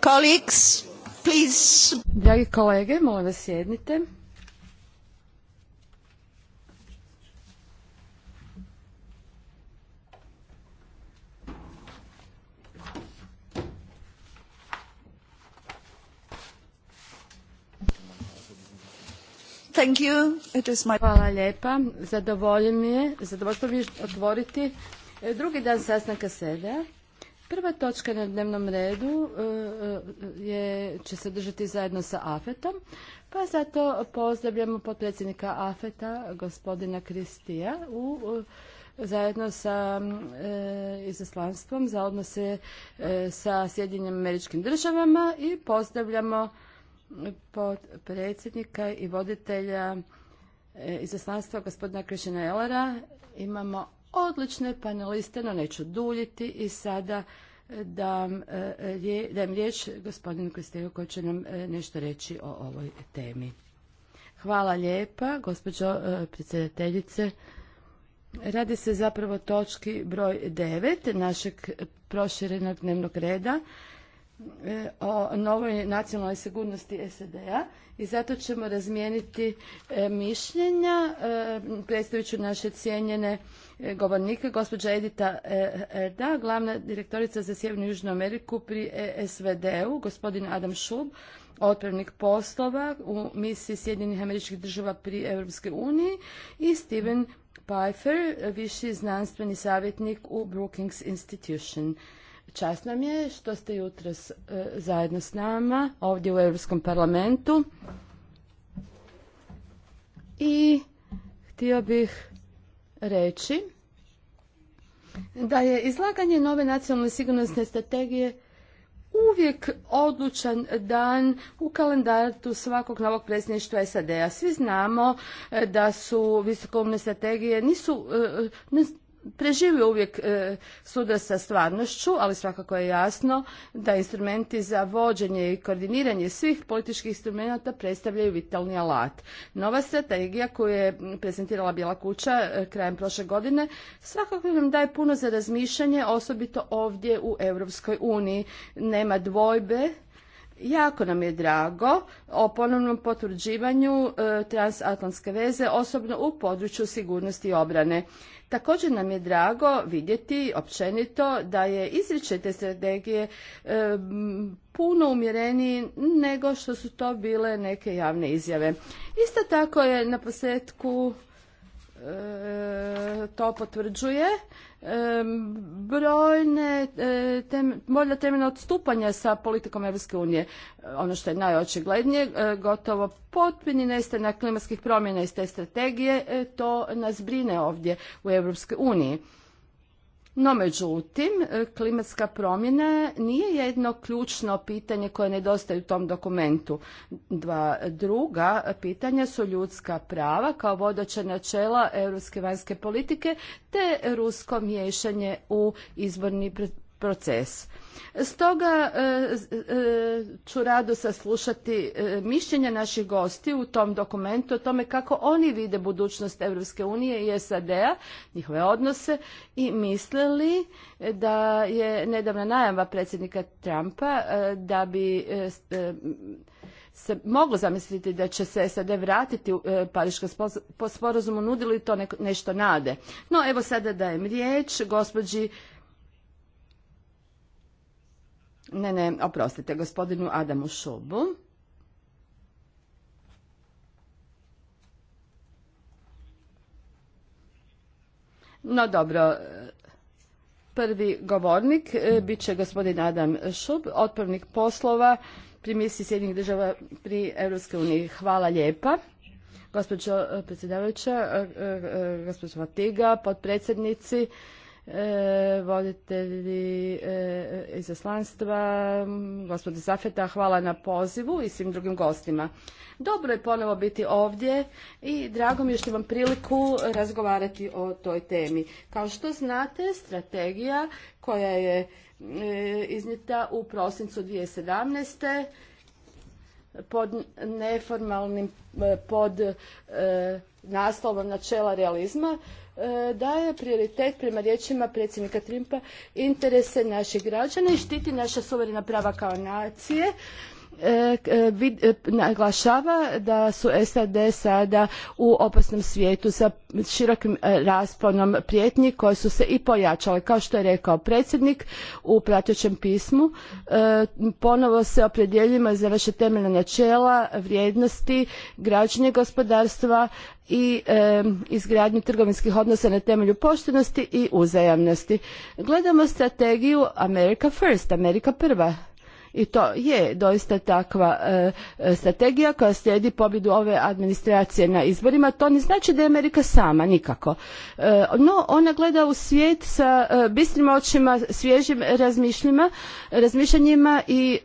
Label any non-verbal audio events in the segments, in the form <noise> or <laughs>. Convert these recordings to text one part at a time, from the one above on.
Colleagues, please. Dragi kolege, molim vas sjednite. Thank you. It is my... Hvala lijepa. mi je. Zadovoljstvo mi je otvoriti drugi dan sastanka SEDA. Prva točka na dnevnom redu e, e, je, će se držati zajedno sa afetom om pa zato pozdravljamo potpredsjednika AFET-a, gospodina Kristija, u, zajedno sa e, izaslanstvom za odnose sa Sjedinjenim američkim državama i pozdravljamo predsjednika i voditelja izaslanstva gospodina Krišina Elera. Imamo odlične paneliste, no neću duljiti i sada eh, dam, eh, dajem riječ gospodinu Kristeju koji će nam eh, nešto reći o ovoj temi. Hvala lijepa, gospođo predsjedateljice. Radi se zapravo točki broj devet našeg proširenog dnevnog reda o novoj nacionalnoj sigurnosti SED-a i zato ćemo razmijeniti mišljenja. Predstavit ću naše cijenjene govornike, gospođa Edita Erda, e, glavna direktorica za Sjevernu i Južnu Ameriku pri e, SVD-u, gospodin Adam Šub, otpravnik poslova u misiji Sjedinjenih američkih država pri Europske uniji i Steven Pfeiffer, viši znanstveni savjetnik u Brookings Institution. Čast nam je što ste jutros e, zajedno s nama ovdje u Europskom parlamentu. I htio bih reći da je izlaganje nove nacionalne sigurnosne strategije uvijek odlučan dan u kalendaru svakog novog predsjedništva SAD-a. Svi znamo eh, da su visokovne strategije nisu, eh, preživio uvijek e, sa stvarnošću, ali svakako je jasno da instrumenti za vođenje i koordiniranje svih političkih instrumenta predstavljaju vitalni alat. Nova strategija koju je prezentirala Bijela kuća e, krajem prošle godine svakako nam daje puno za razmišljanje, osobito ovdje u Europskoj uniji. Nema dvojbe Jako nam je drago o ponovnom potvrđivanju e, transatlantske veze, osobno u području sigurnosti i obrane. Također nam je drago vidjeti općenito da je izričaj te strategije e, puno umjereniji nego što su to bile neke javne izjave. Isto tako je na posljedku e, to potvrđuje brojne e, tem, bolja temeljna odstupanja sa politikom Europske unije. Ono što je najočiglednije, e, gotovo potpuni nestanak klimatskih promjena iz te strategije, e, to nas brine ovdje u Europskoj uniji. No međutim, e, klimatska promjena nije jedno ključno pitanje koje nedostaje u tom dokumentu. Dva druga pitanja su ljudska prava kao vodeća načela europske vanjske politike te rusko miješanje u izborni proces. Stoga e, e, ću rado saslušati e, mišljenja naših gosti u tom dokumentu o tome kako oni vide budućnost Europske unije i SAD-a, njihove odnose i misle li da je nedavna najava predsjednika Trumpa da bi se moglo zamisliti da će se SAD vratiti u po Pariškom sporazumu, nudili to nešto nade. No evo sada dajem riječ gospođi ne, ne, oprostite, gospodinu Adamu Šubu. No dobro, prvi govornik e, bit će gospodin Adam Šub, otpravnik poslova pri misiji sjedinjenih država pri Europske uniji. Hvala lijepa. Gospođo e, predsjedavajuća, e, gospođo Matiga, potpredsjednici, E, voditelji e, izaslanstva, gospodi Zafeta, hvala na pozivu i svim drugim gostima. Dobro je ponovo biti ovdje i drago mi je što vam priliku razgovarati o toj temi. Kao što znate, strategija koja je e, iznita u prosincu 2017. pod neformalnim pod naslovom načela realizma E, daje prioritet prema riječima predsjednika Trimpa interese naših građana i štiti naša suverena prava kao nacije E, e, e, naglašava da su SAD sada u opasnom svijetu sa širokim rasponom prijetnji koje su se i pojačale. Kao što je rekao predsjednik u pratećem pismu, ponovo se opredjeljimo za vaše temeljna načela, vrijednosti, građenje gospodarstva i izgradnju trgovinskih odnosa na temelju poštenosti i uzajamnosti. Gledamo strategiju America First, Amerika prva. I to je doista takva e, e, strategija koja slijedi pobjedu ove administracije na izborima. To ne znači da je Amerika sama nikako. E, no, ona gleda u svijet sa bistrim očima, svježim razmišljima, razmišljanjima i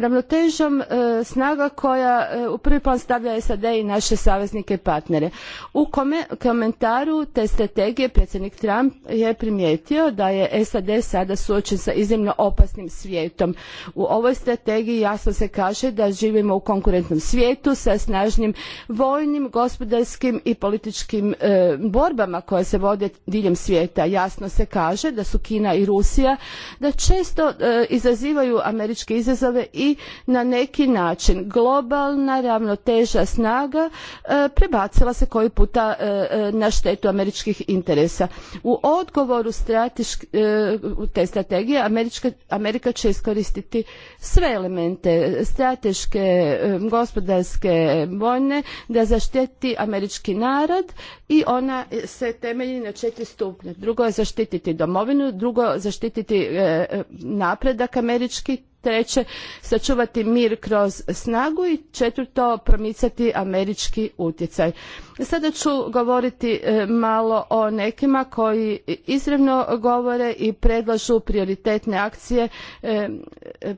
ravnotežom snaga koja u prvi plan stavlja SAD i naše saveznike i partnere. U komentaru te strategije predsjednik Trump je primijetio da je SAD sada suočen sa iznimno opasnim svijetom u ovoj strategiji jasno se kaže da živimo u konkurentnom svijetu sa snažnim vojnim, gospodarskim i političkim e, borbama koje se vode diljem svijeta. Jasno se kaže da su Kina i Rusija da često e, izazivaju američke izazove i na neki način globalna ravnoteža snaga e, prebacila se koji puta na štetu američkih interesa. U odgovoru te strategije Amerika će iskoristiti sve elemente strateške, gospodarske, vojne da zaštiti američki narod i ona se temelji na četiri stupnja. Drugo je zaštititi domovinu, drugo zaštititi e, e, napredak američki, treće sačuvati mir kroz snagu i četvrto promicati američki utjecaj. Sada ću govoriti e, malo o nekima koji izravno govore i predlažu prioritetne akcije. E,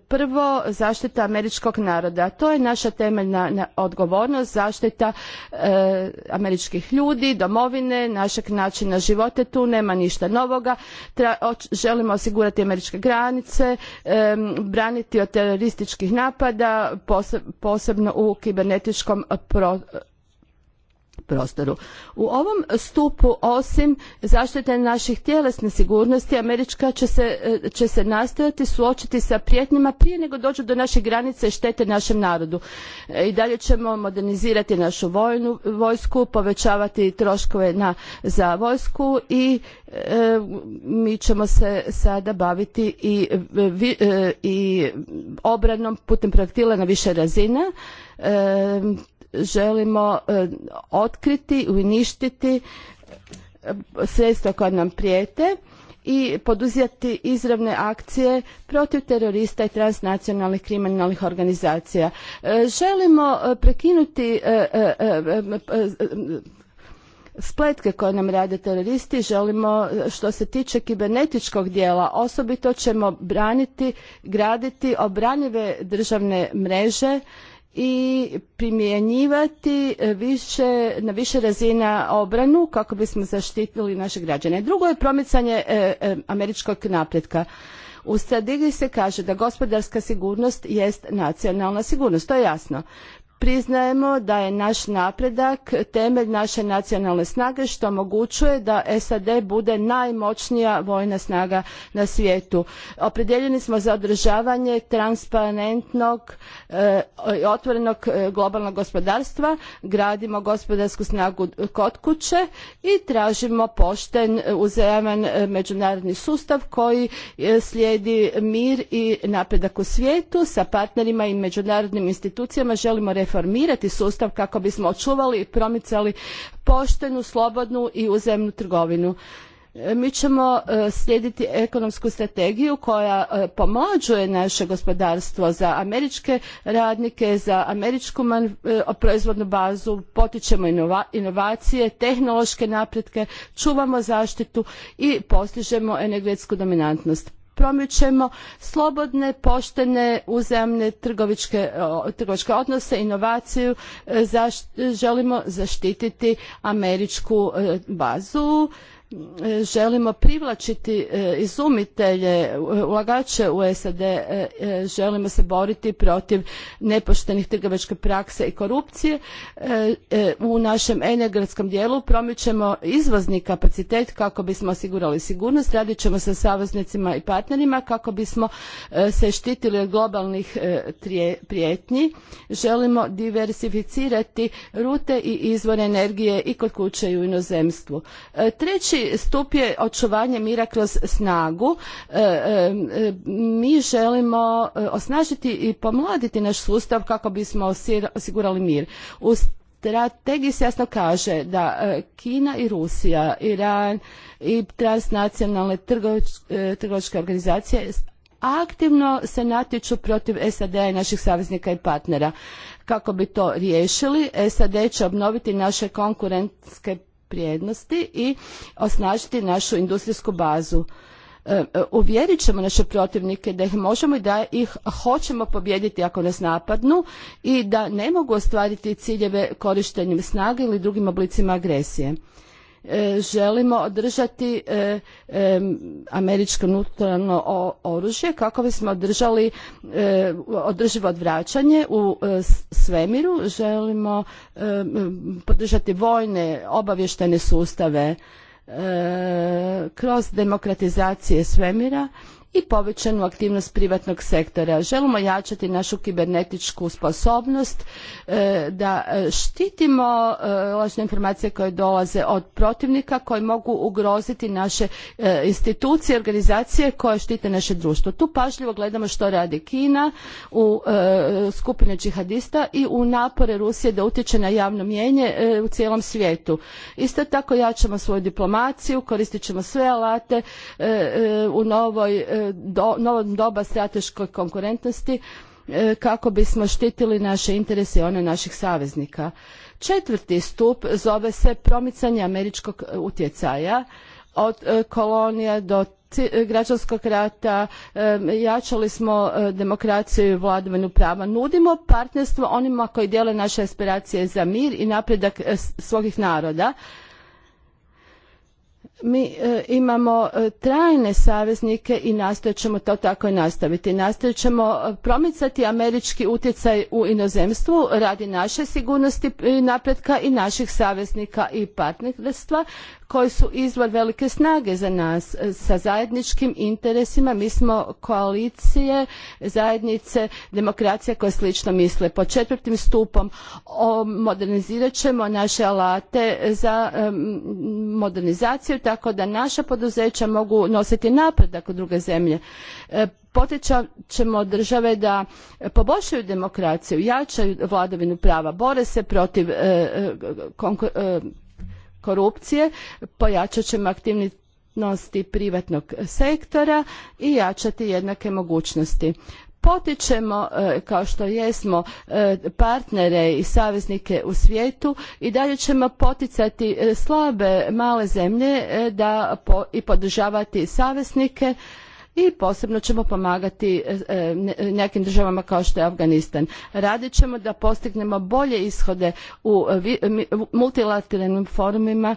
prvo, zaštita američkog naroda. To je naša temeljna odgovornost, zaštita e, američkih ljudi, domovine, našeg načina života. Tu nema ništa novoga. Želimo osigurati američke granice, braniti od terorističkih napada, posebno u kibernetičkom pro, prostoru. U ovom stupu osim zaštite naših tjelesne sigurnosti Američka će se, e, će se nastojati suočiti sa prijetnjama prije nego dođu do naše granice i štete našem narodu. E, I dalje ćemo modernizirati našu vojnu, vojsku, povećavati troškove na, za vojsku i e, mi ćemo se sada baviti i, i obranom putem projektila na više razina želimo e, otkriti, uništiti e, sredstva koja nam prijete i poduzijati izravne akcije protiv terorista i transnacionalnih kriminalnih organizacija. E, želimo prekinuti spletke koje nam rade teroristi želimo što se tiče kibernetičkog dijela osobito ćemo braniti graditi obranjive državne mreže i primjenjivati e, više, na više razina obranu kako bismo zaštitili naše građane. Drugo je promicanje e, e, američkog napretka. U strategiji se kaže da gospodarska sigurnost jest nacionalna sigurnost, to je jasno priznajemo da je naš napredak temelj naše nacionalne snage što omogućuje da SAD bude najmoćnija vojna snaga na svijetu. Opredjeljeni smo za održavanje transparentnog e, i otvorenog e, globalnog gospodarstva, gradimo gospodarsku snagu kod kuće i tražimo pošten e, uzajaman međunarodni sustav koji slijedi mir i napredak u svijetu sa partnerima i međunarodnim institucijama želimo formirati sustav kako bismo očuvali i promicali poštenu, slobodnu i uzemnu trgovinu. E, mi ćemo e, slijediti ekonomsku strategiju koja e, pomlađuje naše gospodarstvo za američke radnike, za američku proizvodnu bazu, potičemo inovacije, tehnološke napretke, čuvamo zaštitu i postižemo energetsku dominantnost promičemo slobodne, poštene, uzemne trgovičke, odnose, inovaciju, e, želimo zaštititi američku e, bazu želimo privlačiti e, izumitelje, e, ulagače u SAD, e, želimo se boriti protiv nepoštenih trgovačke prakse i korupcije. U našem energetskom dijelu promičemo izvozni kapacitet kako bismo osigurali sigurnost, radit ćemo sa saveznicima i partnerima kako bismo se štitili od globalnih prijetnji. Želimo diversificirati rute i izvore energije i kod kuće i u inozemstvu. Treći stup je očuvanje mira kroz snagu. E, e, mi želimo e, osnažiti i pomladiti naš sustav kako bismo osigurali mir. U strategiji se jasno kaže da Kina i Rusija, Iran i transnacionalne trgovačke organizacije aktivno se natječu protiv sad i naših saveznika i partnera. Kako bi to riješili, SAD će obnoviti naše konkurentske prijednosti i osnažiti našu industrijsku bazu. E, e, uvjerit ćemo naše protivnike da ih možemo i da ih hoćemo pobijediti ako nas napadnu i da ne mogu ostvariti ciljeve korištenjem snage ili drugim oblicima agresije. E, želimo održati e, e, američko nuklearno oružje kako bismo održali održivo odvraćanje u svemiru želimo podržati vojne obavještajne sustave kroz demokratizacije svemira i povećanu aktivnost privatnog sektora. Želimo jačati našu kibernetičku sposobnost e, da e, štitimo e, lažne informacije koje dolaze od protivnika koji mogu ugroziti naše institucije, organizacije koje štite naše društvo. Tu pažljivo gledamo što radi Kina u skupine džihadista i u napore Rusije da utječe na javno mijenje u cijelom svijetu. Isto tako jačamo svoju diplomaciju, koristit ćemo sve alate u novoj do, novo doba strateškoj konkurentnosti e, kako bismo štitili naše interese i one naših saveznika. Četvrti stup zove se promicanje američkog utjecaja od e, kolonija do e, građanskog rata, jačali smo demokraciju i vladavinu prava. Nudimo partnerstvo onima koji dijele naše aspiracije za mir i napredak svojih naroda mi e, imamo e, trajne saveznike i nastojat ćemo to tako i nastaviti. Nastojat ćemo e, promicati američki utjecaj u inozemstvu radi naše sigurnosti i napretka i naših saveznika i partnerstva koji su izvor velike snage za nas sa zajedničkim interesima. Mi smo koalicije, zajednice, demokracija koje slično misle. Po četvrtim stupom modernizirat ćemo naše alate za modernizaciju tako da naša poduzeća mogu nositi napredak u druge zemlje. E, Potičat ćemo države da poboljšaju demokraciju, jačaju vladavinu prava, bore se protiv e, e, korupcije, pojačat ćemo aktivnosti privatnog sektora i jačati jednake mogućnosti potičemo e, kao što jesmo e, partnere i saveznike u svijetu i dalje ćemo poticati e, slabe male zemlje i podržavati saveznike i posebno ćemo pomagati nekim državama kao što je Afganistan. Radit ćemo da postignemo bolje ishode u multilateralnim forumima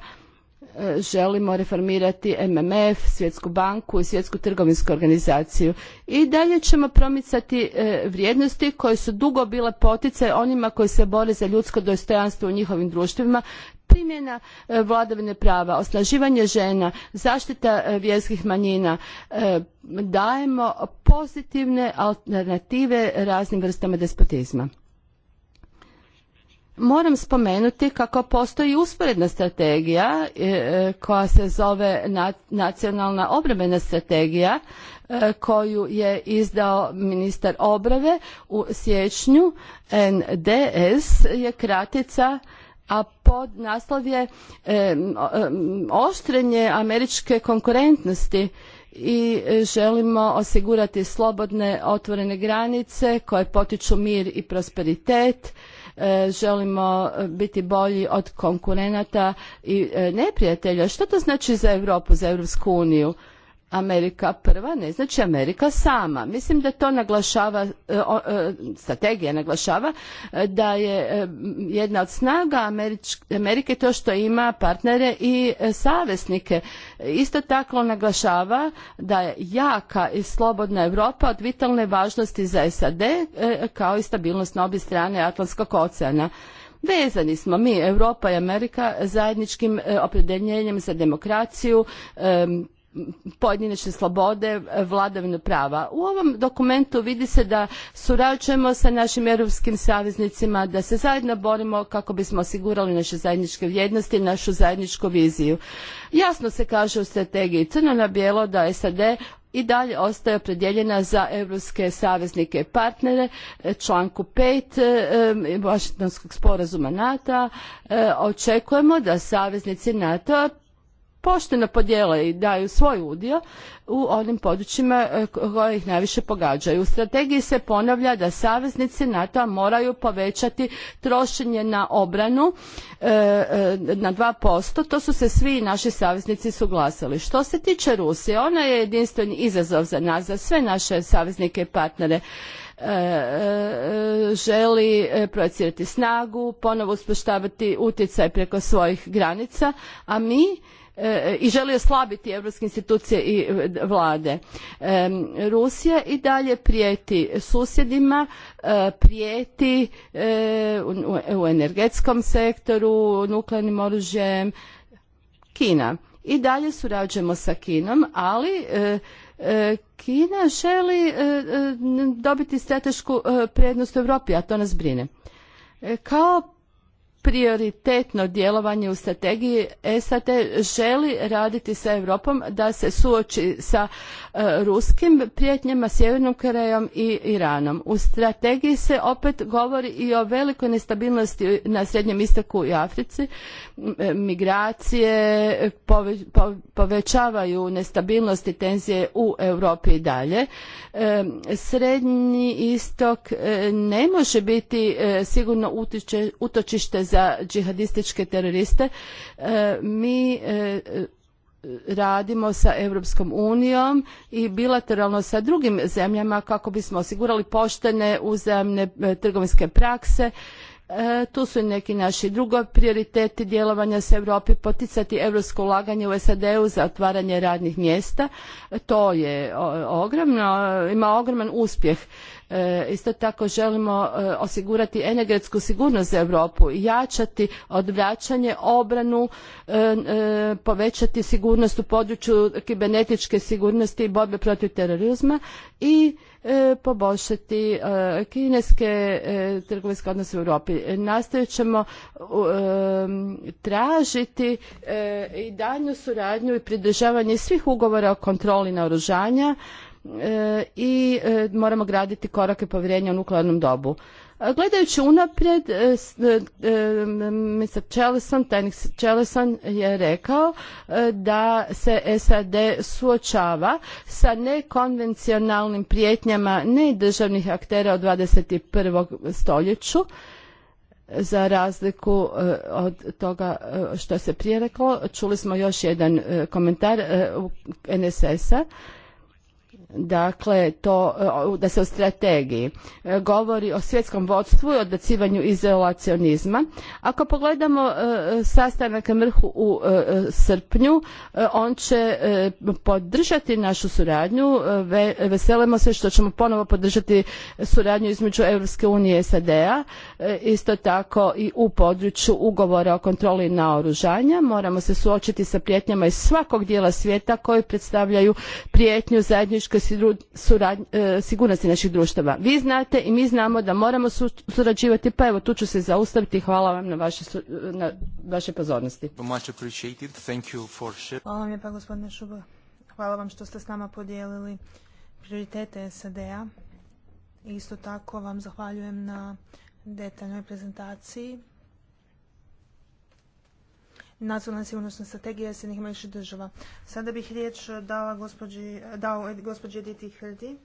želimo reformirati MMF, Svjetsku banku i Svjetsku trgovinsku organizaciju. I dalje ćemo promicati e, vrijednosti koje su dugo bile poticaj onima koji se bore za ljudsko dostojanstvo u njihovim društvima, primjena e, vladavine prava, osnaživanje žena, zaštita e, vjerskih manjina, dajemo pozitivne alternative raznim vrstama despotizma. Moram spomenuti kako postoji usporedna strategija e, e, koja se zove nacionalna obrambena strategija e, koju je izdao ministar obrave u siječnju. NDS je kratica a pod naslov je oštrenje američke konkurentnosti i želimo osigurati slobodne otvorene granice koje potiču mir i prosperitet E, želimo e, biti bolji od konkurenata i e, neprijatelja. Što to znači za Europu, za Europsku uniju? Amerika prva ne znači Amerika sama. Mislim da to naglašava, e, e, strategija naglašava e, da je jedna od snaga Amerike to što ima partnere i saveznike. Isto tako naglašava da je jaka i slobodna Europa od vitalne važnosti za SAD kao i stabilnost na obje strane Atlantskog oceana. Vezani smo mi, Europa i Amerika, zajedničkim opredjeljenjem za demokraciju, pojedinačne slobode, e, vladavinu prava. U ovom dokumentu vidi se da surađujemo sa našim europskim saveznicima, da se zajedno borimo kako bismo osigurali naše zajedničke vrijednosti, našu zajedničku viziju. Jasno se kaže u strategiji crno na bijelo da SAD i dalje ostaje opredjeljena za europske saveznike i partnere e, članku 5 e, vašingtonskog sporazuma NATO-a. Očekujemo da saveznici NATO-a pošteno podijele i daju svoj udio u onim područjima e, koje ih najviše pogađaju. U strategiji se ponavlja da saveznici NATO-a moraju povećati trošenje na obranu e, e, na 2%. To su se svi naši saveznici suglasili. Što se tiče Rusije, ona je jedinstveni izazov za nas, za sve naše saveznike i partnere. želi projecirati snagu, ponovo uspoštavati utjecaj preko svojih granica, a mi E, i želi oslabiti europske institucije i e, vlade. E, Rusija i dalje prijeti susjedima, prijeti u energetskom sektoru, nuklearnim oružjem, Kina. I dalje surađujemo sa Kinom, ali Kina želi dobiti stratešku prednost u Europi, a to nas brine. Kao prioritetno djelovanje u strategiji e, SAD e, želi raditi sa Europom da se suoči sa e, ruskim prijetnjama, Sjevernom Korejom i Iranom. U strategiji se opet govori i o velikoj nestabilnosti na Srednjem istoku i Africi. Migracije povećavaju nestabilnost i tenzije u Europi i dalje. srednji istok ne može biti sigurno utočište za za džihadističke teroriste. E, mi e, radimo sa Europskom unijom i bilateralno sa drugim zemljama kako bismo osigurali poštene uzajamne e, trgovinske prakse. tu su i neki naši drugi prioriteti djelovanja s Europi, poticati europsko ulaganje u SAD-u za otvaranje radnih mjesta. to je ogromno, ima ogroman uspjeh E, isto tako želimo e, osigurati energetsku sigurnost za Europu, jačati odvraćanje, obranu, e, povećati sigurnost u području kibernetičke sigurnosti i borbe protiv terorizma i poboljšati kineske trgovinske odnose u Europi. nastojat ćemo tražiti i daljnju suradnju i pridržavanje svih ugovora o kontroli naoružanja E, i e, moramo graditi korake povjerenja u nuklearnom dobu. E, gledajući unaprijed, Mr. tajnik Chelison je rekao da se SAD suočava sa nekonvencionalnim prijetnjama nedržavnih aktera od 21. stoljeću za razliku od toga što se prije reklo. Čuli smo još jedan komentar NSS-a dakle to e, da se o strategiji e, govori o svjetskom vodstvu i odbacivanju izolacionizma. Ako pogledamo e, sastanak na mrhu u srpnju, on će podržati našu suradnju. veselimo se što ćemo ponovo podržati suradnju između Europske unije i SAD-a, isto tako i u području ugovora o kontroli naoružanja. Moramo se suočiti sa prijetnjama iz svakog dijela svijeta koji predstavljaju prijetnju zajedničkoj E, sigurnosti naših društava. Vi znate i mi znamo da moramo surađivati, pa evo tu ću se zaustaviti. Hvala vam na vaše, na vaše pozornosti. Hvala vam je pa gospodine Šuba. Hvala vam što ste s nama podijelili prioritete SAD-a. Isto tako vam zahvaljujem na detaljnoj prezentaciji nacionalna sigurnosna strategija Sjednih američkih država. Sada bih riječ dala gospođi, dao gospođi Editi Hrdi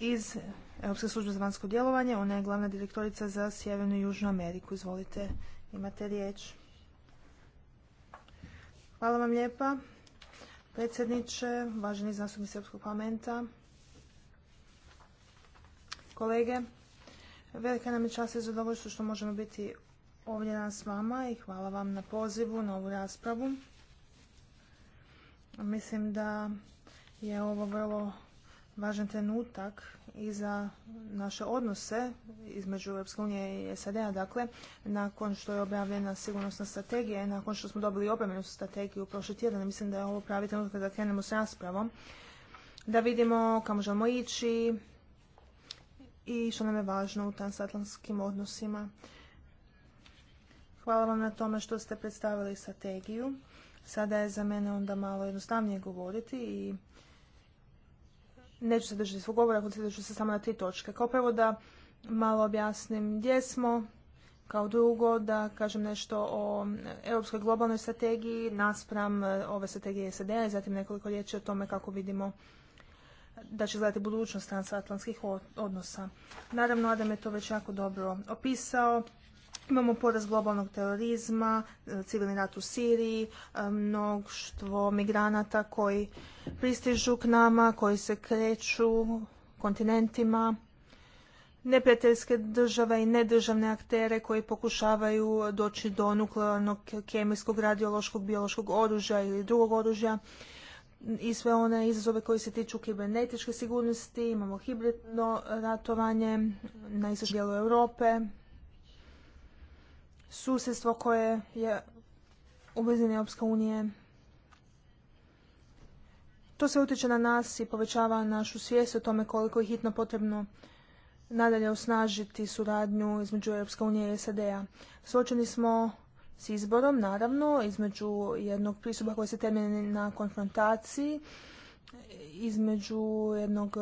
iz Europske službe za vanjsko djelovanje. Ona je glavna direktorica za Sjevernu i Južnu Ameriku. Izvolite, imate riječ. Hvala vam lijepa, predsjedniče, važni zastupnici Europskog parlamenta, kolege. Velika nam je čast i zadovoljstvo što možemo biti ovdje danas s vama i hvala vam na pozivu na ovu raspravu. Mislim da je ovo vrlo važan trenutak i za naše odnose između Europske unije i SAD-a. Dakle, nakon što je objavljena sigurnosna strategija i nakon što smo dobili objavljenu strategiju prošli tjedan, mislim da je ovo pravi trenutak da krenemo s raspravom, da vidimo kamo želimo ići i što nam je važno u transatlantskim odnosima. Hvala vam na tome što ste predstavili strategiju. Sada je za mene onda malo jednostavnije govoriti i neću se držati svog govora, koncentrat ću se samo na tri točke. Kao prvo da malo objasnim gdje smo, kao drugo da kažem nešto o europskoj globalnoj strategiji naspram eh, ove strategije SAD-a i zatim nekoliko riječi o tome kako vidimo da će gledati budućnost transatlantskih odnosa. Naravno, Adam je to već jako dobro opisao. Imamo porast globalnog terorizma, e, civilni rat u Siriji, e, mnoštvo migranata koji pristižu k nama, koji se kreću kontinentima, neprijateljske države i nedržavne aktere koji pokušavaju doći do nuklearnog, kemijskog, radiološkog, biološkog oružja ili drugog oružja i sve one izazove koji se tiču kibernetičke sigurnosti, imamo hibridno ratovanje na istočnom dijelu Europe, susjedstvo koje je u blizini Europske unije. To se utječe na nas i povećava našu svijest o tome koliko je hitno potrebno nadalje osnažiti suradnju između Europske unije i SAD-a. Suočeni smo s izborom, naravno, između jednog pristupa koji se temelji na konfrontaciji, između jednog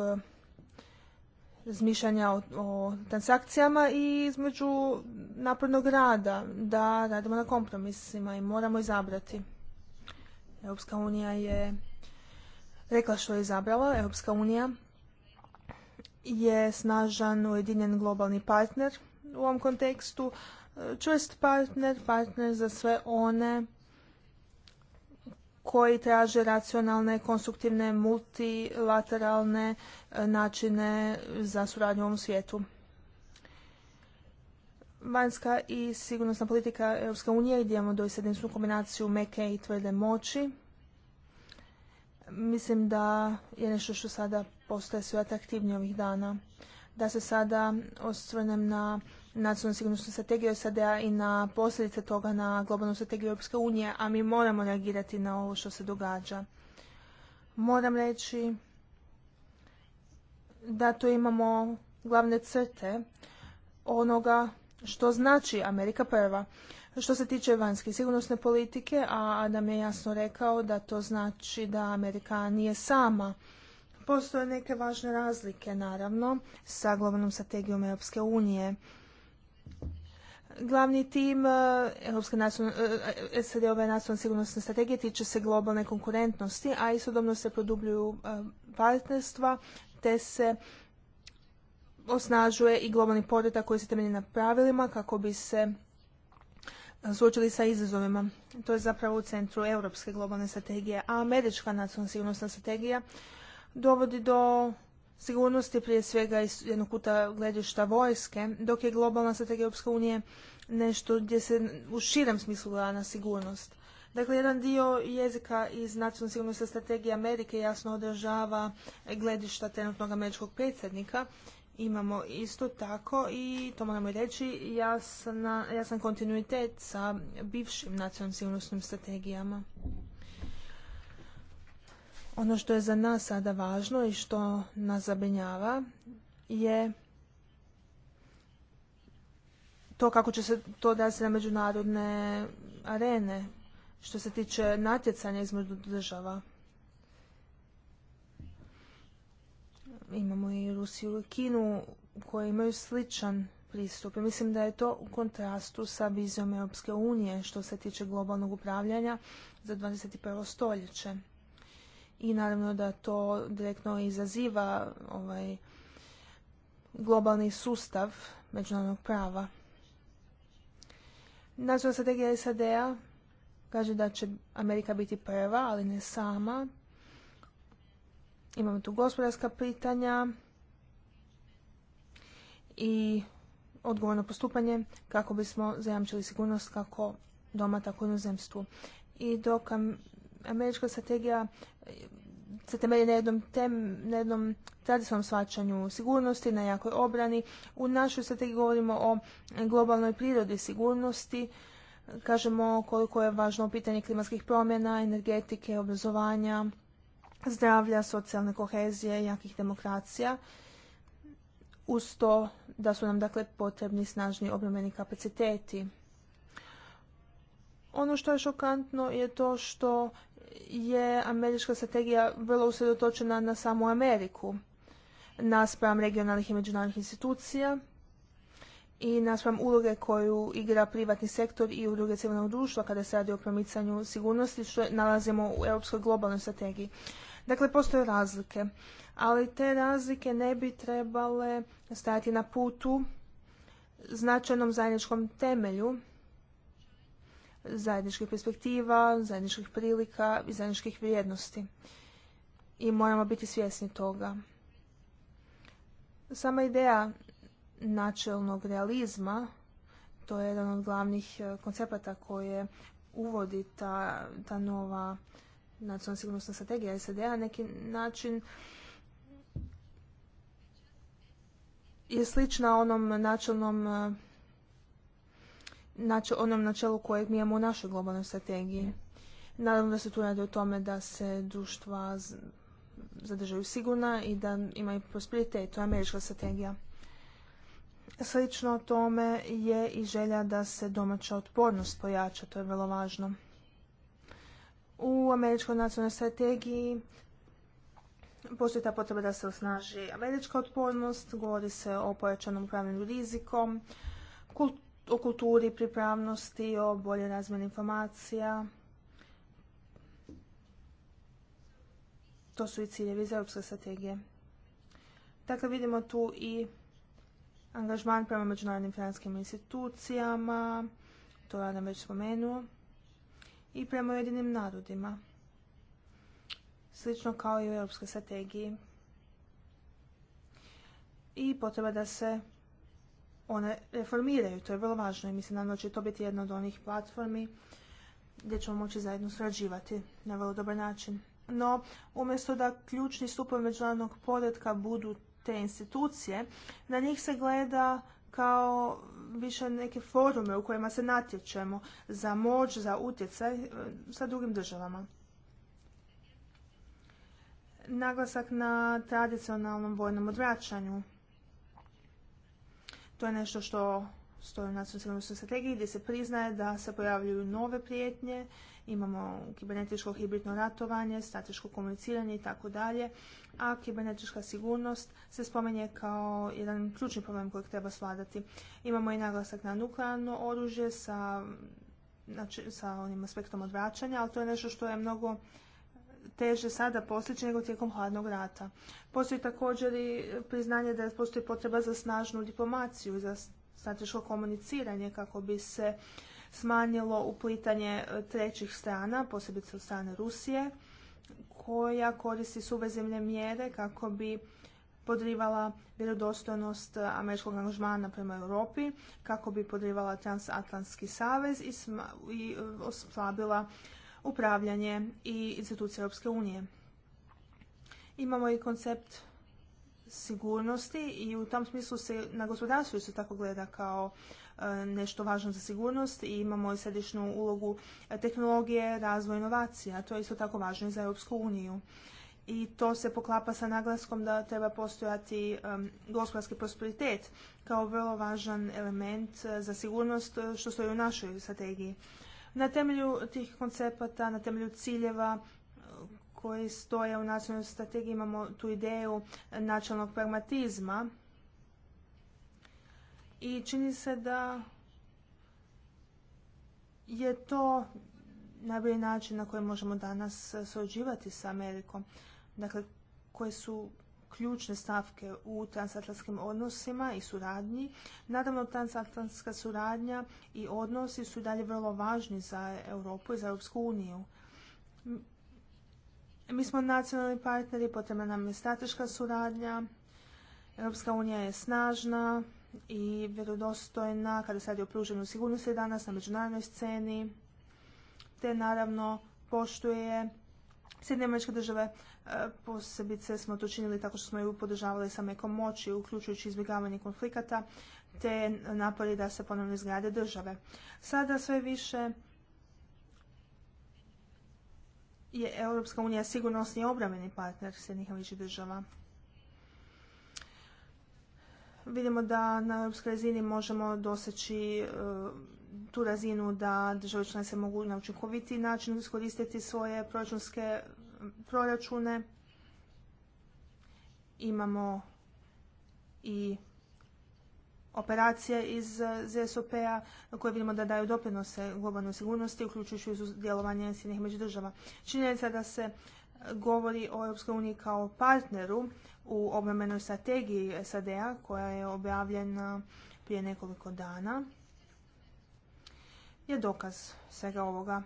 razmišljanja o, o transakcijama i između naprednog rada, da radimo na kompromisima i moramo izabrati. Europska unija je rekla što je izabrala. Europska unija je snažan, ujedinjen globalni partner u ovom kontekstu, čvrst partner, partner za sve one koji traže racionalne, konstruktivne, multilateralne e, načine za suradnju u ovom svijetu. Vanjska i sigurnosna politika Europske unije do do kombinaciju meke i tvrde moći. Mislim da je nešto što sada postaje sve atraktivnije ovih dana. Da se sada osvrnem na nacionalnu sigurnosnu strategiju SAD-a i na posljedice toga na globalnu strategiju Europske unije, a mi moramo reagirati na ovo što se događa. Moram reći da tu imamo glavne crte onoga što znači Amerika prva. Što se tiče vanjske sigurnosne politike, a Adam je jasno rekao da to znači da Amerika nije sama. Postoje neke važne razlike, naravno, sa globalnom strategijom Europske unije Glavni tim e, Europske SAD-ove e, e, nacionalne sigurnosne strategije tiče se globalne konkurentnosti, a istodobno se produbljuju partnerstva te se osnažuje i globalni poredak koji se temelji na pravilima kako bi se suočili sa izazovima. To je zapravo u centru europske globalne strategije, a američka nacionalna sigurnosna strategija dovodi do Sigurnost je prije svega iz jednog kuta gledišta vojske, dok je globalna strategija Europske unije nešto gdje se u širem smislu gleda na sigurnost. Dakle, jedan dio jezika iz nacionalne sigurnosti strategije Amerike jasno održava gledišta trenutnog američkog predsjednika. Imamo isto tako i, to moramo reći, jasna, jasan kontinuitet sa bivšim nacionalnim sigurnosnim strategijama. Ono što je za nas sada važno i što nas zabrinjava je to kako će se to se na međunarodne arene što se tiče natjecanja između država. Imamo i Rusiju i Kinu koje imaju sličan pristup. I mislim da je to u kontrastu sa vizijom Europske unije što se tiče globalnog upravljanja za 21. stoljeće i naravno da to direktno izaziva ovaj globalni sustav međunarodnog prava. Nacionalna strategija SAD-a kaže da će Amerika biti prva, ali ne sama. Imamo tu gospodarska pitanja i odgovorno postupanje kako bismo zajamčili sigurnost kako doma, tako i inozemstvu. I dok američka strategija e, se temelji na jednom, tem, na jednom tradicionalnom svačanju sigurnosti, na jakoj obrani. U našoj strategiji govorimo o globalnoj prirodi sigurnosti, kažemo koliko je važno pitanje klimatskih promjena, energetike, obrazovanja, zdravlja, socijalne kohezije, jakih demokracija, uz to da su nam dakle potrebni snažni obrambeni kapaciteti. Ono što je šokantno je to što je američka strategija vrlo usredotočena na samu Ameriku, naspram regionalnih i međunarodnih institucija i naspram uloge koju igra privatni sektor i udruge civilnog društva kada se radi o promicanju sigurnosti, što nalazimo u europskoj globalnoj strategiji. Dakle, postoje razlike, ali te razlike ne bi trebale stajati na putu značajnom zajedničkom temelju zajedničkih perspektiva, zajedničkih prilika i zajedničkih vrijednosti. I moramo biti svjesni toga. Sama ideja načelnog realizma, to je jedan od glavnih e, koncepata koje uvodi ta, ta nova nacionalna sigurnosna strategija SAD-a, neki način je slična onom načelnom e, onom načelu kojeg mi imamo u našoj globalnoj strategiji. Naravno da se tu radi o tome da se društva zadržaju sigurna i da imaju prosperitet. To je američka strategija. Slično tome je i želja da se domaća otpornost pojača. To je vrlo važno. U američkoj nacionalnoj strategiji postoji ta potreba da se osnaži američka otpornost, govori se o pojačanom upravljanju rizikom, kult o kulturi, pripravnosti, o bolje razmjeni informacija. To su i ciljevi za europske strategije. Dakle, vidimo tu i angažman prema međunarodnim financijskim institucijama, to ja nam već spomenuo, i prema jedinim narodima. Slično kao i u europskoj strategiji. I potreba da se one reformiraju. To je vrlo važno i mislim da će to biti jedna od onih platformi gdje ćemo moći zajedno surađivati na vrlo dobar način. No, umjesto da ključni stupovi međunarodnog poredka budu te institucije, na njih se gleda kao više neke forume u kojima se natječemo za moć, za utjecaj e, sa drugim državama. Naglasak na tradicionalnom vojnom odvraćanju to je nešto što stoji u nacionalnoj strategiji gdje se priznaje da se pojavljuju nove prijetnje, imamo kibernetičko hibridno ratovanje, strateško komuniciranje i tako dalje, a kibernetička sigurnost se spomenje kao jedan ključni problem kojeg treba svladati. Imamo i naglasak na nuklearno oružje sa, znači, sa onim aspektom odvraćanja, ali to je nešto što je mnogo teže sada postići nego tijekom hladnog rata. Postoji također i priznanje da postoji potreba za snažnu diplomaciju, za strateško komuniciranje kako bi se smanjilo uplitanje e, trećih strana, posebice od strane Rusije, koja koristi suvezemlje mjere kako bi podrivala vjerodostojnost e, američkog angažmana prema Europi, kako bi podrivala transatlantski savez i, i e, oslabila upravljanje i institucije Europske unije. Imamo i koncept sigurnosti i u tom smislu se na gospodarstvu isto tako gleda kao e, nešto važno za sigurnost i imamo i središnju ulogu e, tehnologije, razvoj inovacija. To je isto tako važno i za Europsku uniju. I to se poklapa sa naglaskom da treba postojati e, gospodarski prosperitet kao vrlo važan element za sigurnost što stoji u našoj strategiji. Na temelju tih koncepata, na temelju ciljeva eh, koji stoje u nacionalnoj strategiji imamo tu ideju načelnog pragmatizma i čini se da je to najbolji način na koji možemo danas eh, surađivati sa Amerikom. Dakle, koje su ključne stavke u transatlantskim odnosima i suradnji. Naravno, transatlantska suradnja i odnosi su dalje vrlo važni za Europu i za Europsku uniju. Mi smo nacionalni partneri, potrebna nam je strateška suradnja. Europska unija je snažna i vjerodostojna kada se radi o pruženju sigurnosti danas na međunarodnoj sceni, te naravno poštuje Sjedinjene američke države e, posebice smo to činili tako što smo ju podržavali sa mekom moći, uključujući izbjegavanje konflikata, te napori da se ponovno izgrade države. Sada sve više je Europska unija sigurnosni obrameni partner Sjedinjenih američkih država. Vidimo da na europskoj razini možemo doseći e, tu razinu da države se mogu na učinkoviti način iskoristiti svoje proračunske proračune. Imamo i operacije iz ZSOP-a koje vidimo da daju doprinose globalnoj sigurnosti, uključujući uz djelovanje Sjednih međudržava. Činjenica da se govori o Europskoj uniji kao partneru u obrambenoj strategiji SAD-a koja je objavljena prije nekoliko dana je dokaz svega ovoga.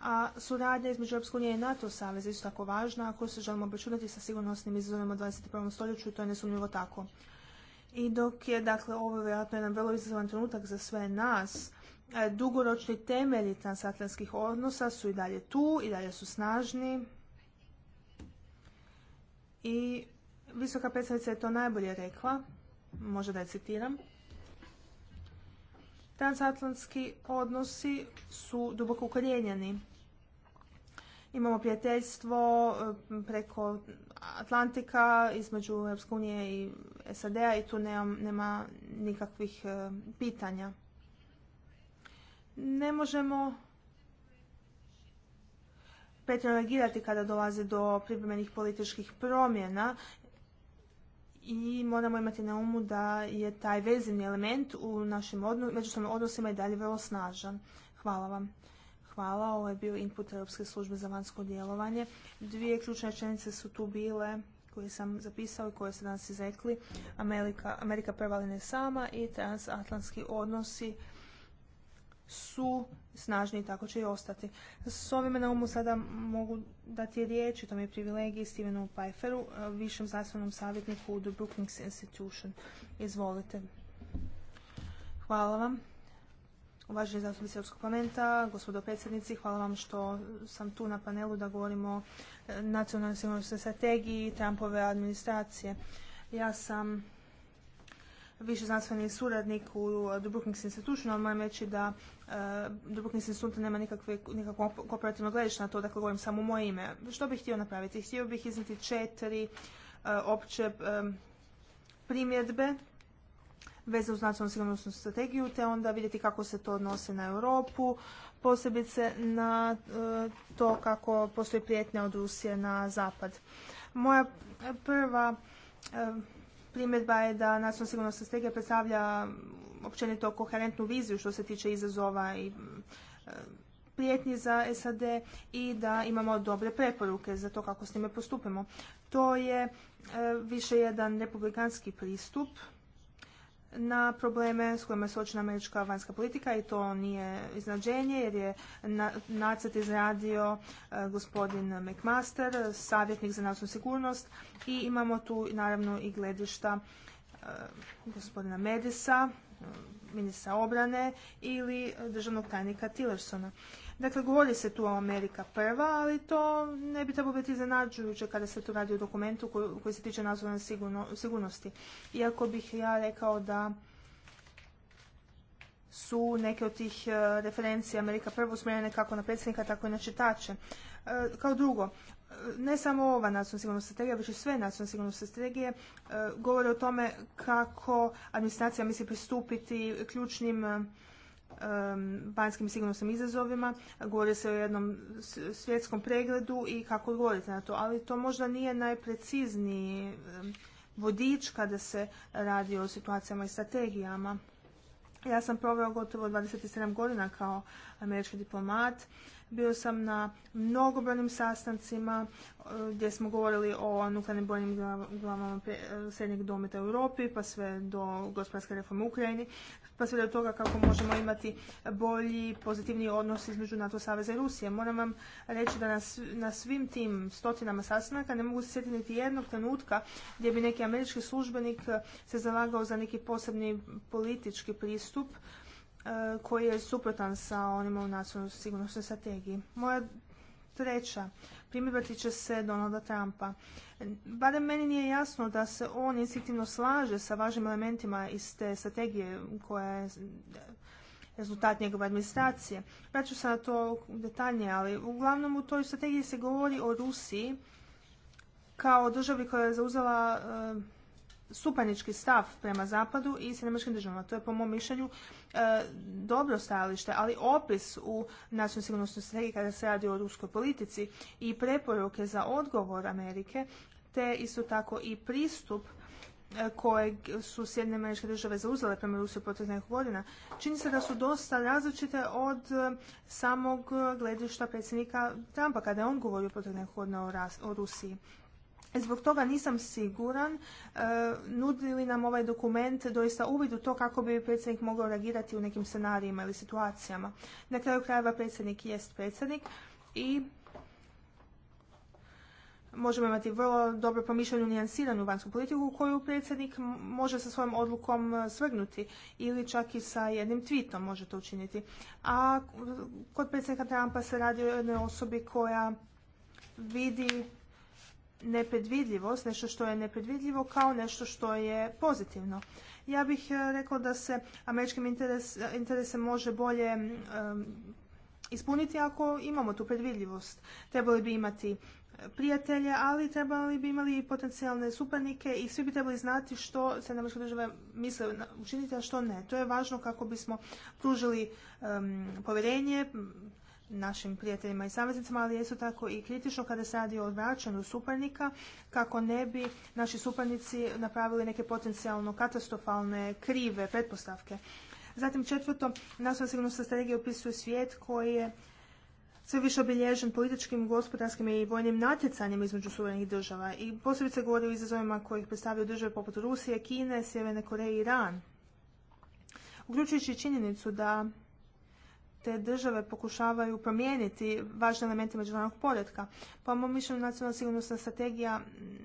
A suradnja između Europske i NATO saveza isto tako važna ako se želimo obračunati sa sigurnosnim izazovima u 21. stoljeću i to je nesumnjivo tako. I dok je dakle ovo vjerojatno jedan vrlo izazovan trenutak za sve nas, e, dugoročni temelji transatlantskih odnosa su i dalje tu, i dalje su snažni. I visoka predstavnica je to najbolje rekla, možda da je citiram. Transatlantski odnosi su duboko ukorijenjeni. Imamo prijateljstvo e, preko Atlantika između Europske unije i SAD-a i tu nema, nikakvih e, pitanja. Ne možemo pretjerano kada dolazi do privremenih političkih promjena i moramo imati na umu da je taj vezivni element u našim međusobnim odnosima i dalje vrlo snažan. Hvala vam. Hvala, ovo je bio input Europske službe za vanjsko djelovanje. Dvije ključne rečenice su tu bile koje sam zapisao i koje ste danas izrekli. Amerika, Amerika prevali sama i transatlantski odnosi su snažni i tako će i ostati. S ovime na umu sada mogu dati riječ, i to mi je Stevenu Pfeifferu, višem znanstvenom savjetniku u The Brookings Institution. Izvolite. Hvala vam. Uvaženi zastupnici Europskog parlamenta, gospodo predsjednici, hvala vam što sam tu na panelu da govorimo o nacionalnoj sigurnosnoj strategiji Trumpove administracije. Ja sam više znanstveni suradnik u Brookings Institution, ali moram reći da e, uh, Brookings nema nikakve, nikakvo kooperativno na to, dakle govorim samo u moje ime. Što bih htio napraviti? Htio bih izniti četiri e, opće e, primjedbe veze uz nacionalnu sigurnosnu strategiju, te onda vidjeti kako se to odnosi na Europu, posebice na to kako postoji prijetnja od Rusije na zapad. Moja prva Primjedba je da nacionalna sigurnosna strategija predstavlja mm, općenito koherentnu viziju što se tiče izazova i mm, e, prijetnji za SAD i da imamo dobre preporuke za to kako s njime postupimo. To je e, više jedan republikanski pristup na probleme s kojima je suočena američka vanjska politika i to nije iznađenje jer je nacrt izradio e, gospodin McMaster, savjetnik za nacionalnu sigurnost i imamo tu naravno i gledišta e, gospodina Medisa, e, ministra obrane ili državnog tajnika Tillersona. Dakle, govori se tu o Amerika prva, ali to ne bi trebalo biti iznenađujuće kada se tu radi o dokumentu koji, se tiče nacionalne sigurnosti. Iako bih ja rekao da su neke od tih e, referencija Amerika prva usmjerene kako na predsjednika, tako i na čitače. E, kao drugo, e, ne samo ova nacionalna sigurnost strategija, već i sve nacionalne sigurnosne strategije govore o tome kako administracija misli pristupiti ključnim vanjskim sigurnosnim izazovima, govori se o jednom svjetskom pregledu i kako odgovoriti na to, ali to možda nije najprecizniji vodič kada se radi o situacijama i strategijama. Ja sam proveo gotovo 27 godina kao američki diplomat bio sam na mnogobrojnim sastancima e, gdje smo govorili o nuklearnim bojnim glavama e, srednjeg dometa u Europi, pa sve do gospodarske reforme u Ukrajini, pa sve do toga kako možemo imati bolji, pozitivni odnos između NATO Saveza i Rusije. Moram vam reći da na svim tim stotinama sastanaka ne mogu se sjetiti niti jednog trenutka gdje bi neki američki službenik e, se zalagao za neki posebni politički pristup E, koji je suprotan sa onima u nacionalnoj sigurnosnoj strategiji. Moja treća primjedba tiče se Donalda Trumpa. Barem meni nije jasno da se on instinktivno slaže sa važnim elementima iz te strategije koja je rezultat njegove administracije. Vraću se na to detaljnije, ali uglavnom u toj strategiji se govori o Rusiji kao državi koja je zauzela e, supanički stav prema zapadu i srednjemačkim državama. To je po mom mišljenju e, dobro stajalište, ali opis u nacionalnoj sigurnosnoj strategiji kada se radi o ruskoj politici i preporuke za odgovor Amerike, te isto tako i pristup e, kojeg su Sjedine američke države zauzele prema protiv nekog godina, čini se da su dosta različite od e, samog gledišta predsjednika Trumpa kada je on govorio o godina o Rusiji. Zbog toga nisam siguran e, nudi li nam ovaj dokument doista uvid u to kako bi predsjednik mogao reagirati u nekim scenarijima ili situacijama. Na kraju krajeva predsjednik jest predsjednik i možemo imati vrlo dobro promišljenu nijansiranu vanjsku politiku koju predsjednik može sa svojom odlukom e, svrgnuti ili čak i sa jednim tweetom može to učiniti. A kod predsjednika Trumpa se radi o jednoj osobi koja vidi nepredvidljivost, nešto što je nepredvidljivo kao nešto što je pozitivno. Ja bih e, rekla da se američkim interes, interese može bolje ispuniti ako imamo tu predvidljivost. Trebali bi imati e, prijatelje, ali trebali bi imali i potencijalne suparnike i svi bi trebali znati što se američke države misle učiniti, a što ne. To je važno kako bismo pružili povjerenje, našim prijateljima i saveznicima, ali jesu tako i kritično kada se radi o odvraćanju suparnika kako ne bi naši suparnici napravili neke potencijalno katastrofalne krive pretpostavke. Zatim četvrto, nacionalna sigurnosna strategija opisuje svijet koji je sve više obilježen političkim, gospodarskim i vojnim natjecanjem između suverenih država i posebice govori o izazovima kojih predstavljaju države poput Rusije, Kine, Sjeverne Koreje i Iran. Uključujući činjenicu da te države pokušavaju promijeniti važne elemente međunarodnog poredka. Po mom mišljenju nacionalna sigurnosna strategija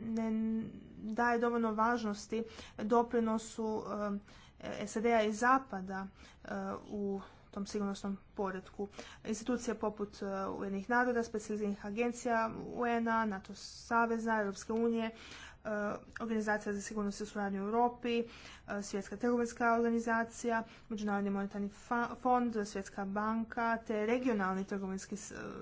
ne daje dovoljno važnosti doprinosu eh, SAD-a i Zapada eh, u tom sigurnosnom poredku. Institucije poput e, Ujednih naroda, specializiranih agencija un NATO Saveza, Europske unije, e, Organizacija za sigurnost i suradnju u Europi, e, Svjetska trgovinska organizacija, Međunarodni monetarni fond, Svjetska banka te regionalni trgovinski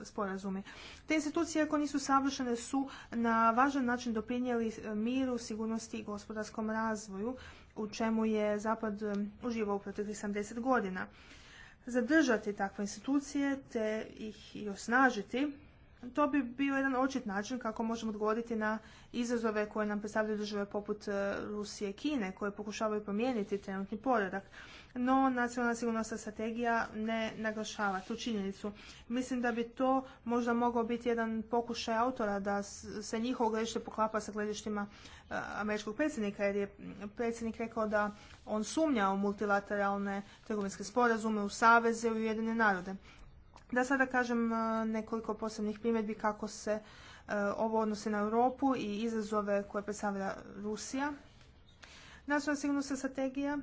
sporazumi. Te institucije, ako nisu savršene, su na važan način doprinijeli miru, sigurnosti i gospodarskom razvoju, u čemu je Zapad uživao u proteklih 70 godina zadržati takve institucije te ih i osnažiti, to bi bio jedan očit način kako možemo odgovoriti na izazove koje nam predstavljaju države poput eh, Rusije i Kine koje pokušavaju promijeniti trenutni poredak no nacionalna sigurnosna strategija ne naglašava tu činjenicu. Mislim da bi to možda mogao biti jedan pokušaj autora da se njihovo gledište poklapa sa gledištima e, američkog predsjednika, jer je predsjednik rekao da on sumnja u multilateralne trgovinske sporazume, u saveze, u jedine narode. Da sada kažem e, nekoliko posebnih primjedbi kako se e, ovo odnosi na Europu i izazove koje predstavlja Rusija. Nacionalna sigurnosna strategija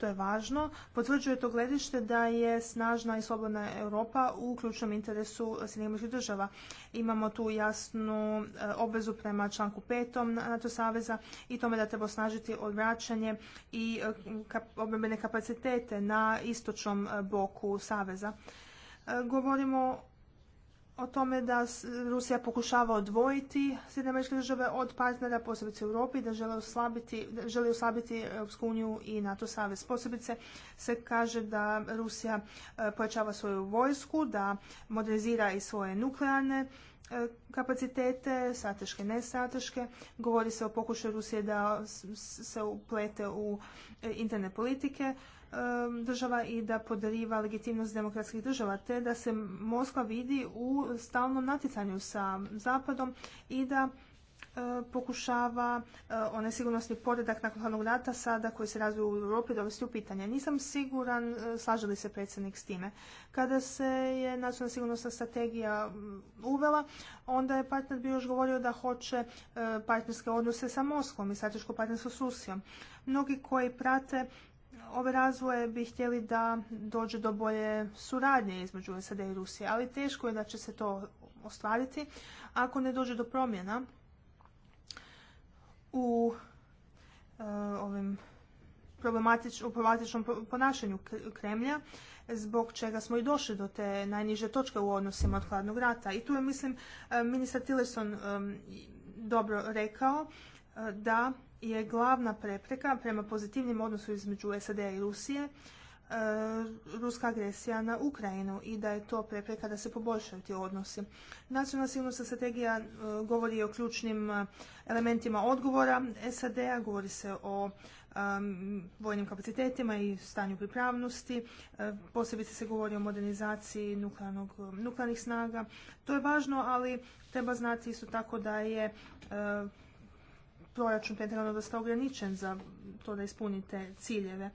to je važno, potvrđuje to gledište da je snažna i slobodna Europa u ključnom interesu Sjedinjenih država. Imamo tu jasnu eh, obvezu prema članku 5. NATO saveza i tome da treba osnažiti odvraćanje i eh, obrambene kapacitete na istočnom eh, boku saveza. Govorimo o tome da Rusija pokušava odvojiti Sjedinjene države od partnera, posebice u Europi, da žele oslabiti, želi oslabiti Europsku uniju i NATO savez. Posebice se kaže da Rusija e, pojačava svoju vojsku, da modernizira i svoje nuklearne e, kapacitete, strateške, nestrateške. Govori se o pokušaju Rusije da se uplete u e, interne politike država i da podriva legitimnost demokratskih država, te da se Moskva vidi u stalnom natjecanju sa Zapadom i da pokušava onaj sigurnosni poredak nakon hladnog rata sada koji se razvija u Europi dovesti u pitanje. Nisam siguran slaže li se predsjednik s time. Kada se je nacionalna sigurnosna strategija uvela, onda je partner bio još govorio da hoće partnerske odnose sa Moskvom i strateško partnerstvo s Rusijom. Mnogi koji prate ove razvoje bi htjeli da dođe do bolje suradnje između SAD i Rusije, ali teško je da će se to ostvariti ako ne dođe do promjena u e, ovim problematičnom ponašanju Kremlja, zbog čega smo i došli do te najniže točke u odnosima od hladnog rata. I tu je, mislim, e, ministar Tillerson e, dobro rekao da je glavna prepreka prema pozitivnim odnosu između SAD-a i Rusije e, ruska agresija na Ukrajinu i da je to prepreka da se poboljšaju ti odnosi. Nacionalna sigurnosna strategija e, govori o ključnim e, elementima odgovora SAD-a, govori se o vojnim kapacitetima i stanju pripravnosti, posebice se govori o modernizaciji nuklearnih snaga. To je važno, ali treba znati isto tako da je proračun Pentagona dosta ograničen za to da ispunite ciljeve.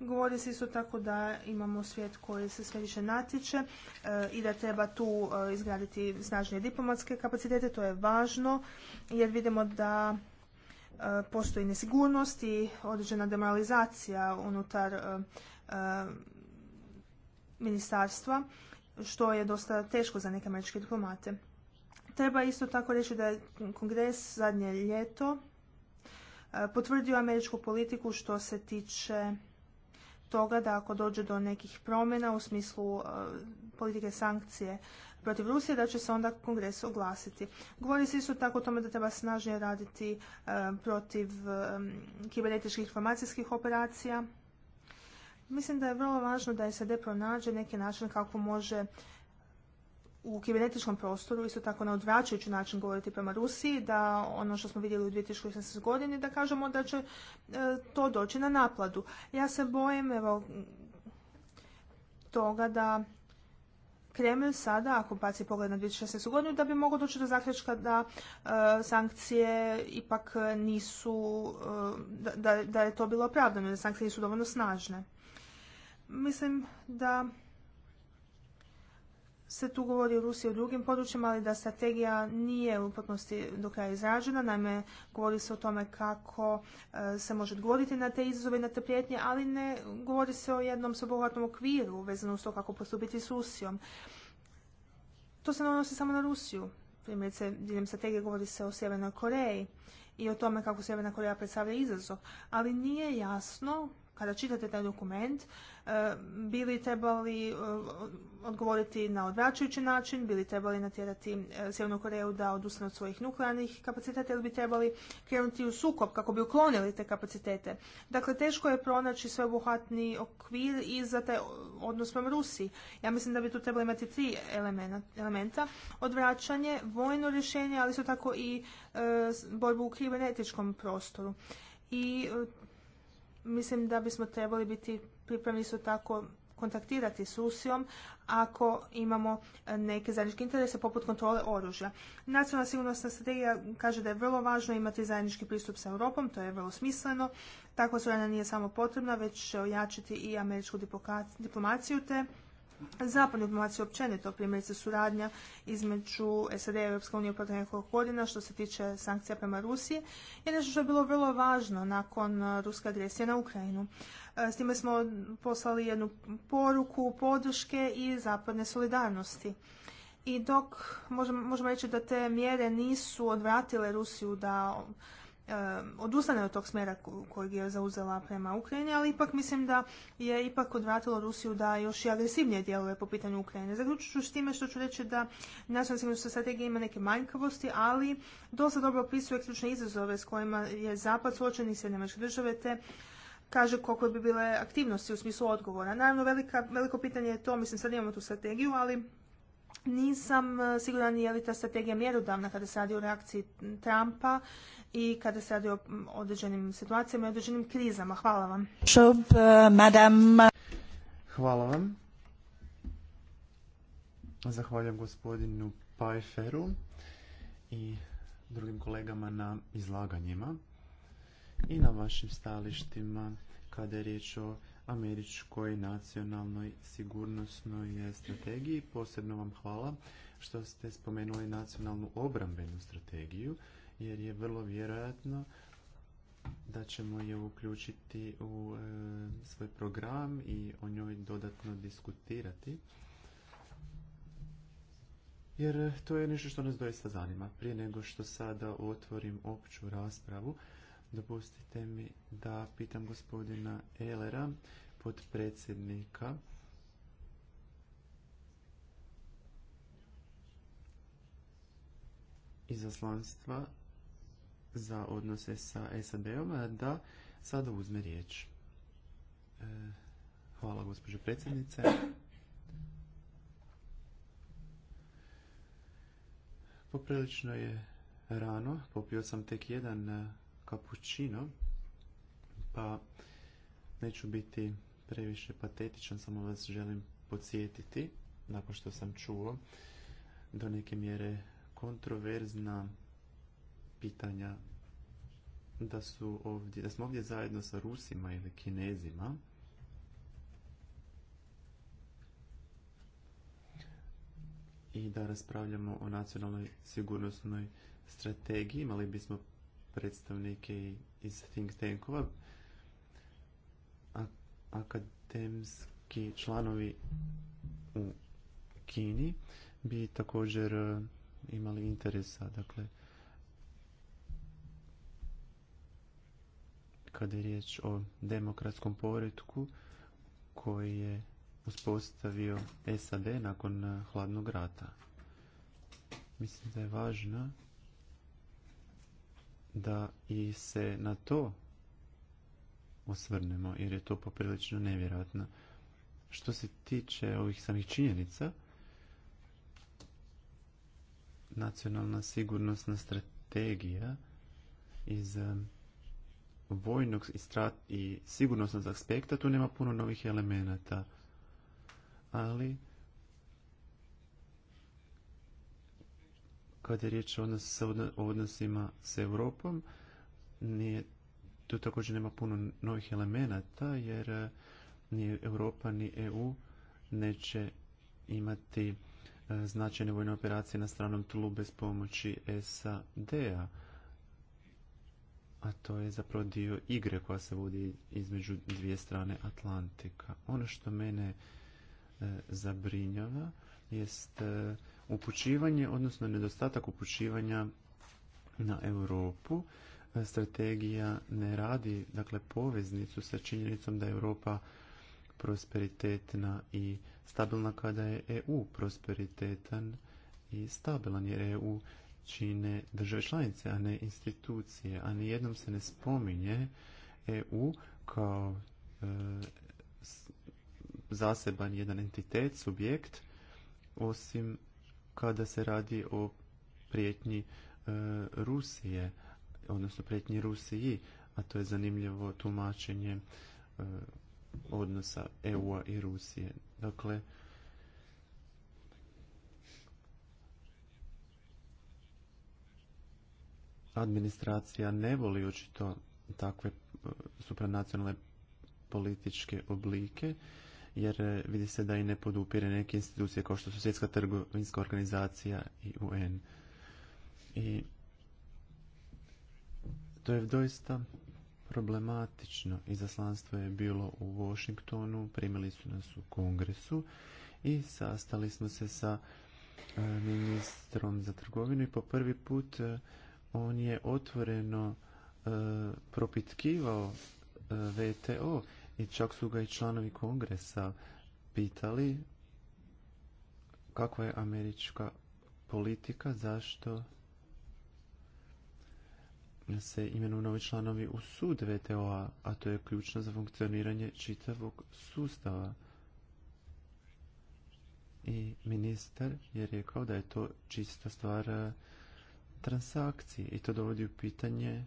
Govori se isto tako da imamo svijet koji se sve više natječe eh, i da treba tu eh, izgraditi snažnije diplomatske kapacitete. To je važno jer vidimo da eh, postoji nesigurnost i određena demoralizacija unutar ministarstva što je dosta teško za neke američke diplomate. Treba isto tako reći da je kongres zadnje ljeto potvrdio američku politiku što se tiče toga da ako dođe do nekih promjena u smislu e, politike sankcije protiv Rusije, da će se onda kongres oglasiti. Govori se isto tako o tome da treba snažnije raditi e, protiv e, kibernetičkih informacijskih operacija. Mislim da je vrlo važno da SAD pronađe neki način kako može u kibernetičkom prostoru isto tako na odvraćajući način govoriti prema Rusiji, da ono što smo vidjeli u 2016. godini, da kažemo da će e, to doći na napladu. Ja se bojim evo, toga da Kremlj sada, ako baci pogled na 2016. godinu, da bi mogao doći do zaključka da e, sankcije ipak nisu, e, da, da je to bilo opravdano, da sankcije nisu dovoljno snažne. Mislim da se tu govori o Rusiji u drugim područjima, ali da strategija nije u potpunosti do kraja izrađena. Naime, govori se o tome kako e, se može odgovoriti na te izazove i na te prijetnje, ali ne govori se o jednom sobohvatnom okviru vezano uz to kako postupiti s Rusijom. To se ne odnosi samo na Rusiju. Primjerice, diljem strategije govori se o Sjevernoj Koreji i o tome kako Sjeverna Koreja predstavlja izazov, ali nije jasno kada čitate taj dokument, e, bili trebali e, odgovoriti na odvraćajući način, bili trebali natjerati e, Sjevernu Koreju da odustane od svojih nuklearnih kapaciteta ili bi trebali krenuti u sukob kako bi uklonili te kapacitete. Dakle, teško je pronaći sveobuhvatni okvir i za taj odnos prema Rusiji. Ja mislim da bi tu trebali imati tri elementa. Odvraćanje, vojno rješenje, ali isto tako i borbu u krivenetičkom prostoru. I mislim da bismo trebali biti pripremni isto tako kontaktirati s Rusijom ako imamo e, neke zajedničke interese poput kontrole oružja. Nacionalna sigurnosna strategija kaže da je vrlo važno imati zajednički pristup sa Europom, to je vrlo smisleno. Takva suradnja nije samo potrebna, već će ojačiti i američku diplomaciju te zapadne diplomacije općenito, primjerice suradnja između SAD i Europske unije protivnih godina što se tiče sankcija prema Rusiji je nešto što je bilo vrlo važno nakon uh, ruske agresije na Ukrajinu. Uh, s time smo poslali jednu poruku podrške i zapadne solidarnosti. I dok možemo reći da te mjere nisu odvratile Rusiju da odustane od tog smjera kojeg je zauzela prema Ukrajini, ali ipak mislim da je ipak odvratilo Rusiju da još i agresivnije djeluje po pitanju Ukrajine. Zaključit ću s time što ću reći da nacionalna sigurnosna strategija ima neke manjkavosti, ali dosta dobro opisuje ključne izazove s kojima je Zapad suočen i Sjedinjavačke države te kaže koliko bi bile aktivnosti u smislu odgovora. Naravno, velika, veliko pitanje je to, mislim sad imamo tu strategiju, ali nisam e, siguran je li ta strategija mjerodavna kada se radi o reakciji Trumpa i kada se radi o određenim situacijama i određenim krizama. Hvala vam. E, Hvala vam. Zahvaljujem gospodinu Pajferu i drugim kolegama na izlaganjima i na vašim stalištima kada je riječ o američkoj nacionalnoj sigurnosnoj strategiji. Posebno vam hvala što ste spomenuli nacionalnu obrambenu strategiju, jer je vrlo vjerojatno da ćemo je uključiti u e, svoj program i o njoj dodatno diskutirati. Jer to je nešto što nas doista zanima. Prije nego što sada otvorim opću raspravu, Dopustite mi da pitam gospodina Elera, podpredsjednika, izaslanstva za odnose sa SAD-om da sada uzme riječ. E, hvala gospođo predsjednice. Poprilično je rano, popio sam tek jedan kapućino, pa neću biti previše patetičan, samo vas želim podsjetiti, nakon što sam čuo, do neke mjere kontroverzna pitanja da, su ovdje, da smo ovdje zajedno sa Rusima ili Kinezima, i da raspravljamo o nacionalnoj sigurnosnoj strategiji, imali bismo predstavnike iz think tankova. Akademski članovi u Kini bi također e, imali interesa, dakle, kada je riječ o demokratskom poredku koji je uspostavio SAD nakon e, hladnog rata. Mislim da je važna da i se na to osvrnemo jer je to poprilično nevjerojatno. Što se tiče ovih samih činjenica, nacionalna sigurnosna strategija iz um, vojnog i, i sigurnosnog aspekta tu nema puno novih elemenata. Ali Kada je riječ o odnosima s Europom, tu također nema puno novih elemenata jer eh, ni Europa ni EU neće imati eh, značajne vojne operacije na stranom tlu bez pomoći SAD-a. A to je zapravo dio igre koja se vodi između dvije strane Atlantika. Ono što mene eh, zabrinjava jest Upućivanje, odnosno nedostatak upućivanja na Europu, strategija ne radi dakle poveznicu sa činjenicom da je Europa prosperitetna i stabilna kada je EU prosperitetan i stabilan jer EU čine države članice, a ne institucije, a ni jednom se ne spominje EU kao e, zaseban jedan entitet, subjekt, osim kada se radi o prijetnji e, Rusije, odnosno prijetnji Rusiji, a to je zanimljivo tumačenje e, odnosa EU-a i Rusije. Dakle, administracija ne voli očito takve e, supranacionalne političke oblike jer e, vidi se da i ne podupire neke institucije kao što su Svjetska trgovinska organizacija i UN. I to je doista problematično. Izaslanstvo je bilo u Washingtonu, primili su nas u kongresu i sastali smo se sa e, ministrom za trgovinu i po prvi put e, on je otvoreno propitkivao VTO i čak su ga i članovi kongresa pitali kakva je američka politika, zašto se imenuju novi članovi u sud VTO-a, a to je ključno za funkcioniranje čitavog sustava. I ministar je rekao da je to čista stvar e, transakcije i to dovodi u pitanje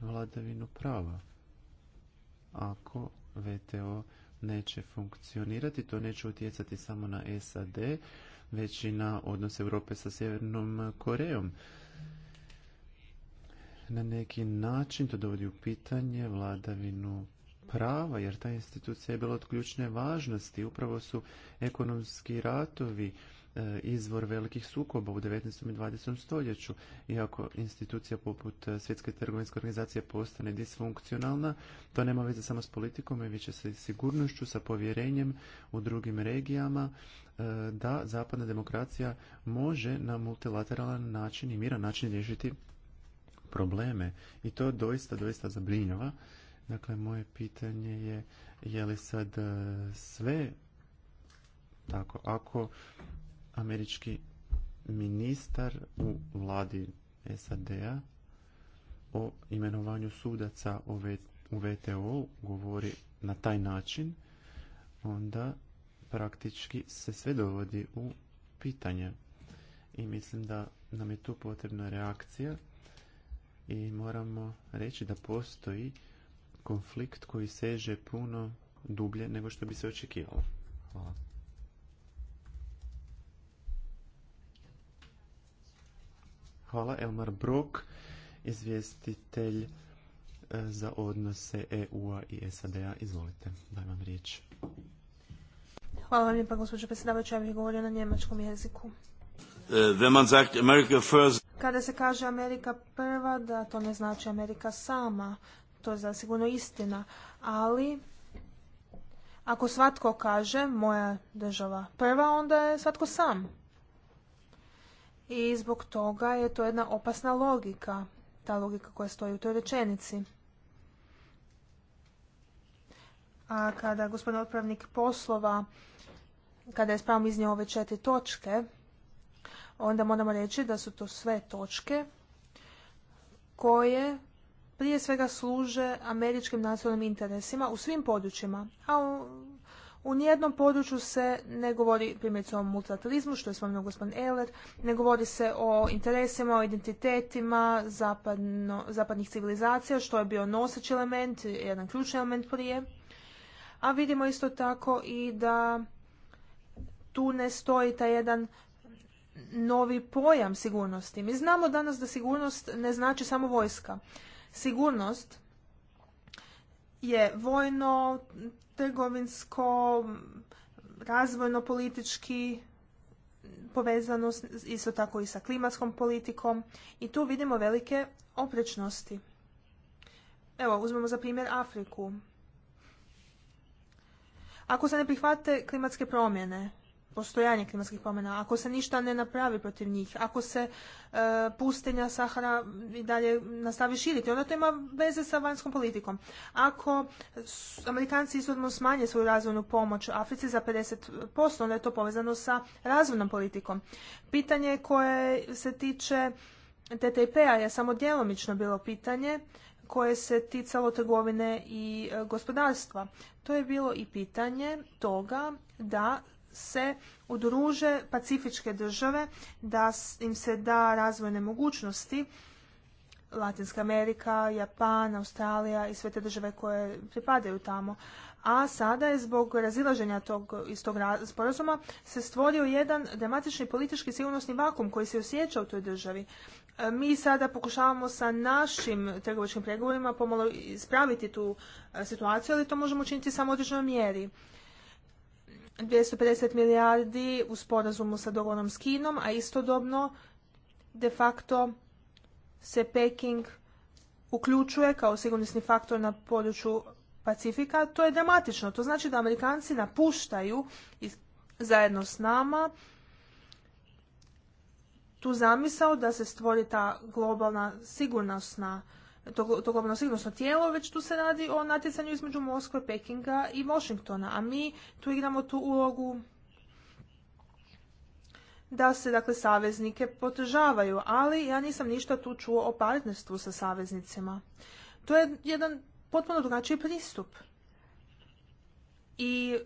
vladavinu prava. Ako VTO neće funkcionirati, to neće utjecati samo na SAD, već i na odnos Europe sa Sjevernom Korejom. Na neki način to dovodi u pitanje vladavinu prava, jer ta institucija je bila od ključne važnosti. Upravo su ekonomski ratovi E, izvor velikih sukoba u 19. i 20. stoljeću. Iako institucija poput e, Svjetske trgovinske organizacije postane disfunkcionalna, to nema veze samo s politikom, već i sa sigurnošću, sa povjerenjem u drugim regijama e, da zapadna demokracija može na multilateralan način i miran način riješiti probleme. I to doista, doista zabrinjava. Dakle, moje pitanje je je li sad sve tako? Ako američki ministar u vladi SAD-a o imenovanju sudaca u VTO govori na taj način, onda praktički se sve dovodi u pitanje. I mislim da nam je tu potrebna reakcija i moramo reći da postoji konflikt koji seže puno dublje nego što bi se očekivalo. Hvala. Hvala Elmar Brok, izvjestitelj e, za odnose EU-a i SAD-a. Izvolite, daj vam riječ. Hvala vam lijepa, gospođo predsjedavajuća, ja bih govorio na njemačkom jeziku. E, Kada se kaže Amerika prva, da to ne znači Amerika sama, to je zasigurno istina, ali ako svatko kaže moja država prva, onda je svatko sam i zbog toga je to jedna opasna logika, ta logika koja stoji u toj rečenici. A kada gospodin otpravnik poslova, kada je spravom iznio ove četiri točke, onda moramo reći da su to sve točke koje prije svega služe američkim nacionalnim interesima u svim područjima, a u u nijednom području se ne govori primjerice o multilateralizmu, što je spomenuo gospodin Ehler, ne govori se o interesima, o identitetima zapadno, zapadnih civilizacija, što je bio noseći element, jedan ključni element prije. A vidimo isto tako i da tu ne stoji taj jedan novi pojam sigurnosti. Mi znamo danas da sigurnost ne znači samo vojska. Sigurnost je vojno, trgovinsko, razvojno politički povezano isto tako i sa klimatskom politikom i tu vidimo velike oprečnosti. Evo, uzmemo za primjer Afriku. Ako se ne prihvate klimatske promjene, postojanje klimatskih promjena, ako se ništa ne napravi protiv njih, ako se e, pustinja Sahara i dalje nastavi širiti, onda to ima veze sa vanjskom politikom. Ako Amerikanci izvodno smanje svoju razvojnu pomoć Africi za 50%, onda je to povezano sa razvojnom politikom. Pitanje koje se tiče TTIP-a je samo djelomično bilo pitanje koje se ticalo trgovine i e, gospodarstva. To je bilo i pitanje toga da se udruže pacifičke države, da im se da razvojne mogućnosti, Latinska Amerika, Japan, Australija i sve te države koje pripadaju tamo. A sada je zbog razilaženja tog, iz tog sporazuma se stvorio jedan dramatični politički sigurnosni vakum koji se osjeća u toj državi. E, mi sada pokušavamo sa našim trgovačkim pregovorima pomalo ispraviti tu e, situaciju, ali to možemo učiniti samo u određenoj mjeri. 250 milijardi u sporazumu sa Dogonom s Kinom, a istodobno de facto se Peking uključuje kao sigurnosni faktor na području Pacifika. To je dramatično. To znači da Amerikanci napuštaju zajedno s nama tu zamisao da se stvori ta globalna sigurnosna tog sigurnosno tijelo, već tu se radi o natjecanju između Moskve, Pekinga i Washingtona, a mi tu igramo tu ulogu da se dakle saveznike podržavaju, ali ja nisam ništa tu čuo o partnerstvu sa saveznicima. To je jedan potpuno drugačiji pristup. I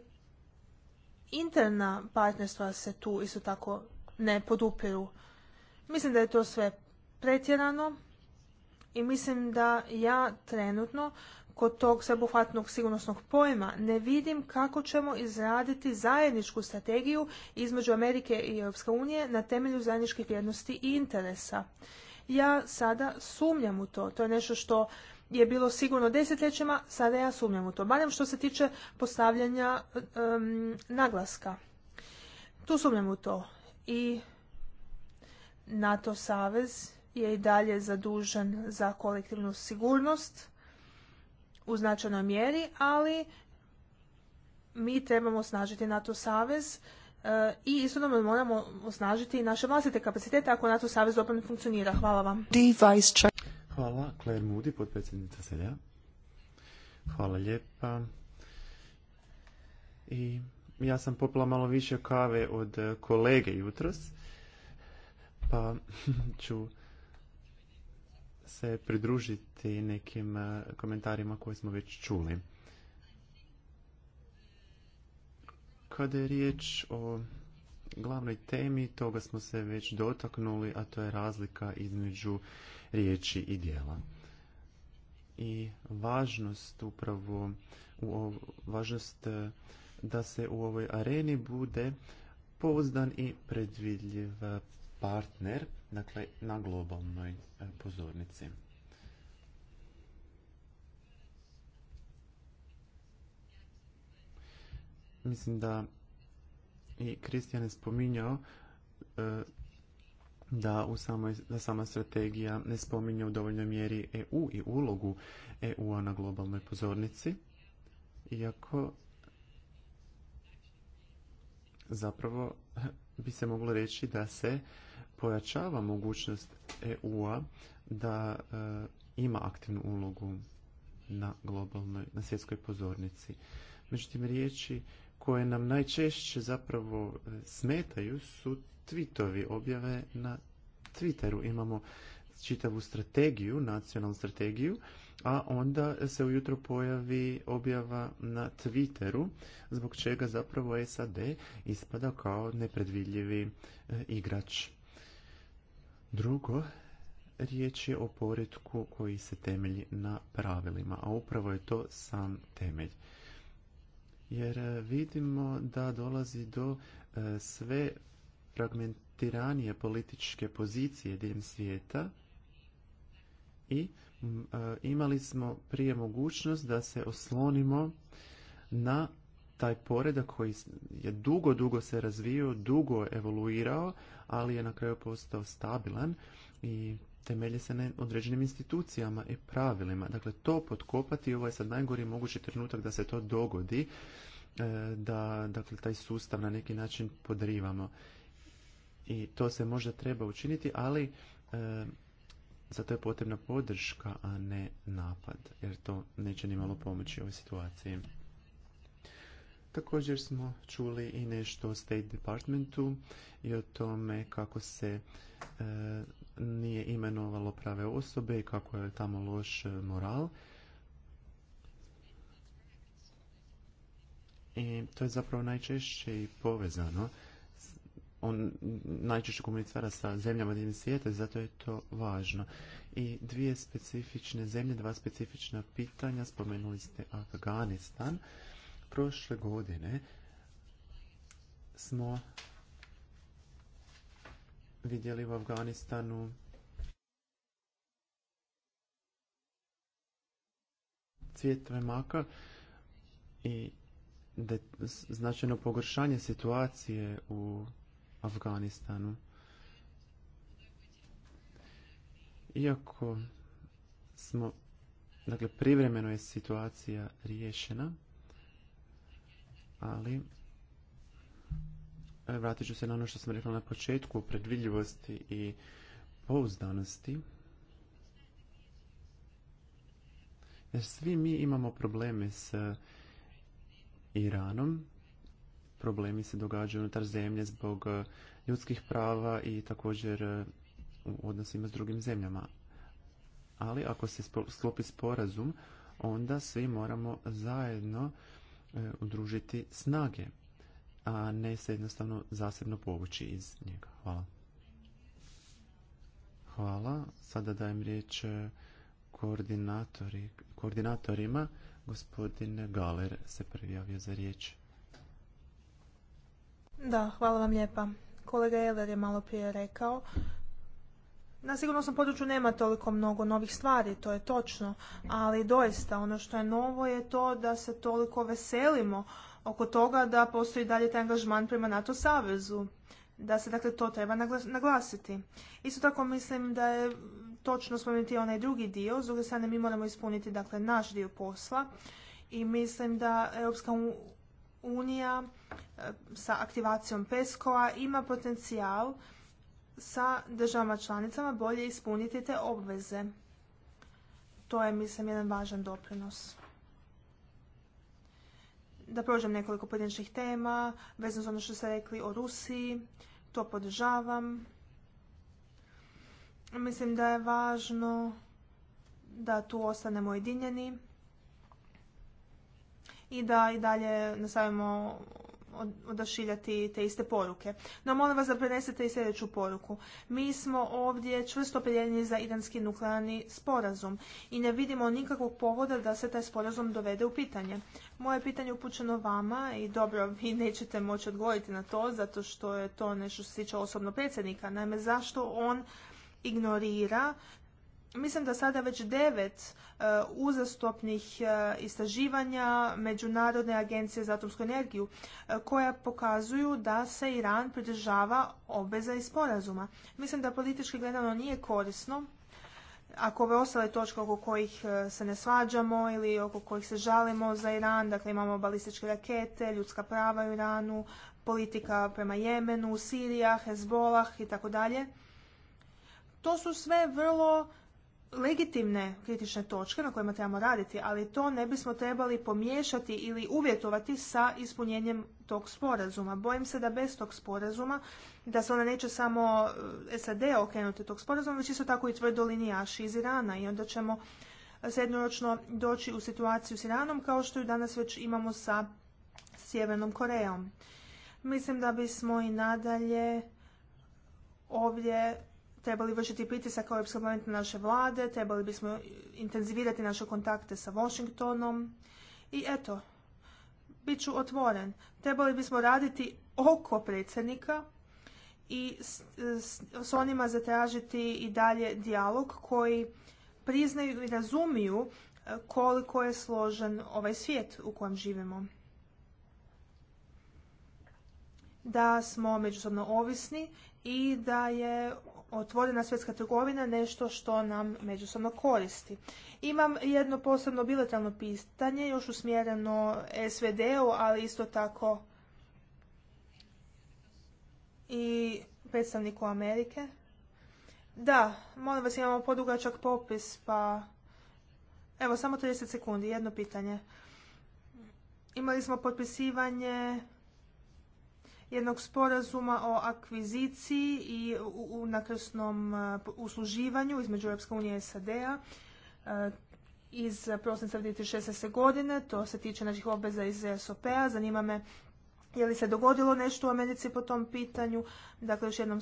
interna partnerstva se tu isto tako ne podupiru. Mislim da je to sve pretjerano i mislim da ja trenutno kod tog sveobuhvatnog sigurnosnog pojma ne vidim kako ćemo izraditi zajedničku strategiju između Amerike i Europske unije na temelju zajedničkih vrijednosti i interesa. Ja sada sumnjam u to. To je nešto što je bilo sigurno desetljećima, sada ja sumnjam u to. Barem što se tiče postavljanja naglaska. Tu sumnjam u to. I NATO savez je i dalje zadužen za kolektivnu sigurnost u značajnoj mjeri, ali mi trebamo osnažiti NATO savez i e, i istodobno moramo osnažiti naše vlastite kapacitete ako NATO savez dobro ne funkcionira. Hvala vam. Hvala, Claire Moody, potpredsjednica Selja. Hvala lijepa. I ja sam popila malo više kave od kolege jutros, pa <laughs> ću se pridružiti nekim eh, komentarima koje smo već čuli. Kada je riječ o glavnoj temi, toga smo se već dotaknuli, a to je razlika između riječi i dijela. I važnost upravo, u, važnost eh, da se u ovoj areni bude pouzdan i predvidljiv eh, partner dakle, na globalnoj e, pozornici. Mislim da i Kristijan je spominjao e, da, u da sama strategija ne spominje u dovoljnoj mjeri EU i ulogu EU-a na globalnoj pozornici, iako zapravo bi se moglo reći da se pojačava mogućnost EU-a da e, ima aktivnu ulogu na globalnoj, na svjetskoj pozornici. Međutim, riječi koje nam najčešće zapravo e, smetaju su tweetovi, objave na Twitteru. Imamo čitavu strategiju, nacionalnu strategiju, a onda se ujutro pojavi objava na Twitteru, zbog čega zapravo SAD ispada kao nepredvidljivi e, igrač. Drugo, riječ je o poretku koji se temelji na pravilima, a upravo je to sam temelj. Jer e, vidimo da dolazi do e, sve fragmentiranije političke pozicije diljem svijeta i E, imali smo prije mogućnost da se oslonimo na taj poredak koji je dugo, dugo se razvio, dugo evoluirao, ali je na kraju postao stabilan i temelje se na određenim institucijama i pravilima. Dakle, to potkopati, ovo je sad najgori mogući trenutak da se to dogodi, e, da dakle, taj sustav na neki način podrivamo. I to se možda treba učiniti, ali e, zato je potrebna podrška, a ne napad, jer to neće ni malo pomoći ovoj situaciji. Također smo čuli i nešto o State Departmentu i o tome kako se e, nije imenovalo prave osobe i kako je tamo loš e, moral. I to je zapravo najčešće i povezano on najčešće komunicira sa zemljama diljem svijeta, zato je to važno. I dvije specifične zemlje, dva specifična pitanja, spomenuli ste Afganistan. Prošle godine smo vidjeli u Afganistanu cvjetove maka i značajno pogoršanje situacije u Afganistanu. Iako smo, dakle, privremeno je situacija riješena, ali vratit ću se na ono što sam rekla na početku, predvidljivosti i pouzdanosti. Jer svi mi imamo probleme s Iranom, problemi se događaju unutar zemlje zbog e, ljudskih prava i također e, u odnosima s drugim zemljama. Ali ako se sklopi sporazum, onda svi moramo zajedno e, udružiti snage, a ne se jednostavno zasebno povući iz njega. Hvala. Hvala. Sada dajem riječ koordinatori, koordinatorima. Gospodin Galer se prvi javio za riječ. Da, hvala vam lijepa. Kolega Eler je malo prije rekao na sigurnosnom području nema toliko mnogo novih stvari, to je točno, ali doista ono što je novo je to da se toliko veselimo oko toga da postoji dalje taj angažman prema NATO savezu, da se dakle to treba naglasiti. Isto tako mislim da je točno spomenuti onaj drugi dio, s druge strane mi moramo ispuniti dakle naš dio posla i mislim da Europska unija e, sa aktivacijom PESCO-a ima potencijal sa državama članicama bolje ispuniti te obveze. To je, mislim, jedan važan doprinos. Da prođem nekoliko pojedinačnih tema, vezano za ono što ste rekli o Rusiji, to podržavam. Mislim da je važno da tu ostanemo ujedinjeni i da i dalje nastavimo odašiljati te iste poruke. No molim vas da prenesete i sljedeću poruku. Mi smo ovdje čvrsto opredjeljeni za Idanski nuklearni sporazum i ne vidimo nikakvog povoda da se taj sporazum dovede u pitanje. Moje pitanje je upućeno vama i dobro, <laughs> vi nećete moći odgovoriti na to zato što je to nešto što se tiče osobno predsjednika. Naime, zašto on ignorira Mislim da sada već devet e, uzastopnih e, istraživanja Međunarodne agencije za atomsku energiju e, koja pokazuju da se Iran pridržava obveza i sporazuma. Mislim da politički gledano nije korisno ako ove ostale točke oko kojih se ne svađamo ili oko kojih se žalimo za Iran, dakle imamo balističke rakete, ljudska prava u Iranu, politika prema Jemenu, Sirija, Hezbolah i tako dalje, to su sve vrlo legitimne kritične točke na kojima trebamo raditi, ali to ne bismo trebali pomiješati ili uvjetovati sa ispunjenjem tog sporazuma. Bojim se da bez tog sporazuma, da se ona neće samo e, SAD okrenuti tog sporazuma, već isto tako i tvrdolinijaši iz Irana i onda ćemo srednjoročno doći u situaciju s Iranom kao što ju danas već imamo sa Sjevernom Korejom. Mislim da bismo i nadalje ovdje trebali vršiti pritisak kao europskom naše vlade, trebali bismo intenzivirati naše kontakte sa Washingtonom i eto, bit ću otvoren. Trebali bismo raditi oko predsjednika i s, s onima zatražiti i dalje dijalog koji priznaju i razumiju e, koliko je složen ovaj svijet u kojem živimo. Da smo međusobno ovisni i da je otvorena svjetska trgovina nešto što nam međusobno koristi. Imam jedno posebno bilateralno pitanje, još usmjereno SVD-u, ali isto tako i predstavniku Amerike. Da, molim vas imamo podugačak popis, pa evo samo 30 sekundi, jedno pitanje. Imali smo potpisivanje jednog sporazuma o akviziciji i u nakrsnom e, usluživanju između Europske unije i SAD-a e, iz prosinca 2016. godine. To se tiče naših obveza iz SOP-a. Zanima me je li se dogodilo nešto u Americi po tom pitanju. Dakle, još jednom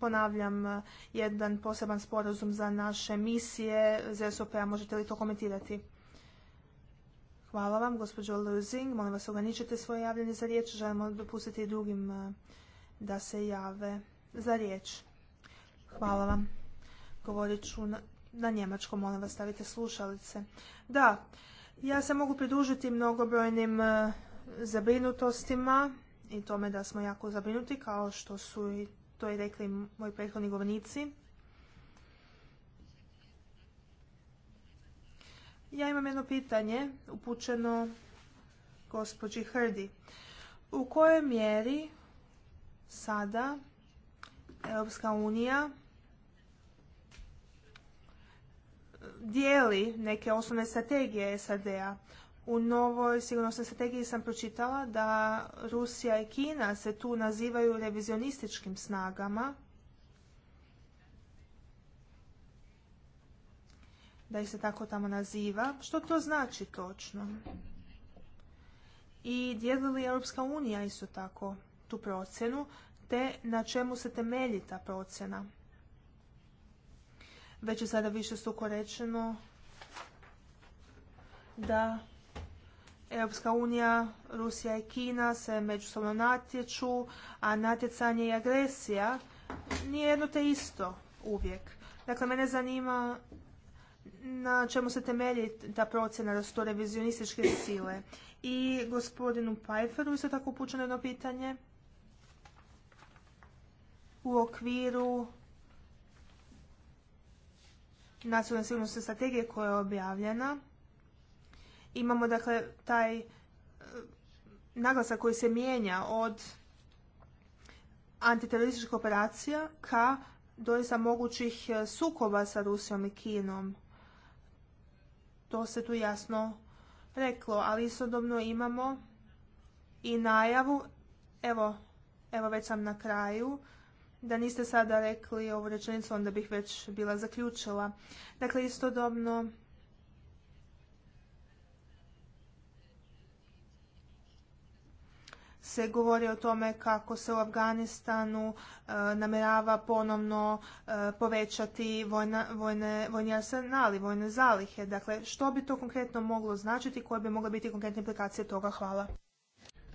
ponavljam e, jedan poseban sporazum za naše misije za SOP-a. Možete li to komentirati? Hvala vam, gospođo Luzing. Molim vas ograničite svoje javljanje za riječ. Želimo dopustiti i drugim eh, da se jave za riječ. Hvala vam. Govorit ću na, na njemačkom, molim vas stavite slušalice. Da, ja se mogu pridružiti mnogobrojnim eh, zabrinutostima i tome da smo jako zabrinuti, kao što su i to i rekli moji prethodni govornici. Ja imam jedno pitanje upućeno gospođi Hrdi. U kojoj mjeri sada Europska unija dijeli neke osnovne strategije SAD-a. U novoj sigurnosnoj strategiji sam pročitala da Rusija i Kina se tu nazivaju revizionističkim snagama da ih se tako tamo naziva. Što to znači točno? I dijeli li Europska unija isto tako tu procjenu, te na čemu se temelji ta procjena? Već je sada više stuko rečeno da Europska unija, Rusija i Kina se međusobno natječu, a natjecanje i agresija nije jedno te isto uvijek. Dakle, mene zanima na čemu se temelji ta procjena da su to revizionističke sile. I gospodinu Pajferu se tako upućeno jedno pitanje u okviru nacionalne sigurnosne strategije koja je objavljena. Imamo dakle taj e, naglasak koji se mijenja od antiterorističkih operacija ka doista mogućih e, sukoba sa Rusijom i Kinom to se tu jasno reklo, ali istodobno imamo i najavu, evo, evo već sam na kraju, da niste sada rekli ovu rečenicu, onda bih već bila zaključila. Dakle, istodobno se govori o tome kako se u Afganistanu e, namjerava ponovno e, povećati vojna, vojne, vojni arsenali, vojne zalihe. Dakle, što bi to konkretno moglo značiti, koje bi mogle biti konkretne implikacije toga? Hvala.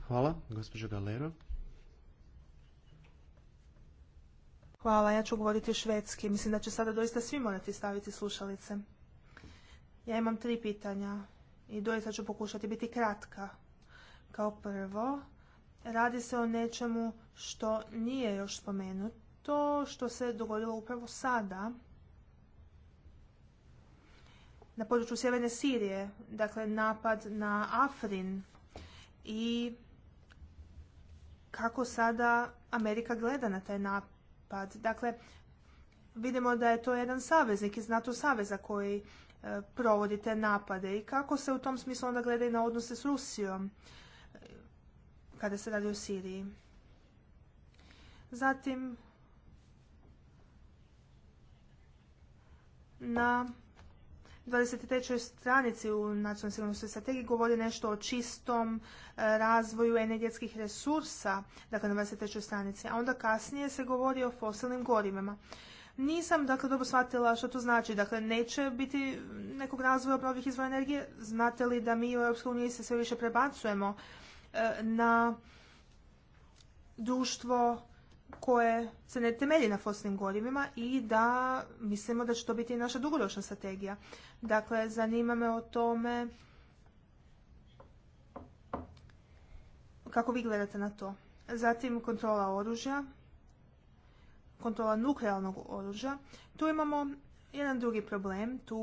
Hvala, gospođo Galero. Hvala, ja ću govoriti švedski. Mislim da će sada doista svi morati staviti slušalice. Ja imam tri pitanja i doista ću pokušati biti kratka. Kao prvo, Radi se o nečemu što nije još spomenuto, što se dogodilo upravo sada na području sjeverne Sirije, dakle napad na Afrin i kako sada Amerika gleda na taj napad. Dakle, vidimo da je to jedan saveznik iz NATO saveza koji e, provodi te napade i kako se u tom smislu onda gleda i na odnose s Rusijom kada se radi o Siriji. Zatim na 23. stranici u nacionalnoj sigurnosnoj strategiji govori nešto o čistom e, razvoju energetskih resursa, dakle na 23. stranici, a onda kasnije se govori o fosilnim gorivima. Nisam dakle dobro shvatila što to znači. Dakle, neće biti nekog razvoja obnovljivih izvora energije. Znate li da mi u EU se sve više prebacujemo E, na društvo koje se ne temelji na fosilnim gorivima i da mislimo da će to biti naša dugoročna strategija. Dakle, zanima me o tome kako vi gledate na to. Zatim kontrola oružja, kontrola nuklearnog oružja. Tu imamo jedan drugi problem, tu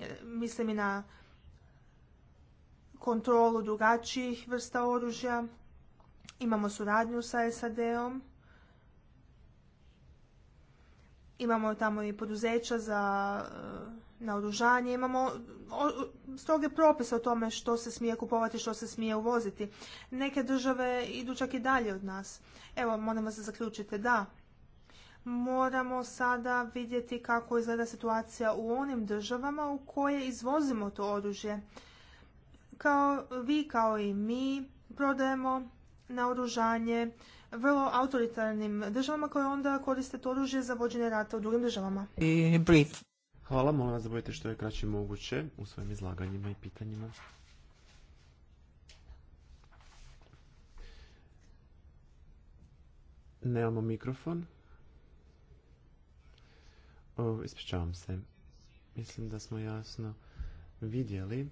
e, mislim i na kontrolu drugačijih vrsta oružja, imamo suradnju sa SAD-om, imamo tamo i poduzeća za e, naoružanje, imamo stroge propise o tome što se smije kupovati, što se smije uvoziti. Neke države idu čak i dalje od nas. Evo, moramo se zaključiti da moramo sada vidjeti kako izgleda situacija u onim državama u koje izvozimo to oružje kao vi, kao i mi, prodajemo naoružanje vrlo autoritarnim državama koje onda koriste to oružje za vođenje rata u drugim državama. I brief. Hvala, molim vas da budete što je kraće moguće u svojim izlaganjima i pitanjima. Nemamo mikrofon. O, ispričavam se. Mislim da smo jasno vidjeli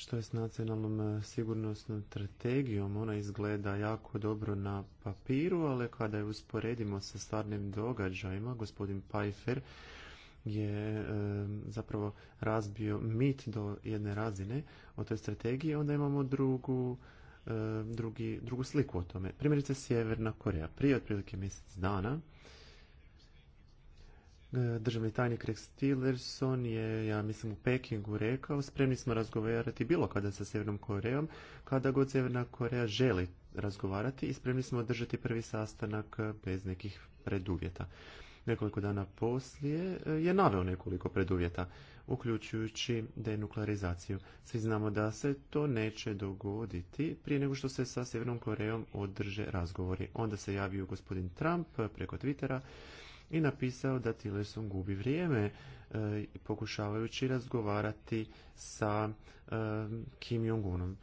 što je s nacionalnom e, sigurnosnom strategijom. Ona izgleda jako dobro na papiru, ali kada je usporedimo sa stvarnim događajima, gospodin Pajfer je e, zapravo razbio mit do jedne razine o toj strategiji, onda imamo drugu, e, drugi, drugu sliku o tome. Primjerice Sjeverna Koreja. Prije otprilike mjesec dana E, državni tajnik Rex Tillerson je, ja mislim, u Pekingu rekao, spremni smo razgovarati bilo kada sa Sjevernom Korejom, kada god Sjeverna Koreja želi razgovarati i spremni smo održati prvi sastanak bez nekih preduvjeta. Nekoliko dana poslije e, je naveo nekoliko preduvjeta, uključujući denuklearizaciju. Svi znamo da se to neće dogoditi prije nego što se sa Sjevernom Korejom održe razgovori. Onda se javio gospodin Trump preko Twittera i napisao da Tillerson gubi vrijeme e, pokušavajući razgovarati sa e, Kim Jong-unom.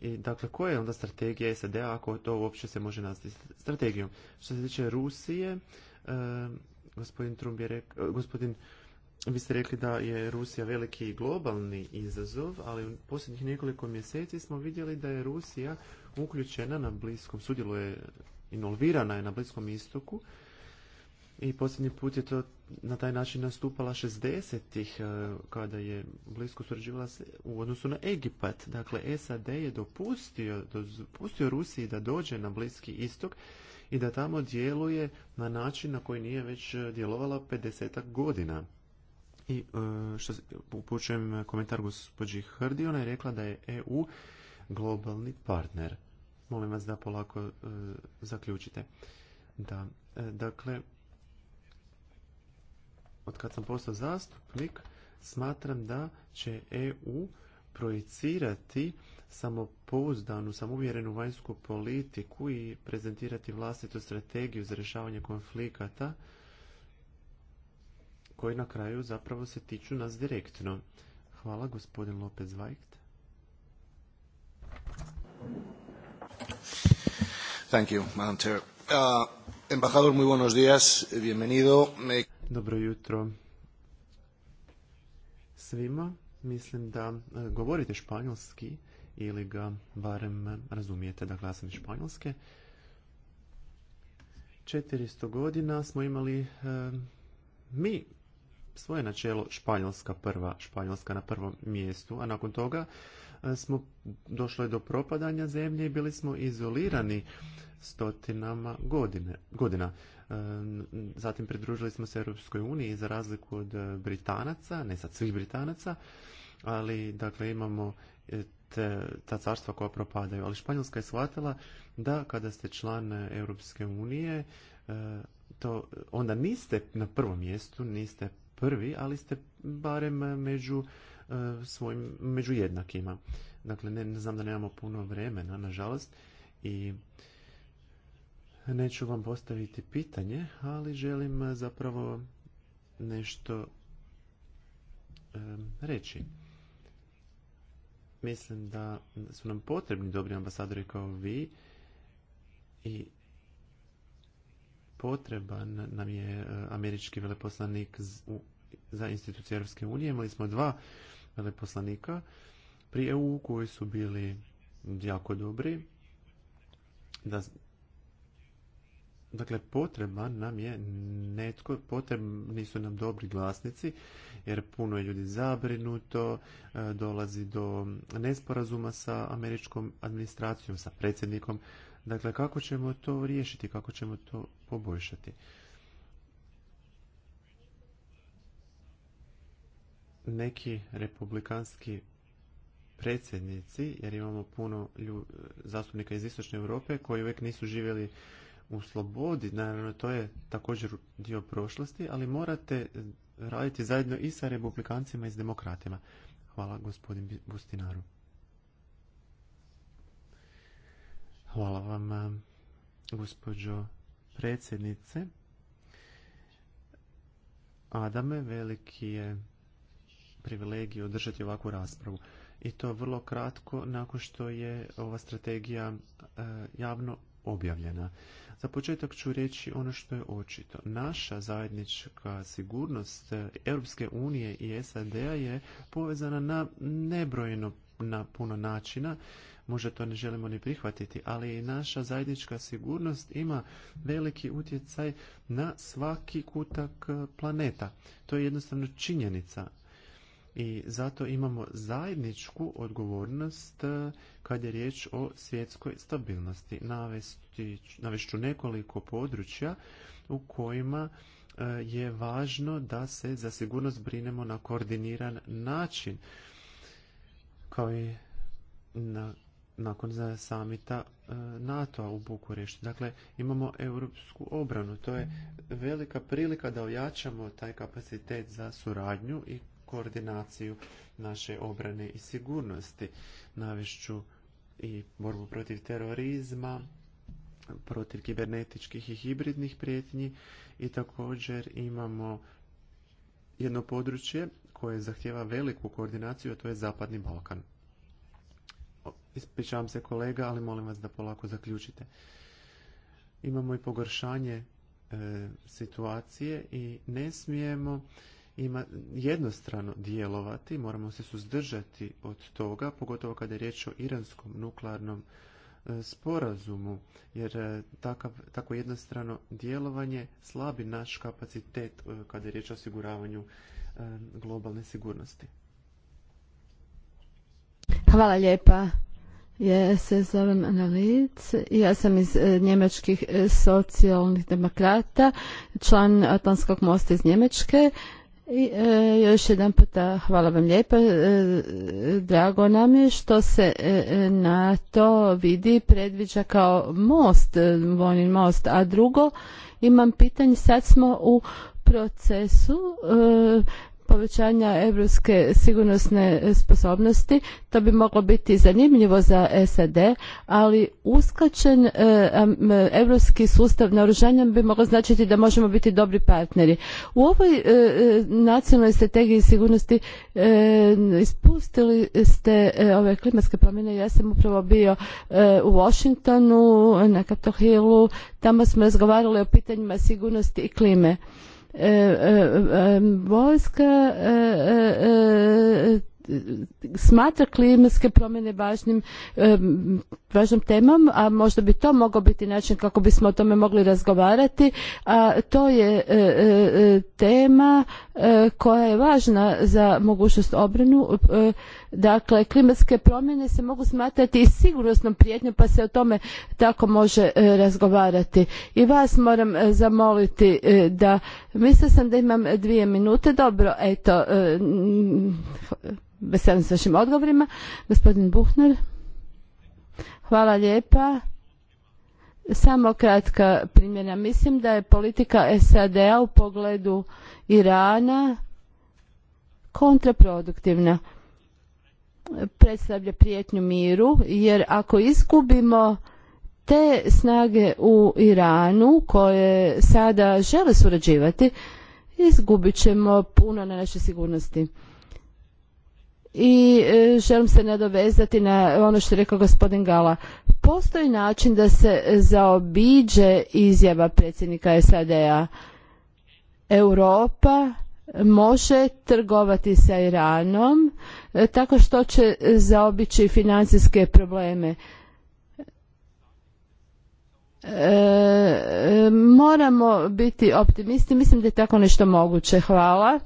I, dakle, koja je onda strategija SAD-a ako to uopće se može nazvati strategijom? Što se tiče Rusije, e, gospodin Trump je rekao, gospodin vi ste rekli da je Rusija veliki globalni izazov, ali u posljednjih nekoliko mjeseci smo vidjeli da je Rusija uključena na bliskom, sudjeluje, involvirana je na bliskom istoku i posljednji put je to na taj način nastupala 60-ih eh, kada je blisko surađivala u odnosu na Egipat. Dakle, SAD je dopustio, dopustio Rusiji da dođe na Bliski istok i da tamo djeluje na način na koji nije već eh, djelovala 50 godina. I eh, što upućujem komentar gospođi Hrdi, ona je rekla da je EU globalni partner. Molim vas da polako zaključite. Da, dakle, od kad sam postao zastupnik, smatram da će EU projicirati samopouzdanu, samouvjerenu vanjsku politiku i prezentirati vlastitu strategiju za rješavanje konflikata koji na kraju zapravo se tiču nas direktno. Hvala gospodin Lopez Vajkt. Thank you, Madam Chair. Uh, buenos bienvenido. Dobro jutro svima. Mislim da e, govorite španjolski ili ga barem razumijete. da glasam Španjolske. 400 godina smo imali e, mi svoje načelo Španjolska prva, Španjolska na prvom mjestu, a nakon toga e, smo došlo je do propadanja zemlje i bili smo izolirani stotinama godina. E, zatim pridružili smo se Europskoj uniji za razliku od e, Britanaca, ne sad svih Britanaca, ali dakle imamo e, te, ta carstva koja propadaju. Ali Španjolska je shvatila da kada ste član Europske unije, to onda niste na prvom mjestu, niste prvi, ali ste barem među svojim, među jednakima. Dakle, ne znam da nemamo puno vremena, nažalost, i Neću vam postaviti pitanje, ali želim eh, zapravo nešto reći. Mislim da su nam potrebni dobri ambasadori kao vi i potreban nam je eh, američki veleposlanik za institucije Europske unije. Imali smo dva veleposlanika pri EU koji su bili jako dobri. Da Dakle, potreban nam je netko, potrebni su nam dobri glasnici, jer puno je ljudi zabrinuto, e, dolazi do nesporazuma sa američkom administracijom, sa predsjednikom. Dakle, kako ćemo to riješiti, kako ćemo to poboljšati? Neki republikanski predsjednici, jer imamo puno zastupnika iz Istočne Europe koji uvijek nisu živjeli u slobodi, naravno to je također dio prošlosti, ali morate raditi zajedno i sa republikancima i s demokratima. Hvala gospodin Bustinaru. Hvala vam gospođo predsjednice. Adame, veliki je privilegij održati ovakvu raspravu. I to vrlo kratko nakon što je ova strategija e, javno objavljena. Za početak ću reći ono što je očito. Naša zajednička sigurnost Europske unije i SAD-a je povezana na nebrojeno na puno načina, možda to ne želimo ni prihvatiti, ali i naša zajednička sigurnost ima veliki utjecaj na svaki kutak eh, planeta. To je jednostavno činjenica i zato imamo zajedničku odgovornost e, kad je riječ o svjetskoj stabilnosti. Navesti, navešću nekoliko područja u kojima e, je važno da se za sigurnost brinemo na koordiniran način kao i nakon za samita e, NATO-a u Bukurešti. Dakle, imamo europsku obranu. To je velika prilika da ojačamo taj kapacitet za suradnju i koordinaciju naše obrane i sigurnosti. Navešću i borbu protiv terorizma, protiv kibernetičkih i hibridnih prijetnji i također imamo jedno područje koje zahtjeva veliku koordinaciju, a to je Zapadni Balkan. Ispričavam se kolega, ali molim vas da polako zaključite. Imamo i pogoršanje e, situacije i ne smijemo ima jednostrano djelovati, moramo se suzdržati od toga, pogotovo kada je riječ o iranskom nuklearnom e, sporazumu, jer e, takav, tako jednostrano djelovanje slabi naš kapacitet e, kada je riječ o osiguravanju globalne sigurnosti. Hvala lijepa. Ja se zovem Analic, ja sam iz njemačkih socijalnih demokrata, član Atlantskog mosta iz Njemačke. I e, još jedan puta hvala vam lijepa. E, drago nam je što se e, e, na to vidi predviđa kao most, vojni most. A drugo, imam pitanje, sad smo u procesu povećanja europske sigurnosne sposobnosti. To bi moglo biti zanimljivo za SAD, ali uskačen europski e, sustav naoružanja bi moglo značiti da možemo biti dobri partneri. U ovoj e, e, nacionalnoj strategiji sigurnosti ispustili ste ove klimatske promjene. Ja sam upravo bio u Washingtonu, na Capitol Hillu, tamo smo razgovarali o pitanjima sigurnosti i klime. E, e, e, vojska smatra klimatske promjene važnim važnom temom, a možda bi to mogao biti način kako bismo o tome mogli razgovarati, a to je tema koja je važna za mogućnost obranu Dakle, klimatske promjene se mogu smatrati i sigurnosnom prijetnjom, pa se o tome tako može e, razgovarati. I vas moram e, zamoliti e, da, mislila sam da imam dvije minute, dobro, eto, veselim s vašim odgovorima. Gospodin Buhner. Hvala lijepa. Samo kratka primjena. Mislim da je politika SAD-a u pogledu Irana kontraproduktivna predstavlja prijetnju miru jer ako izgubimo te snage u Iranu koje sada žele surađivati izgubit ćemo puno na našoj sigurnosti i e, želim se nadovezati na ono što je rekao gospodin Gala. Postoji način da se zaobiđe izjava predsjednika SAD-a. Europa može trgovati sa Iranom E, tako što će zaobići financijske probleme. E, e, moramo biti optimisti, mislim da je tako nešto moguće. Hvala.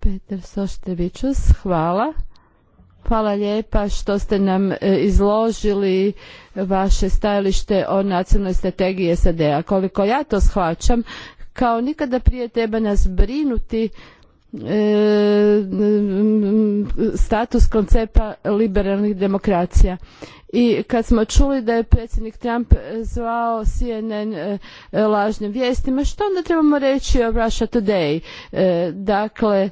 Petar Soštevičus, hvala. Hvala lijepa što ste nam izložili vaše stajalište o nacionalnoj strategiji SAD-a. Koliko ja to shvaćam, kao nikada prije treba nas brinuti E, status koncepta liberalnih demokracija. I kad smo čuli da je predsjednik Trump zvao CNN e, lažnim vijestima, što onda trebamo reći o Russia Today? E, dakle,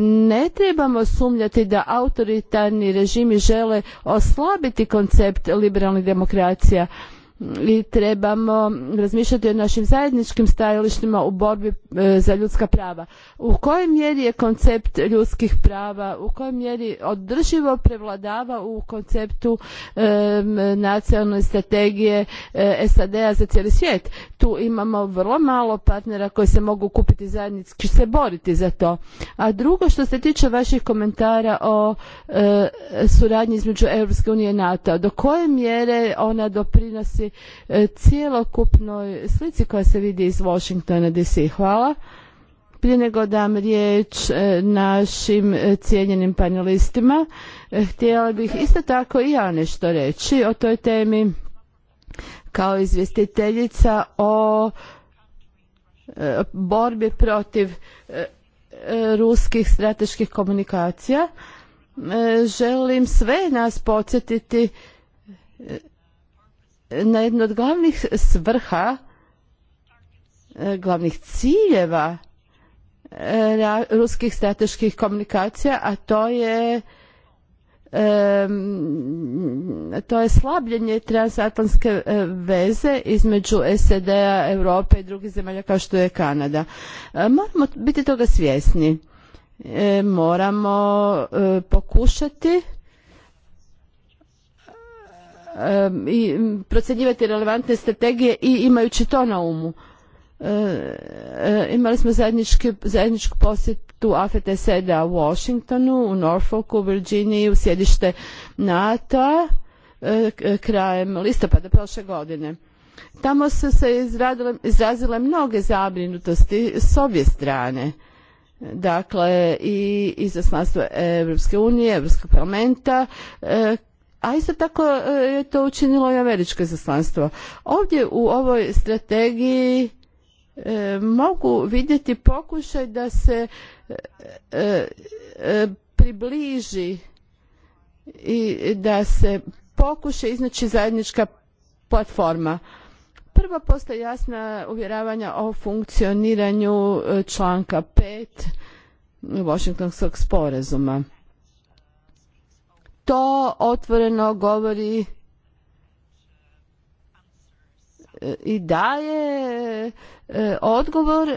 ne trebamo sumnjati da autoritarni režimi žele oslabiti koncept liberalnih demokracija i trebamo razmišljati o našim zajedničkim stajalištima u borbi e, za ljudska prava. U kojoj mjeri je koncept ljudskih prava, u kojoj mjeri održivo prevladava u konceptu e, nacionalne strategije e, SAD-a za cijeli svijet. Tu imamo vrlo malo partnera koji se mogu kupiti zajednički se boriti za to. A drugo što se tiče vaših komentara o suradnji između Europske unije i NATO, do koje mjere ona doprinosi E, cijelokupnoj slici koja se vidi iz Washingtona DC. Hvala. Prije nego dam riječ e, našim e, cijenjenim panelistima, htjela bih isto tako i ja nešto reći o toj temi kao izvjestiteljica o borbi protiv ruskih strateških komunikacija. Želim sve nas podsjetiti na jednu od glavnih svrha, e, glavnih ciljeva e, ruskih strateških komunikacija, a to je to je slabljenje transatlantske e, veze između SAD-a, Europe i drugih zemalja kao što je Kanada. Moramo biti toga svjesni. Moramo pokušati i procjenjivati relevantne strategije i imajući to na umu. E, e, imali smo zajedničku posjetu AFT a u Washingtonu, u Norfolku, u Virginiji, u sjedište nato e, krajem listopada prošle godine. Tamo su se izrazile mnoge zabrinutosti s obje strane. Dakle, i izaslanstvo Europske unije, Europskog parlamenta, a isto tako e, je to učinilo i američko zaslanstvo. Ovdje u ovoj strategiji e, mogu vidjeti pokušaj da se e, približi i da se pokuša iznaći zajednička platforma. Prvo postoje jasna uvjeravanja o funkcioniranju članka 5 Washingtonskog sporazuma to otvoreno govori e, i daje e, odgovor e,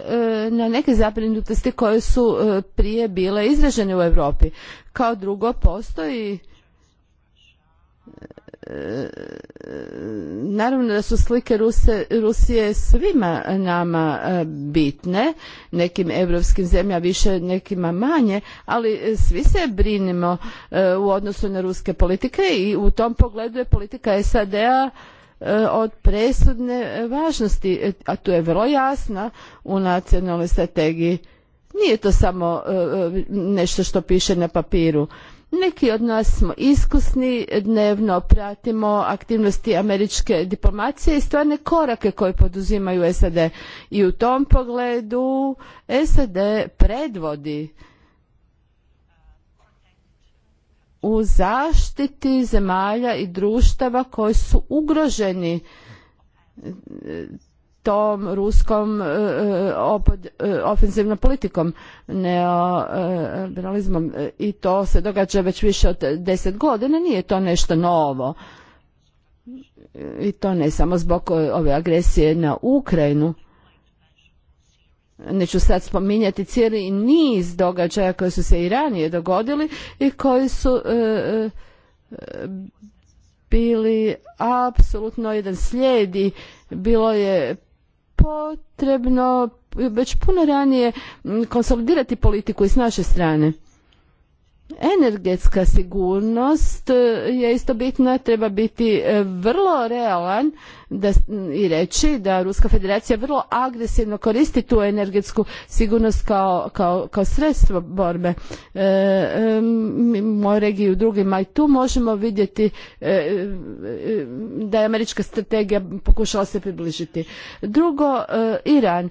na neke zabrinutosti koje su prije bile izražene u Europi. Kao drugo, postoji naravno da su slike Ruse, Rusije svima nama e, bitne, nekim evropskim zemljama više, nekima manje, ali svi se brinimo e, u odnosu na ruske politike i u tom pogledu je politika SAD-a e, od presudne važnosti, a tu je vrlo jasna u nacionalnoj strategiji. Nije to samo nešto što piše na papiru. Neki od nas smo iskusni, dnevno pratimo aktivnosti američke diplomacije i stvarne korake koje poduzimaju SAD. I u tom pogledu SAD predvodi u zaštiti zemalja i društava koji su ugroženi tom ruskom e, e, e, ofenzivnom politikom, neoliberalizmom. I to se događa već više od deset godina, nije to nešto novo. I to ne samo zbog ove agresije na Ukrajinu, neću sad spominjati cijeli niz događaja koji su se i ranije dogodili i koji su bili apsolutno jedan slijedi bilo je potrebno već puno ranije konsolidirati politiku i s naše strane. Energetska sigurnost e, je isto bitna, treba biti e, vrlo realan da, i reći da Ruska federacija vrlo agresivno koristi tu energetsku sigurnost kao, sredstvo borbe e, e, moj regiji u drugima i tu možemo vidjeti e, e, da je američka strategija pokušala se približiti. Drugo, e, Iran.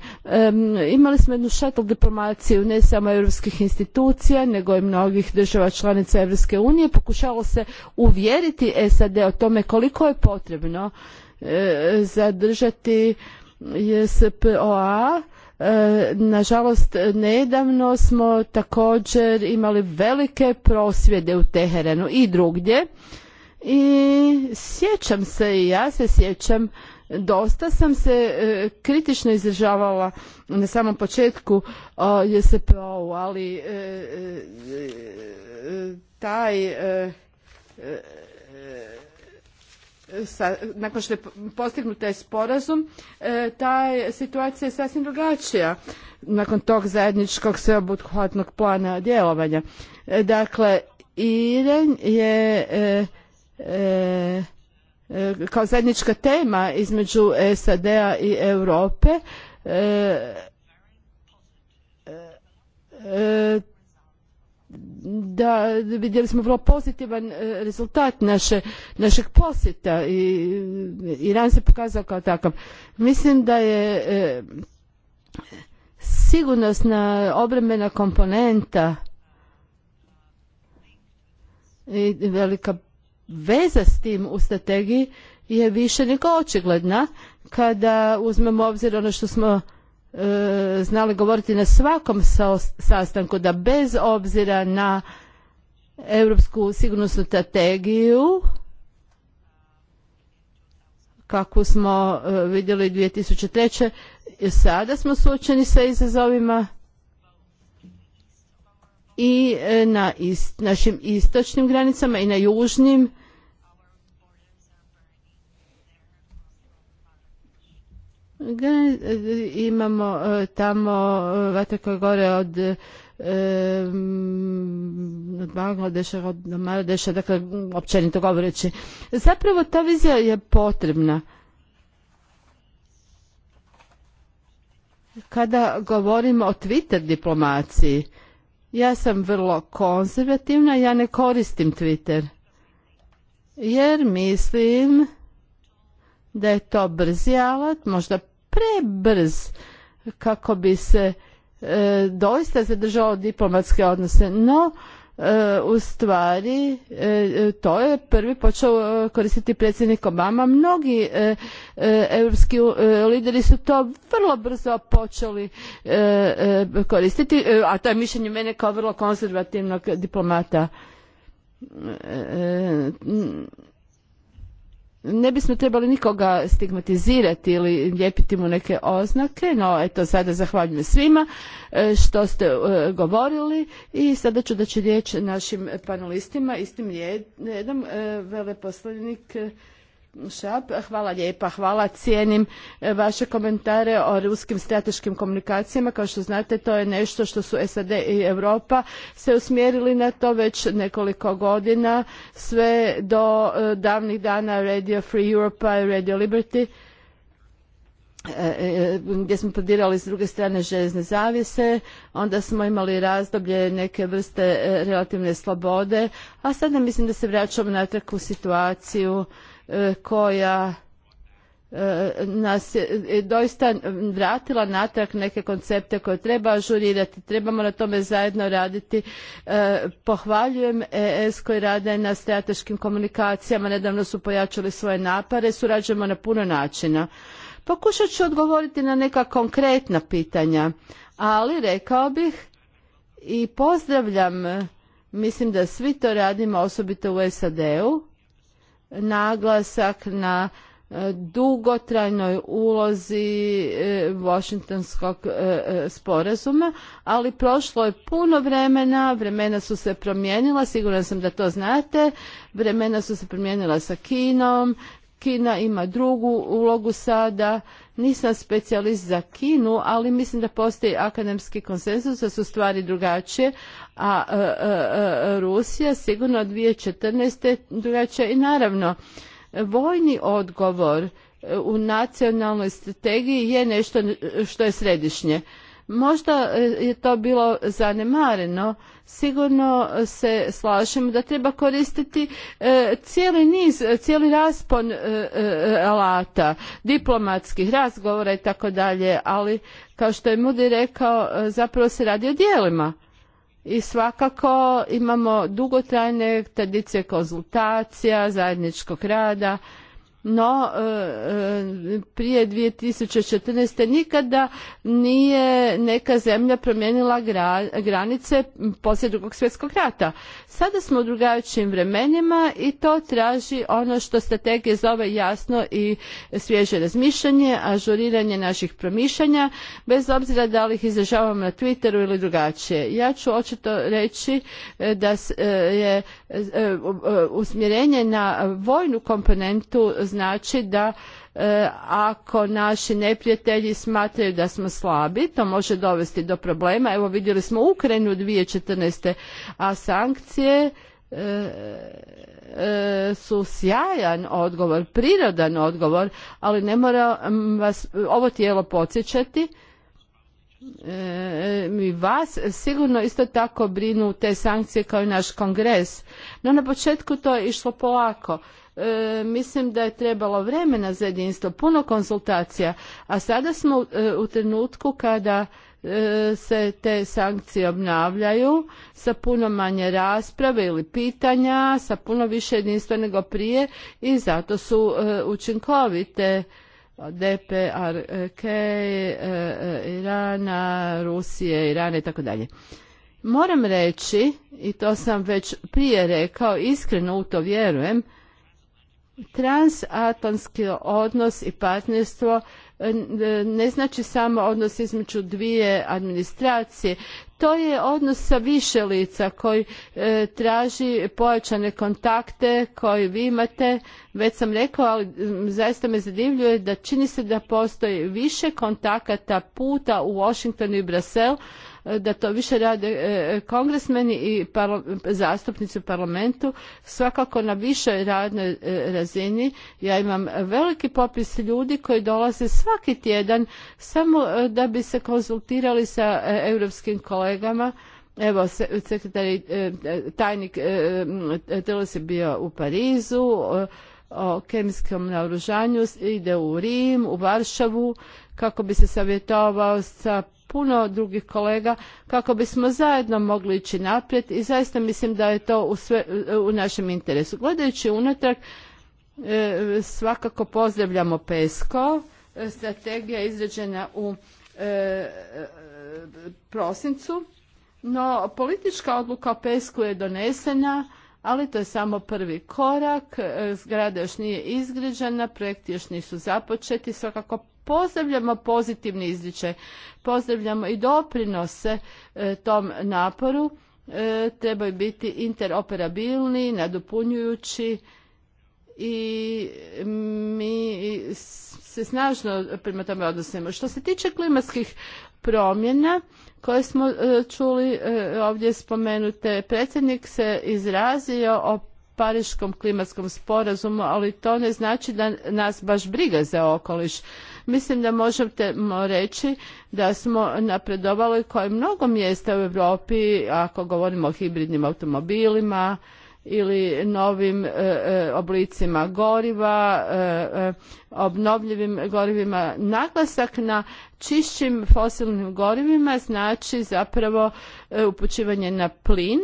Imali smo jednu šatel diplomaciju ne samo europskih institucija nego i mnogih država članica Europske unije. Pokušalo se uvjeriti SAD o tome koliko je potrebno zadržati JSPOA. E, nažalost, nedavno smo također imali velike prosvjede u Teherenu i drugdje. I sjećam se, i ja se sjećam, dosta sam se e, kritično izražavala na samom početku JSPO-u, ali e, taj sa, nakon što je postignut taj sporazum, e, ta situacija je sasvim drugačija nakon tog zajedničkog sveobuhvatnog plana djelovanja. E, dakle, Iren je e, kao zajednička tema između SAD-a i Europe da vidjeli smo vrlo pozitivan e, rezultat našeg posjeta i Iran se pokazao kao takav. Mislim da je e, sigurnosna obremena komponenta i velika veza s tim u strategiji je više nego očigledna kada uzmemo obzir ono što smo E, znali govoriti na svakom sastanku da bez obzira na europsku sigurnosnu strategiju kako smo e, vidjeli 2003. sada smo suočeni sa izazovima i e, na našim istočnim granicama i na južnim E, imamo e, tamo e, vatre gore od od Bangladeša, od Maradeša, dakle, općenito govoreći. Zapravo ta vizija je potrebna. Kada govorimo o Twitter diplomaciji, ja sam vrlo konzervativna, ja ne koristim Twitter. Jer mislim da je to brzi alat, možda prebrz kako bi se e, doista zadržao diplomatske odnose. No, e, u stvari e, to je prvi počeo koristiti predsjednik Obama. Mnogi europski lideri su to vrlo brzo počeli koristiti, a to je mišljenje mene kao vrlo konzervativnog diplomata ne bismo trebali nikoga stigmatizirati ili lijepiti mu neke oznake, no eto sada zahvaljujem svima e, što ste e, govorili i sada ću da će riječ našim panelistima istim redom e, veleposlanik Šap, hvala lijepa, hvala, cijenim e, vaše komentare o ruskim strateškim komunikacijama. Kao što znate, to je nešto što su SAD i Europa se usmjerili na to već nekoliko godina, sve do e, davnih dana Radio Free Europa i Radio Liberty e, gdje smo podirali s druge strane željezne zavise, onda smo imali razdoblje neke vrste relativne slobode, a sada mislim da se vraćamo natrag u situaciju E, koja e, nas je e, doista vratila natrag neke koncepte koje treba ažurirati, trebamo na tome zajedno raditi. Pohvaljujem ES koji rade na strateškim komunikacijama, nedavno su pojačali svoje napare, surađujemo na puno načina. Pokušat ću odgovoriti na neka konkretna pitanja, ali rekao bih i pozdravljam, mislim da svi to radimo, osobito u SAD-u, naglasak na e, dugotrajnoj ulozi e, Washingtonskog e, sporazuma, ali prošlo je puno vremena, vremena su se promijenila, siguran sam da to znate, vremena su se promijenila sa Kinom, Kina ima drugu ulogu sada, nisam specijalist za Kinu, ali mislim da postoji akademski konsenzus da su stvari drugačije, a e, e, e, Rusija sigurno 2014. drugače i naravno vojni odgovor u nacionalnoj strategiji je nešto što je središnje. Možda je to bilo zanemareno, sigurno se slažemo da treba koristiti cijeli niz, cijeli raspon alata, diplomatskih razgovora i tako dalje, ali kao što je Mudi rekao, zapravo se radi o dijelima i svakako imamo dugotrajne tradicije konzultacija, zajedničkog rada no e, e, prije 2014. nikada nije neka zemlja promijenila granice poslije drugog svjetskog rata. Sada smo u drugačijim vremenima i to traži ono što strategije zove jasno i svježe razmišljanje, ažuriranje naših promišljanja, bez obzira da li ih izražavamo na Twitteru ili drugačije. Ja ću očito reći e, da je usmjerenje na vojnu komponentu znači da e, ako naši neprijatelji smatraju da smo slabi, to može dovesti do problema. Evo vidjeli smo Ukrajinu 2014. a sankcije e, e, su sjajan odgovor, prirodan odgovor, ali ne mora vas ovo tijelo podsjećati. vas sigurno isto tako brinu te sankcije kao i naš kongres. No na početku to je išlo polako. E, mislim da je trebalo vremena za jedinstvo, puno konsultacija, a sada smo e, u, trenutku kada e, se te sankcije obnavljaju sa puno manje rasprave ili pitanja, sa puno više jedinstva nego prije i zato su učinkovite. DPRK, Irana, Rusije, Irana i tako dalje. Moram reći, i to sam već prije rekao, iskreno u to vjerujem, Transatlantski odnos i partnerstvo e, ne znači samo odnos između dvije administracije. To je odnos sa više lica koji e, traži pojačane kontakte koje vi imate. Već sam rekao, ali zaista me zadivljuje da čini se da postoji više kontakata puta u Washingtonu i Brasel da to više rade e, kongresmeni i zastupnici u parlamentu svakako na višoj radnoj e, razini. Ja imam veliki popis ljudi koji dolaze svaki tjedan samo e, da bi se konzultirali sa europskim kolegama. Evo, sekretari, tajnik je bio u Parizu, o kemijskom naoružanju, ide u Rim, u Varšavu, kako bi se savjetovao sa puno drugih kolega kako bismo zajedno mogli ići naprijed i zaista mislim da je to u, sve, u našem interesu. Gledajući unatrag, e, svakako pozdravljamo PESCO, e, strategija izrađena u e, prosincu, no politička odluka o PESCO je donesena ali to je samo prvi korak, e, zgrada još nije izgrađena, projekti još nisu započeti, svakako pozdravljamo pozitivni izričaj, pozdravljamo i doprinose e, tom naporu, e, trebaju biti interoperabilni, nadopunjujući i mi se snažno prema tome odnosimo. Što se tiče klimatskih promjena, koje smo e, čuli e, ovdje spomenute. Predsjednik se izrazio o pariškom klimatskom sporazumu, ali to ne znači da nas baš briga za okoliš. Mislim da možemo reći da smo napredovali koje mnogo mjesta u Europi, ako govorimo o hibridnim automobilima, ili novim e, e, oblicima goriva, e, obnovljivim gorivima. Naglasak na čišćim fosilnim gorivima znači zapravo upućivanje na plin.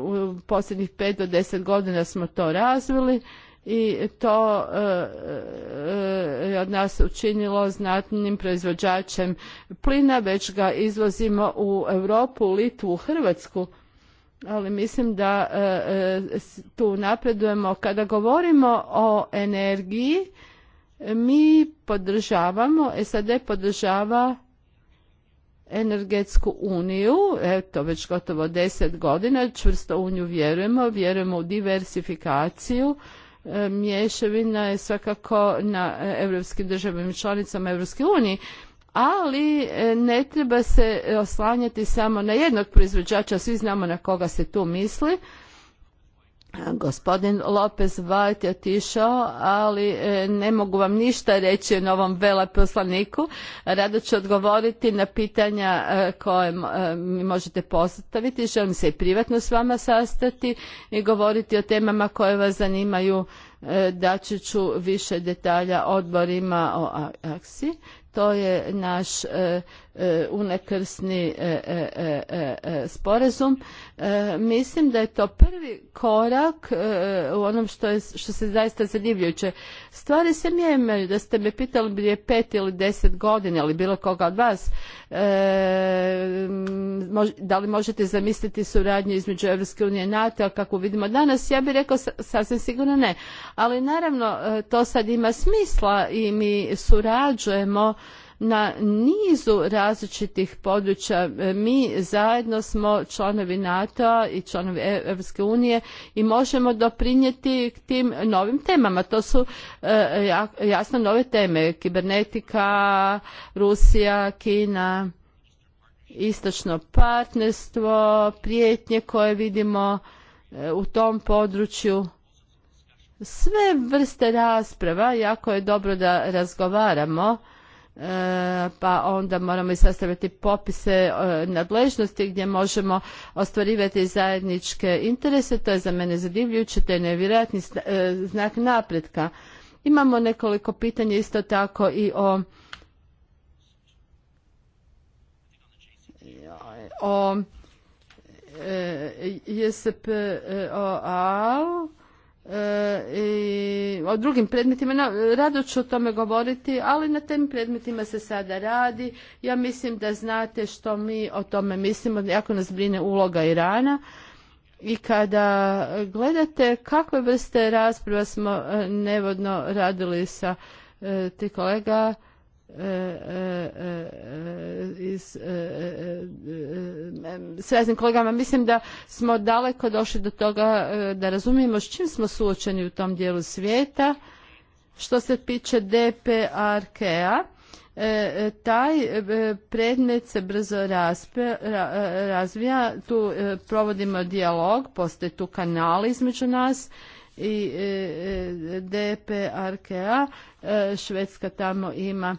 U posljednjih 5 do 10 godina smo to razvili i to je od nas učinilo znatnim proizvođačem plina, već ga izvozimo u Europu, Litvu, Hrvatsku ali mislim da e, e, tu napredujemo. Kada govorimo o energiji, mi podržavamo, SAD podržava energetsku uniju, eto već gotovo deset godina, čvrsto u nju vjerujemo, vjerujemo u diversifikaciju, e, mješavina je svakako na europskim državnim članicama Europske unije, ali e, ne treba se e, oslanjati samo na jednog proizvođača, svi znamo na koga se tu misli. Gospodin Lopez Vajt je otišao, ali e, ne mogu vam ništa reći o novom veleposlaniku. Rado ću odgovoriti na pitanja koje mi možete postaviti. Želim se i privatno s vama sastati i govoriti o temama koje vas zanimaju. Daći ću više detalja odborima o aksi. To je naš e, E, unekrsni e, e, sporazum. Mislim da je to prvi korak u onom što, je, se zaista zadivljujuće. Stvari se mijenjaju. Da ste me pitali je pet ili deset godina ili bilo koga od vas, da li možete zamisliti suradnju između Europske unije i NATO kako vidimo danas, ja bih rekao sasvim sigurno ne. Ali naravno to sad ima smisla i mi surađujemo na nizu različitih područja. E, mi zajedno smo članovi nato i članovi Europske unije i možemo doprinijeti tim novim temama. To su e, jasno nove teme. Kibernetika, Rusija, Kina, istočno partnerstvo, prijetnje koje vidimo e, u tom području sve vrste rasprava, jako je dobro da razgovaramo E, pa onda moramo i sastaviti popise e, nadležnosti gdje možemo ostvarivati zajedničke interese. To je za mene zadivljujuće, to je nevjerojatni e, znak napretka. Imamo nekoliko pitanja isto tako i o o JSP o E, i o drugim predmetima, no, rado ću o tome govoriti, ali na tem predmetima se sada radi. Ja mislim da znate što mi o tome mislimo, jako nas brine uloga Irana. I kada gledate kakve vrste rasprava smo e, nevodno radili sa e, ti kolega, s raznim kolegama. Mislim da smo daleko došli do toga e, da razumijemo s čim smo suočeni u tom dijelu svijeta. Što se tiče dprk e, e, taj predmet se brzo razvija, tu provodimo dijalog, postoje tu kanali između nas i e, DPRKA, Švedska tamo ima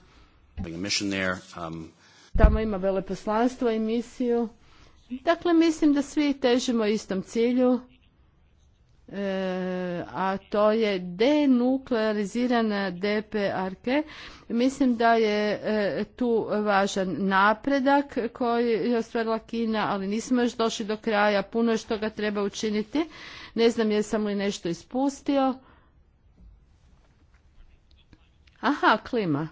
Um, Tamo ima veleposlanstvo i misiju. Dakle, mislim da svi težimo istom cilju, e, a to je denuklearizirana DPRK. Mislim da je e, tu važan napredak koji je ostvarila Kina, ali nismo još došli do kraja. Puno je što ga treba učiniti. Ne znam jesam li nešto ispustio. Aha, klima.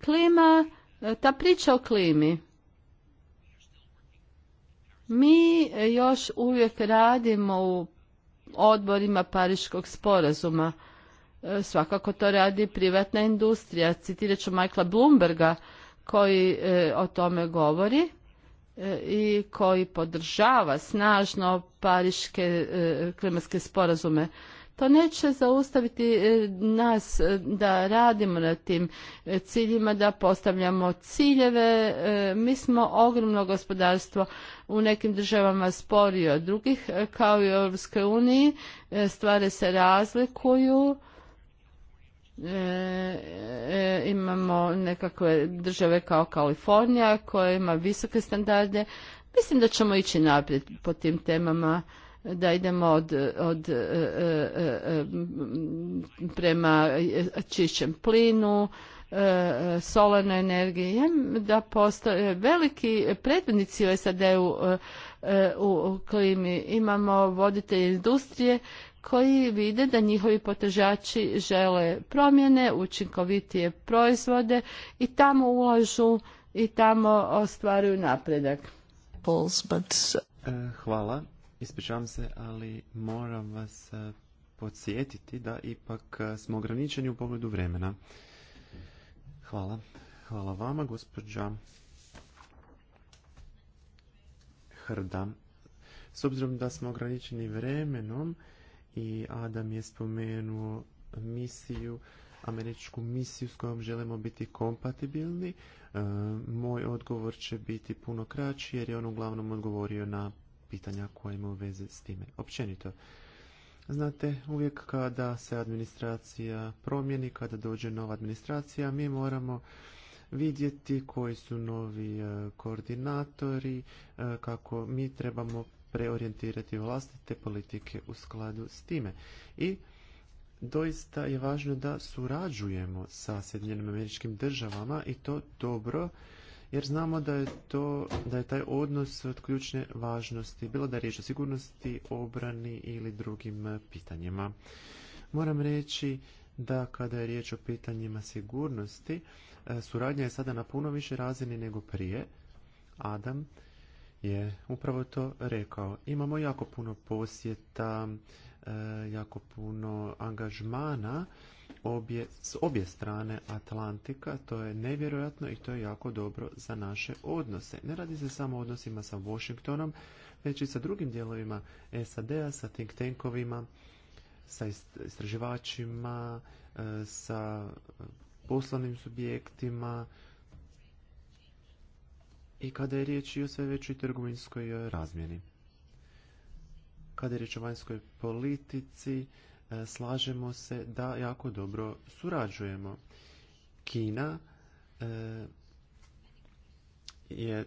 Klima, e, ta priča o klimi. Mi još uvijek radimo u odborima Pariškog sporazuma. E, svakako to radi privatna industrija. Citirat ću Michaela Bloomberga koji e, o tome govori i koji podržava snažno pariške klimatske sporazume. To neće zaustaviti e, nas e, da radimo na tim e, ciljima, da postavljamo ciljeve. Mi smo ogromno gospodarstvo u nekim državama sporije od drugih, kao i u Europskoj uniji. Stvari se razlikuju. E, imamo nekakve države kao Kalifornija koja ima visoke standarde. Mislim da ćemo ići naprijed po tim temama da idemo od, od e, e, e, prema čišćem plinu, solarnoj energiji, da postoje veliki predvodnici u SAD-u u klimi. Imamo voditelje industrije koji vide da njihovi potržači žele promjene, učinkovitije proizvode i tamo ulažu i tamo ostvaruju napredak. Hvala. Ispričavam se, ali moram vas eh, podsjetiti da ipak eh, smo ograničeni u pogledu vremena. Hvala. Hvala vama, gospođa Hrda. S obzirom da smo ograničeni vremenom i Adam je spomenuo misiju, američku misiju s kojom želimo biti kompatibilni, eh, moj odgovor će biti puno kraći jer je on uglavnom odgovorio na pitanja koje imaju veze s time. Općenito, znate, uvijek kada se administracija promijeni, kada dođe nova administracija, mi moramo vidjeti koji su novi e, koordinatori, e, kako mi trebamo preorijentirati vlastite politike u skladu s time. I doista je važno da surađujemo sa Sjedinjenim američkim državama i to dobro jer znamo da je, to, da je taj odnos od ključne važnosti, bilo da je riječ o sigurnosti, obrani ili drugim pitanjima. Moram reći da kada je riječ o pitanjima sigurnosti, e, suradnja je sada na puno više razini nego prije. Adam je upravo to rekao. Imamo jako puno posjeta, e, jako puno angažmana obje, s obje strane Atlantika, to je nevjerojatno i to je jako dobro za naše odnose. Ne radi se samo o odnosima sa Washingtonom, već i sa drugim dijelovima SAD-a, sa think tankovima, sa istraživačima, e, sa e, poslovnim subjektima i kada je riječ i o sve većoj trgovinskoj e, razmjeni. Kada je riječ o vanjskoj politici, E, slažemo se da jako dobro surađujemo. Kina e, je,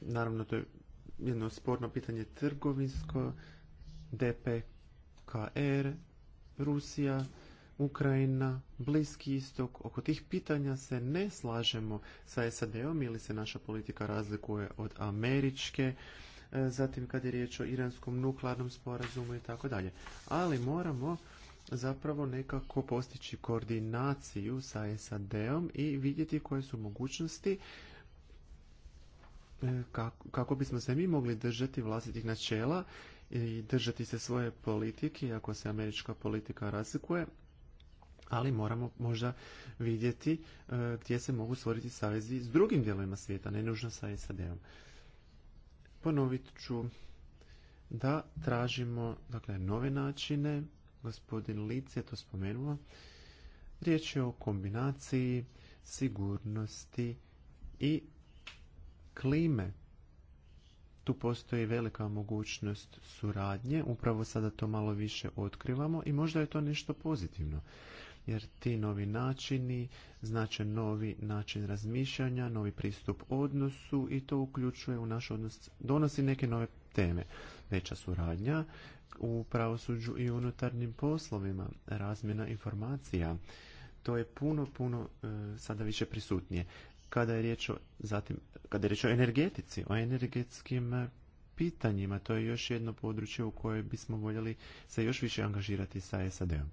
naravno to je jedno sporno pitanje trgovinsko, DPKR, Rusija, Ukrajina, Bliski istok, oko tih pitanja se ne slažemo sa SAD-om ili se naša politika razlikuje od američke, e, zatim kad je riječ o iranskom nuklearnom sporazumu i tako dalje. Ali moramo zapravo nekako postići koordinaciju sa SAD-om i vidjeti koje su mogućnosti e, kako, bismo se mi mogli držati vlastitih načela i držati se svoje politike, ako se američka politika razlikuje, ali moramo možda vidjeti e, gdje se mogu stvoriti savezi s drugim dijelovima svijeta, ne nužno sa SAD-om. Ponovit ću da tražimo dakle, nove načine gospodin Lic je to spomenuo. Riječ je o kombinaciji sigurnosti i klime. Tu postoji velika mogućnost suradnje, upravo sada to malo više otkrivamo i možda je to nešto pozitivno. Jer ti novi načini znače novi način razmišljanja, novi pristup odnosu i to uključuje u naš odnos, donosi neke nove teme. Veća suradnja, u pravosuđu i unutarnjim poslovima, razmjena informacija. To je puno, puno e, sada više prisutnije. Kada je riječ o, zatim, kada je riječ o energetici, o energetskim e, pitanjima, to je još jedno područje u koje bismo voljeli se još više angažirati sa SAD-om.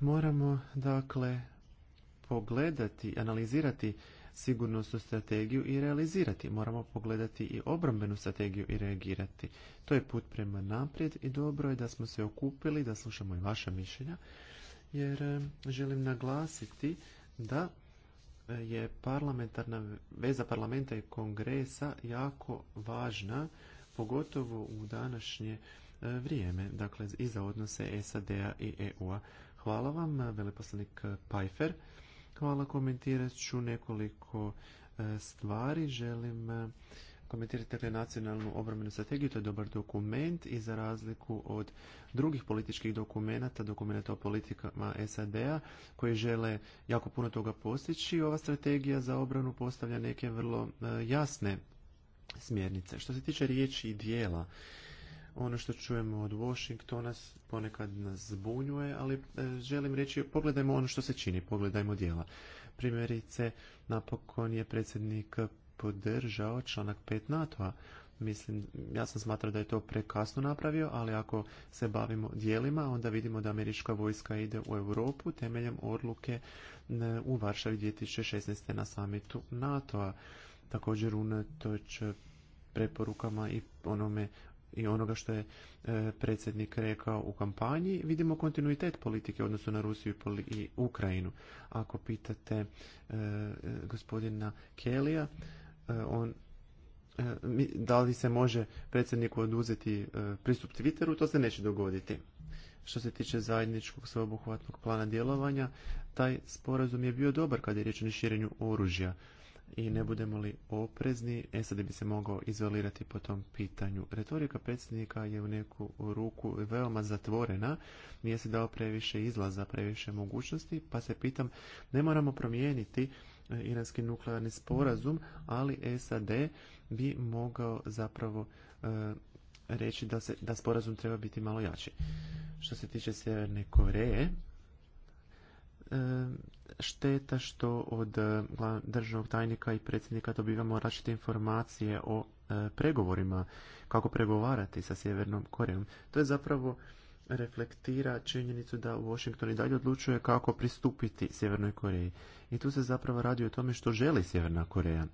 Moramo, dakle, pogledati, analizirati sigurnosnu strategiju i realizirati. Moramo pogledati i obrambenu strategiju i reagirati. To je put prema naprijed i dobro je da smo se okupili, da slušamo i vaša mišljenja, jer eh, želim naglasiti da eh, je parlamentarna veza parlamenta i kongresa jako važna, pogotovo u današnje eh, vrijeme, dakle i za odnose SAD-a i EU-a. Hvala vam, veleposlanik Pajfer. Hvala, komentirat ću nekoliko e, stvari. Želim e, komentirati dakle, nacionalnu obrambenu strategiju, to je dobar dokument i za razliku od drugih političkih dokumenata, dokumenata o politikama SAD-a koji žele jako puno toga postići, ova strategija za obranu postavlja neke vrlo e, jasne smjernice. Što se tiče riječi i dijela, ono što čujemo od Washingtona ponekad nas zbunjuje, ali e, želim reći pogledajmo ono što se čini, pogledajmo djela. Primjerice, napokon je predsjednik podržao članak 5 NATO-a. Mislim, ja sam smatrao da je to prekasno napravio, ali ako se bavimo dijelima, onda vidimo da američka vojska ide u Europu temeljem odluke e, u Varšavi 2016. na samitu NATO-a. Također unatoč preporukama i onome i onoga što je e, predsjednik rekao u kampanji, vidimo kontinuitet politike odnosno na Rusiju i Ukrajinu. Ako pitate e, gospodina Kelija, e, on da li se može predsjedniku oduzeti pristup Twitteru, to se neće dogoditi. Što se tiče zajedničkog sveobuhvatnog plana djelovanja, taj sporazum je bio dobar kad je riječ o širenju oružja i ne budemo li oprezni, e, SAD bi se mogao izolirati po tom pitanju. Retorika predsjednika je u neku ruku veoma zatvorena, nije se dao previše izlaza, previše mogućnosti, pa se pitam, ne moramo promijeniti e, iranski nuklearni sporazum, ali SAD bi mogao zapravo e, reći da, se, da sporazum treba biti malo jači. Što se tiče Sjeverne Koreje, šteta što od e, državnog tajnika i predsjednika dobivamo različite informacije o e, pregovorima, kako pregovarati sa Sjevernom Korejom. To je zapravo reflektira činjenicu da Washington i dalje odlučuje kako pristupiti Sjevernoj Koreji. I tu se zapravo radi o tome što želi Sjeverna Koreja.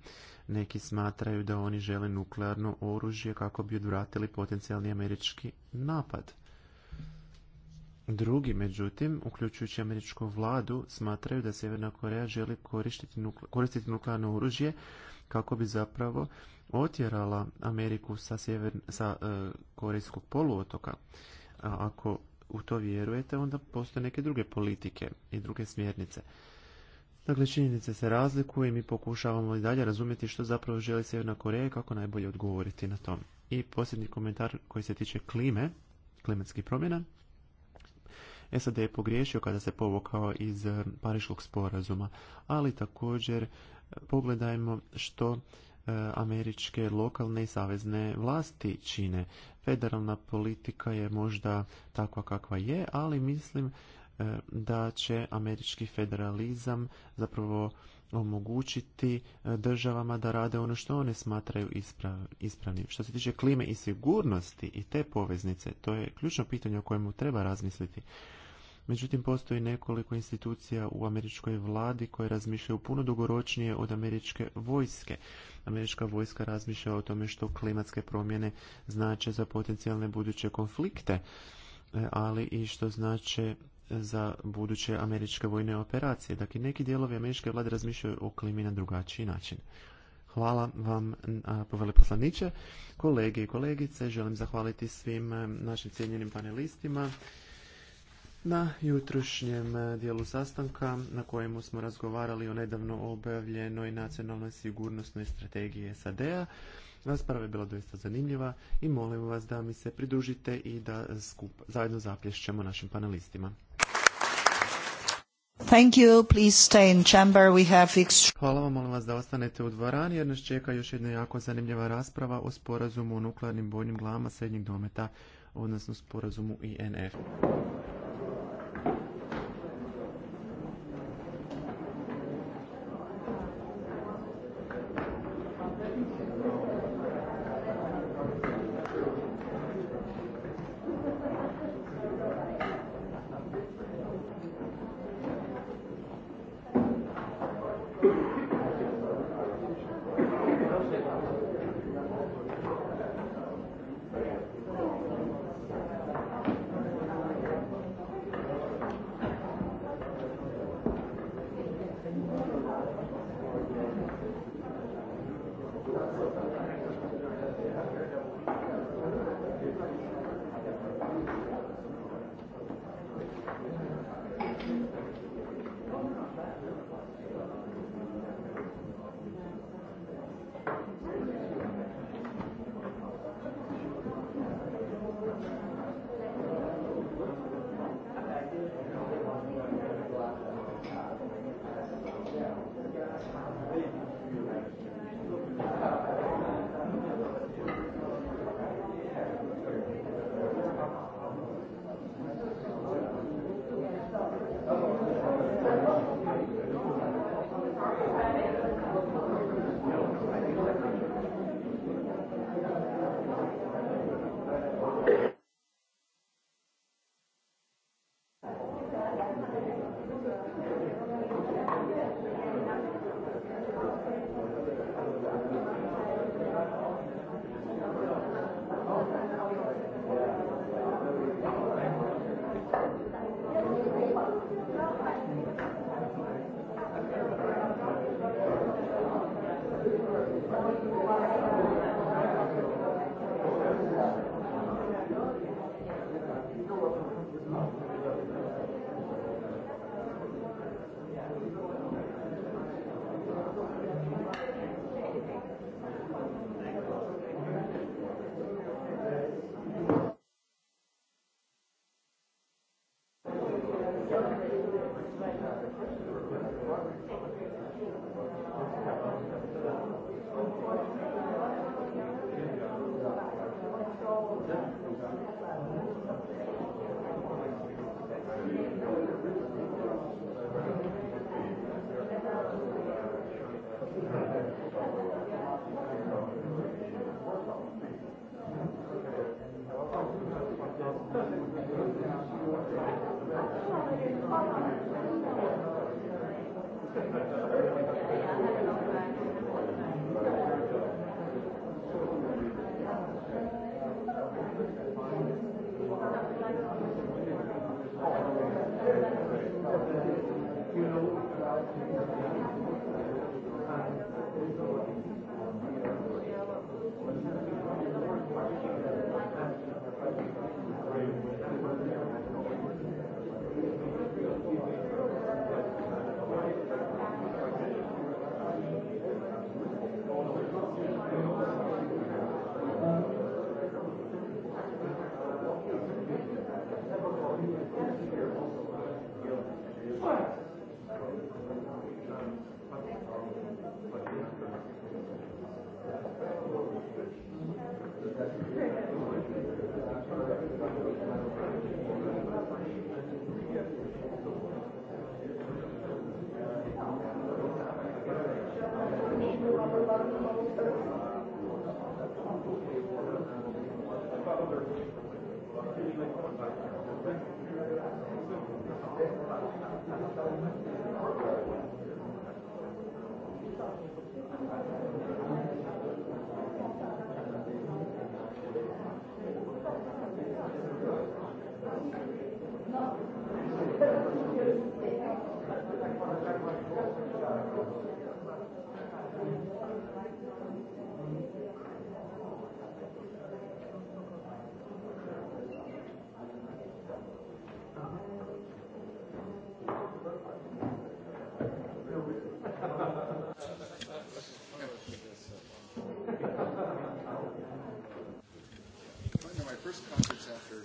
Neki smatraju da oni žele nuklearno oružje kako bi odvratili potencijalni američki napad. Drugi, međutim, uključujući američku vladu, smatraju da Sjeverna Koreja želi koristiti, nuklearno oružje kako bi zapravo otjerala Ameriku sa, sjever, e, korejskog poluotoka. A ako u to vjerujete, onda postoje neke druge politike i druge smjernice. Dakle, činjenice se razlikuju i mi pokušavamo i dalje razumjeti što zapravo želi Sjeverna Koreja i kako najbolje odgovoriti na to. I posljednji komentar koji se tiče klime, klimatskih promjena, SAD je pogriješio kada se povukao iz eh, Pariškog sporazuma, ali također eh, pogledajmo što eh, američke lokalne i savezne vlasti čine. Federalna politika je možda takva kakva je, ali mislim da će američki federalizam zapravo omogućiti e, državama da rade ono što one smatraju isprav, ispravnim. Što se tiče klime i sigurnosti i te poveznice, to je ključno pitanje o kojemu treba razmisliti. Međutim, postoji nekoliko institucija u američkoj vladi koje razmišljaju puno dugoročnije od američke vojske. Američka vojska razmišlja o tome što klimatske promjene znače za potencijalne buduće konflikte, e, ali i što znače za buduće američke vojne operacije. Dakle, neki dijelovi američke vlade razmišljaju o klimi na drugačiji način. Hvala vam, poslaniče, Kolege i kolegice, želim zahvaliti svim našim cijenjenim panelistima na jutrošnjem dijelu sastanka na kojemu smo razgovarali o nedavno objavljenoj nacionalnoj sigurnosnoj strategiji SAD-a. Rasprava je bila doista zanimljiva i molim vas da mi se pridružite i da zajedno zaplješćemo našim panelistima. Thank you. Hvala vam, molim vas da ostanete u dvorani jer nas čeka još jedna jako zanimljiva rasprava o sporazumu o nuklearnim bojnim glavama srednjeg dometa, odnosno sporazumu INF.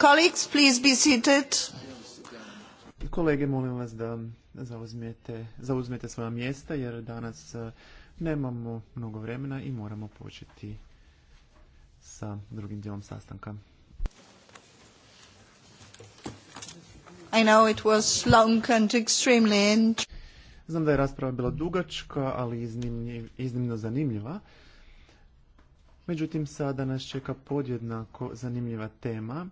Colleagues, please be seated. Kolege, molim vas da zauzmete, zauzmete svoja mjesta jer danas e, nemamo mnogo vremena i moramo početi sa drugim dijelom sastanka. I know it was long and extremely Znam da je rasprava bila dugačka, ali iznimno zanimljiva. Međutim, sada nas čeka podjednako zanimljiva tema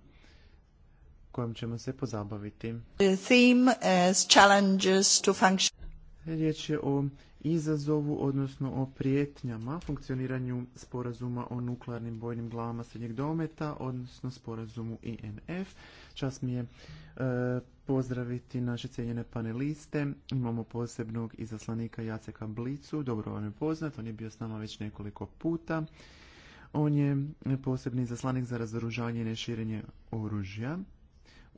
kojom ćemo se pozabaviti. Riječ je o izazovu, odnosno o prijetnjama funkcioniranju sporazuma o nuklearnim bojnim glavama srednjeg dometa, odnosno sporazumu INF. Čas mi je e, pozdraviti naše cijenjene paneliste. Imamo posebnog izaslanika Jaceka Blicu, dobro vam je poznat, on je bio s nama već nekoliko puta. On je posebni izaslanik za razoružanje i neširenje oružja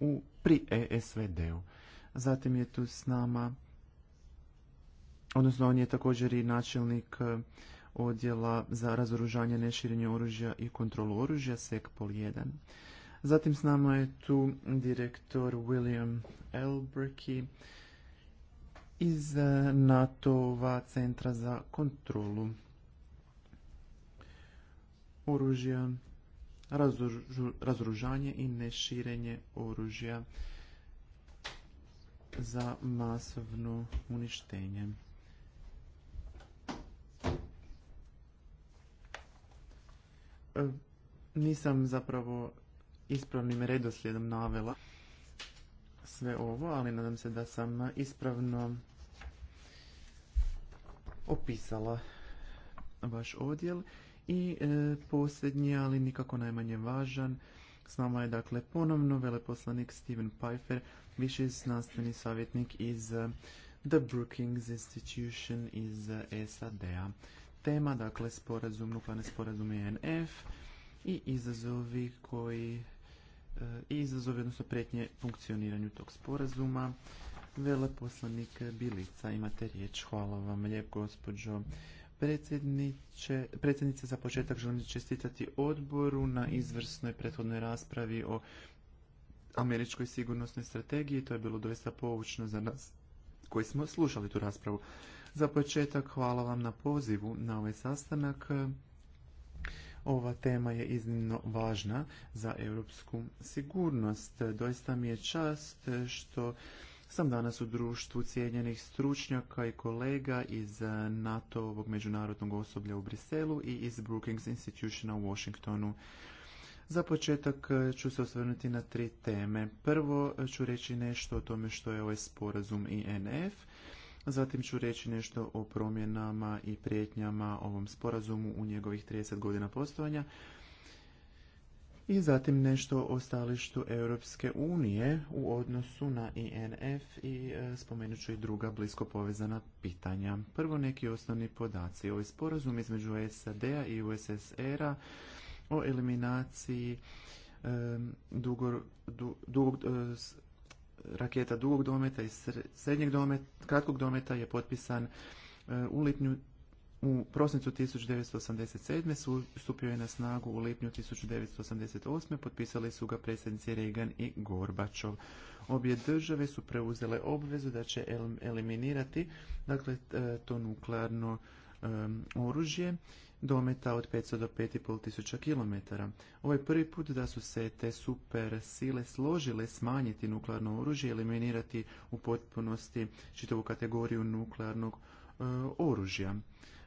u, pri ESVD-u. Zatim je tu s nama, odnosno on je također i načelnik e, odjela za razoružanje, neširenje oružja i kontrolu oružja, SECPOL 1. Zatim s nama je tu direktor William Elbricki iz e, NATO-va centra za kontrolu oružja razoružanje i neširenje oružja za masovno uništenje. E, nisam zapravo ispravnim redoslijedom navela sve ovo, ali nadam se da sam ispravno opisala vaš odjel. I e, posljednji, ali nikako najmanje važan, s nama je dakle ponovno veleposlanik Steven Pfeiffer, viši znanstveni savjetnik iz e, The Brookings Institution iz e, SAD-a. Tema, dakle, sporazum, nuklearni sporazum NF i izazovi koji i izazovi, odnosno pretnje funkcioniranju tog sporazuma. Veleposlanik Bilica, imate riječ. Hvala vam lijep, gospođo Predsjednice, za početak želim čestitati odboru na izvrsnoj prethodnoj raspravi o američkoj sigurnosnoj strategiji. To je bilo doista poučno za nas koji smo slušali tu raspravu. Za početak hvala vam na pozivu na ovaj sastanak. Ova tema je iznimno važna za europsku sigurnost. Doista mi je čast što sam danas u društvu cijenjenih stručnjaka i kolega iz eh, NATO-ovog međunarodnog osoblja u Briselu i iz Brookings Institutiona u Washingtonu. Za početak eh, ću se osvrnuti na tri teme. Prvo eh, ću reći nešto o tome što je ovaj sporazum INF, zatim ću reći nešto o promjenama i prijetnjama ovom sporazumu u njegovih 30 godina postojanja, i zatim nešto o stalištu Europske unije u odnosu na INF i e, spomenut ću i druga blisko povezana pitanja. Prvo neki osnovni podaci. Ovaj sporazum između SAD-a i USSR-a o eliminaciji e, e, raketa dugog dometa i srednjeg dometa, kratkog dometa je potpisan u lipnju u prosincu 1987. stupio je na snagu u lipnju 1988. potpisali su ga predsjednici Reagan i Gorbačov. Obje države su preuzele obvezu da će eliminirati dakle, to nuklearno oružje dometa od 500 do 5,5 tisuća kilometara. Ovo je prvi put da su se te super sile složile smanjiti nuklearno oružje i eliminirati u potpunosti čitavu kategoriju nuklearnog e, oružja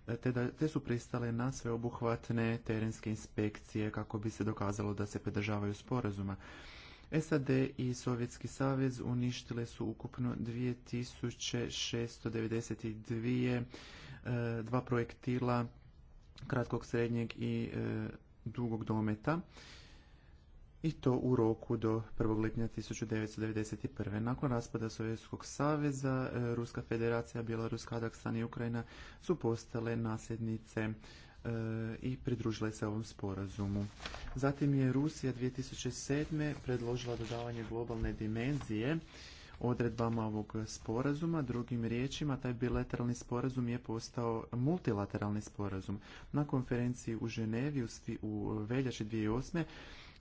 te, te su pristale na sveobuhvatne terenske inspekcije kako bi se dokazalo da se pridržavaju sporazuma. SAD i Sovjetski savez uništile su ukupno 2692 e, dva projektila kratkog, srednjeg i e, dugog dometa i to u roku do 1. lipnja 1991. Nakon raspada Sovjetskog saveza, e, Ruska federacija, Bjeloruska, kazahstan i Ukrajina su postale nasljednice e, i pridružile se ovom sporazumu. Zatim je Rusija 2007. predložila dodavanje globalne dimenzije odredbama ovog sporazuma. Drugim riječima, taj bilateralni sporazum je postao multilateralni sporazum. Na konferenciji u Ženevi u veljači 2008.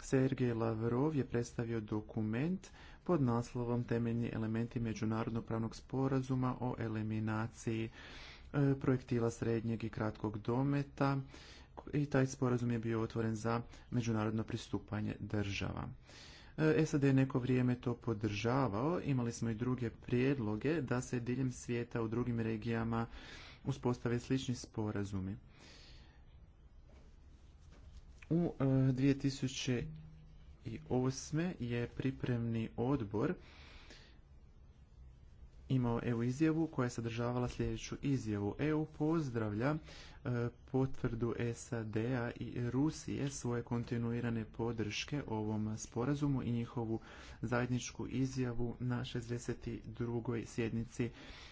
Sergej Lavrov je predstavio dokument pod naslovom Temeljni elementi međunarodnog pravnog sporazuma o eliminaciji e, projektila srednjeg i kratkog dometa i taj sporazum je bio otvoren za međunarodno pristupanje država. E, SAD je neko vrijeme to podržavao, imali smo i druge prijedloge da se diljem svijeta u drugim regijama uspostave slični sporazumi. U 2008. E, je pripremni odbor imao EU izjavu koja je sadržavala sljedeću izjavu. EU pozdravlja e, potvrdu SAD-a i Rusije svoje kontinuirane podrške ovom sporazumu i njihovu zajedničku izjavu na 62. sjednici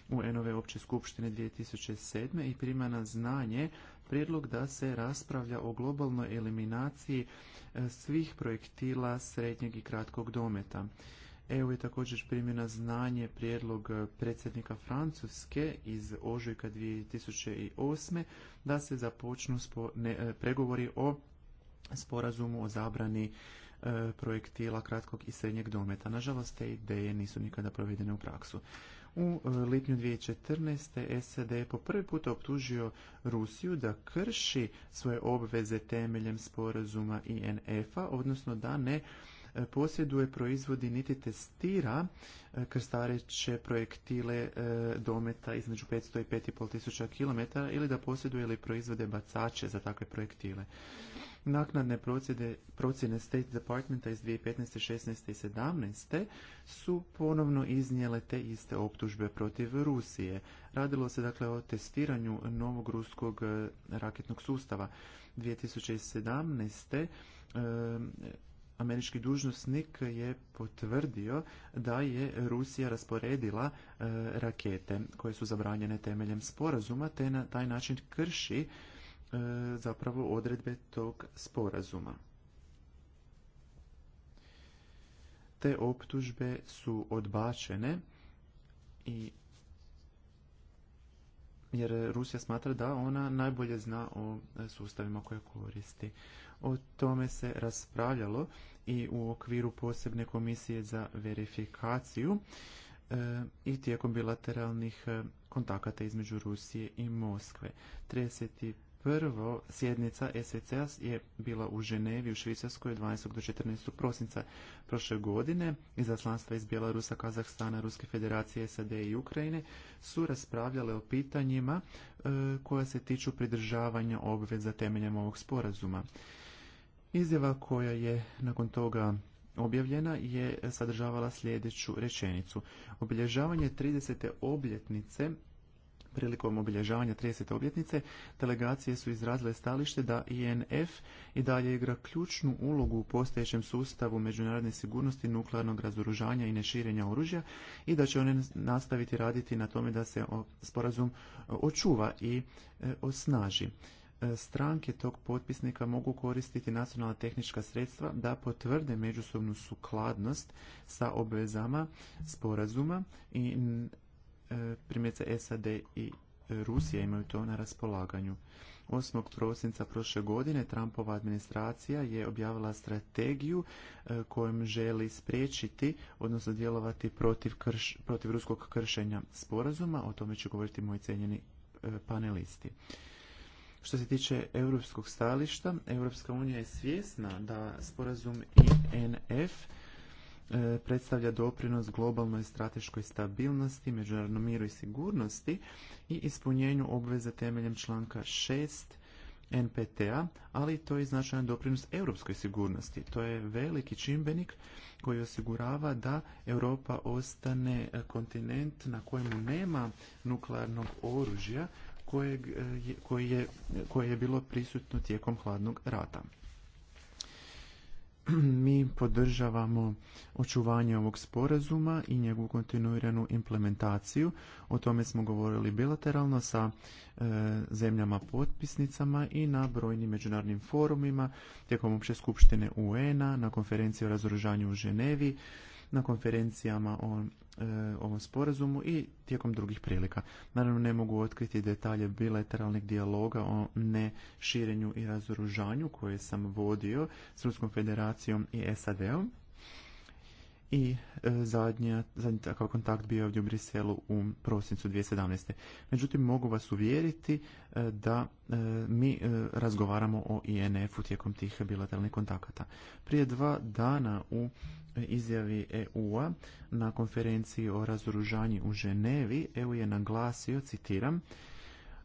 UN-ove opće skupštine 2007. i prima na znanje prijedlog da se raspravlja o globalnoj eliminaciji e, svih projektila srednjeg i kratkog dometa. EU je također primio znanje prijedlog e, predsjednika Francuske iz ožujka 2008. da se započnu e, pregovori o sporazumu o zabrani e, projektila kratkog i srednjeg dometa. Nažalost, te ideje nisu nikada provedene u praksu. U e, lipnju 2014. SED je po prvi put optužio Rusiju da krši svoje obveze temeljem sporazuma INF-a, odnosno da ne E, posjeduje, proizvodi niti testira e, krstareće projektile e, dometa između 500 i 5,5 tisuća kilometara ili da posjeduje ili proizvode bacače za takve projektile. Naknadne procjene, State Departmenta iz 2015. 16. i 17. su ponovno iznijele te iste optužbe protiv Rusije. Radilo se dakle o testiranju novog ruskog raketnog sustava. 2017 američki dužnosnik je potvrdio da je Rusija rasporedila e, rakete koje su zabranjene temeljem sporazuma te na taj način krši e, zapravo odredbe tog sporazuma. Te optužbe su odbačene i jer Rusija smatra da ona najbolje zna o e, sustavima koje koristi. O tome se raspravljalo i u okviru posebne komisije za verifikaciju e, i tijekom bilateralnih e, kontakata između Rusije i Moskve. 31. sjednica sca je bila u Ženevi u Švicarskoj 12. do 14. prosinca prošle godine. Izaslanstva iz Bjelarusa, Kazahstana, Ruske federacije, SAD i Ukrajine su raspravljale o pitanjima e, koja se tiču pridržavanja obveza temeljem ovog sporazuma. Izjava koja je nakon toga objavljena je sadržavala sljedeću rečenicu. Obilježavanje 30. obljetnice Prilikom obilježavanja 30. obljetnice, delegacije su izrazile stalište da INF i dalje igra ključnu ulogu u postojećem sustavu međunarodne sigurnosti nuklearnog razoružanja i neširenja oružja i da će one nastaviti raditi na tome da se sporazum očuva i e, osnaži stranke tog potpisnika mogu koristiti nacionalna tehnička sredstva da potvrde međusobnu sukladnost sa obvezama sporazuma i e, primjerice SAD i Rusija imaju to na raspolaganju. 8. prosinca prošle godine Trumpova administracija je objavila strategiju e, kojom želi spriječiti, odnosno djelovati protiv, protiv ruskog kršenja sporazuma. O tome će govoriti moji cijenjeni e, panelisti. Što se tiče europskog stajališta, Europska unija je svjesna da sporazum INF e, predstavlja doprinos globalnoj strateškoj stabilnosti, međunarodnom miru i sigurnosti i ispunjenju obveza temeljem članka 6 NPT-a, ali to je značajan doprinos europskoj sigurnosti. To je veliki čimbenik koji osigurava da Europa ostane kontinent na kojemu nema nuklearnog oružja kojeg e, koje, je, je bilo prisutno tijekom hladnog rata. <clears throat> Mi podržavamo očuvanje ovog sporazuma i njegovu kontinuiranu implementaciju. O tome smo govorili bilateralno sa e, zemljama potpisnicama i na brojnim međunarodnim forumima, tijekom opće skupštine UN-a, na konferenciji o razoružanju u Ženevi, na konferencijama o e, ovom sporazumu i tijekom drugih prilika. Naravno ne mogu otkriti detalje bilateralnih dijaloga o neširenju i razoružanju koje sam vodio s Ruskom federacijom i SAD-om i e, zadnja, zadnji takav kontakt bio je ovdje u Briselu u prosincu 2017. Međutim, mogu vas uvjeriti e, da e, mi razgovaramo o INF-u tijekom tih bilateralnih kontakata. Prije dva dana u izjavi EU-a na konferenciji o razoružanju u Ženevi EU je naglasio, citiram,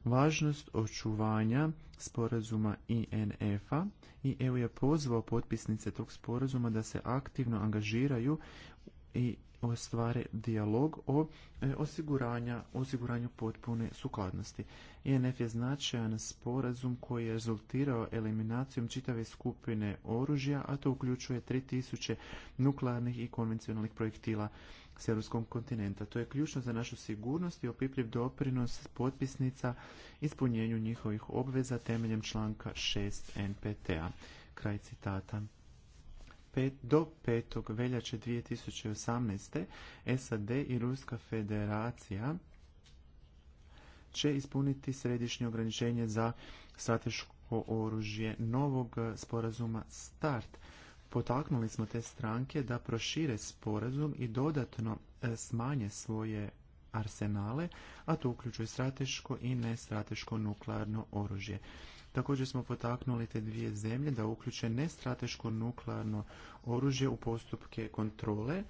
važnost očuvanja sporazuma INF-a i EU je pozvao potpisnice tog sporazuma da se aktivno angažiraju i ostvare dijalog o e, osiguranja, osiguranju potpune sukladnosti. INF je značajan sporazum koji je rezultirao eliminacijom čitave skupine oružja, a to uključuje 3000 nuklearnih i konvencionalnih projektila s europskog kontinenta. To je ključno za našu sigurnost i opipljiv doprinos potpisnica ispunjenju njihovih obveza temeljem članka 6 NPT-a. Kraj citata. do 5. veljače 2018. SAD i Ruska federacija će ispuniti središnje ograničenje za strateško oružje novog sporazuma START Potaknuli smo te stranke da prošire sporazum i dodatno e, smanje svoje arsenale, a to uključuje strateško i nestrateško nuklearno oružje. Također smo potaknuli te dvije zemlje da uključe nestrateško nuklearno oružje u postupke kontrole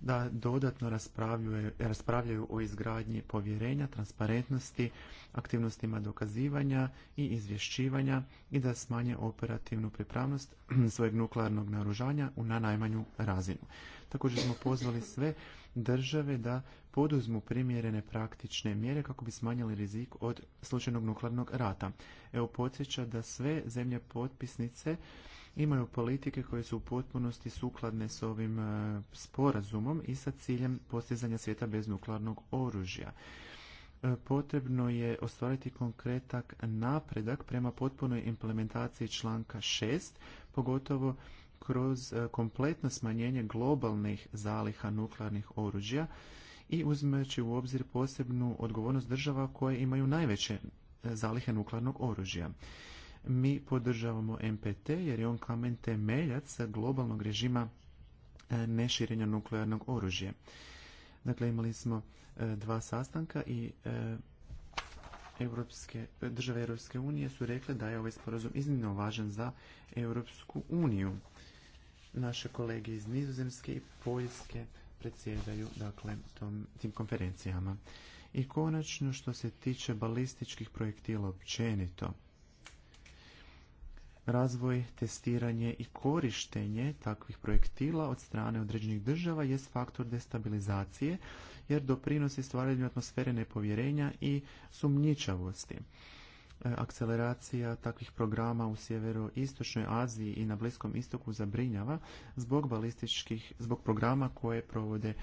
da dodatno raspravljaju, o izgradnji povjerenja, transparentnosti, aktivnostima dokazivanja i izvješćivanja i da smanje operativnu pripravnost <clears throat> svojeg nuklearnog naružanja na najmanju razinu. Također smo pozvali sve države da poduzmu primjerene praktične mjere kako bi smanjili rizik od slučajnog nuklearnog rata. Evo podsjeća da sve zemlje potpisnice imaju politike koje su u potpunosti sukladne s ovim e, sporazumom i sa ciljem postizanja svijeta bez nuklearnog oružja e, potrebno je ostvariti konkretak napredak prema potpunoj implementaciji članka 6, pogotovo kroz e, kompletno smanjenje globalnih zaliha nuklearnih oružja i uzmeći u obzir posebnu odgovornost država koje imaju najveće zalihe nuklearnog oružja. Mi podržavamo MPT jer je on kamen temeljac globalnog režima e, neširenja nuklearnog oružja. Dakle, imali smo e, dva sastanka i e, države Europske unije su rekle da je ovaj sporazum iznimno važan za Europsku uniju. Naše kolege iz Nizozemske i Poljske predsjedaju dakle, tom, tim konferencijama. I konačno što se tiče balističkih projektila općenito, Razvoj, testiranje i korištenje takvih projektila od strane određenih država je faktor destabilizacije jer doprinosi stvaranju atmosfere nepovjerenja i sumnjičavosti. E, akceleracija takvih programa u sjeveroistočnoj Aziji i na Bliskom istoku zabrinjava zbog balističkih, zbog programa koje provode e,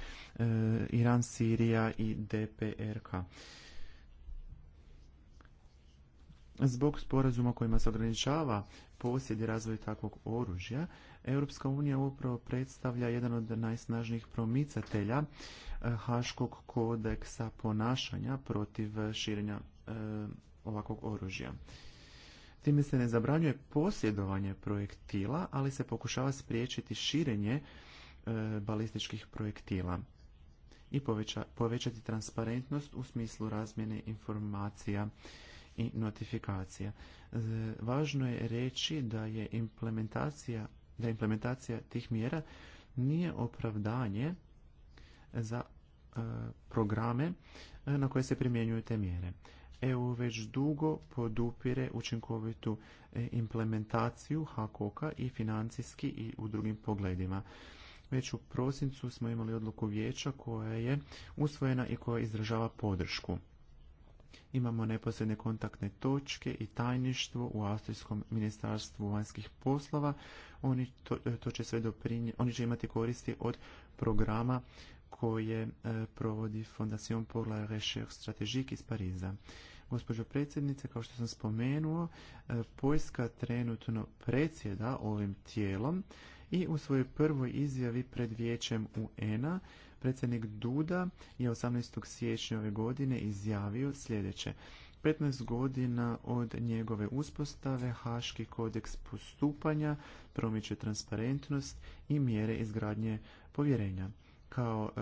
Iran, Sirija i DPRK. Zbog sporazuma kojima se ograničava posjed i razvoj takvog oružja, Europska unija upravo predstavlja jedan od najsnažnijih promicatelja eh, Haškog kodeksa ponašanja protiv širenja e, ovakvog oružja. Time se ne zabranjuje posjedovanje projektila, ali se pokušava spriječiti širenje eh, balističkih projektila i povećati transparentnost u smislu razmjene informacija i notifikacija. Važno je reći da je implementacija, da implementacija tih mjera nije opravdanje za e, programe e, na koje se primjenjuju te mjere. EU već dugo podupire učinkovitu e, implementaciju HAKOKA i financijski i u drugim pogledima. Već u prosincu smo imali odluku vijeća koja je usvojena i koja izražava podršku Imamo neposredne kontaktne točke i tajništvo u Austrijskom ministarstvu vanjskih poslova. Oni, to, e, to će sve doprinje, oni će imati koristi od programa koje e, provodi Fondacion pour la recherche iz Pariza. Gospođo predsjednice, kao što sam spomenuo, e, Poljska trenutno predsjeda ovim tijelom i u svojoj prvoj izjavi pred vijećem UN-a Predsjednik Duda je 18. siječnja ove godine izjavio sljedeće. 15 godina od njegove uspostave Haški kodeks postupanja promiče transparentnost i mjere izgradnje povjerenja. Kao e,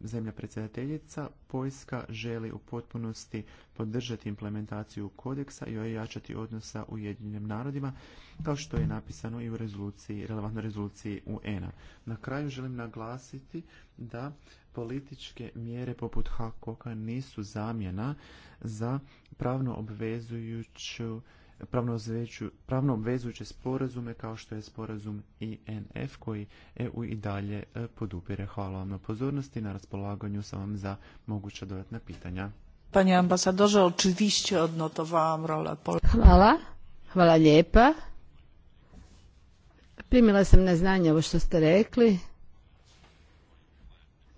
zemlja predsjedateljica Poljska želi u potpunosti podržati implementaciju kodeksa i ojačati odnosa u Ujedinjenim narodima, kao što je napisano i u rezoluciji, relevantnoj rezoluciji UN-a. Na kraju želim naglasiti da političke mjere poput Hakoka nisu zamjena za pravno obvezujuću pravno obvezujuće sporazume kao što je sporazum INF koji EU i dalje e, podupire. Hvala vam na pozornosti i na raspolaganju sam vam za moguća dodatna pitanja. Pani ambasadorze, oczywiście odnotowałam rolę Polski. Hvala, hvala lijepa. Primila sam na znanje ovo što ste rekli.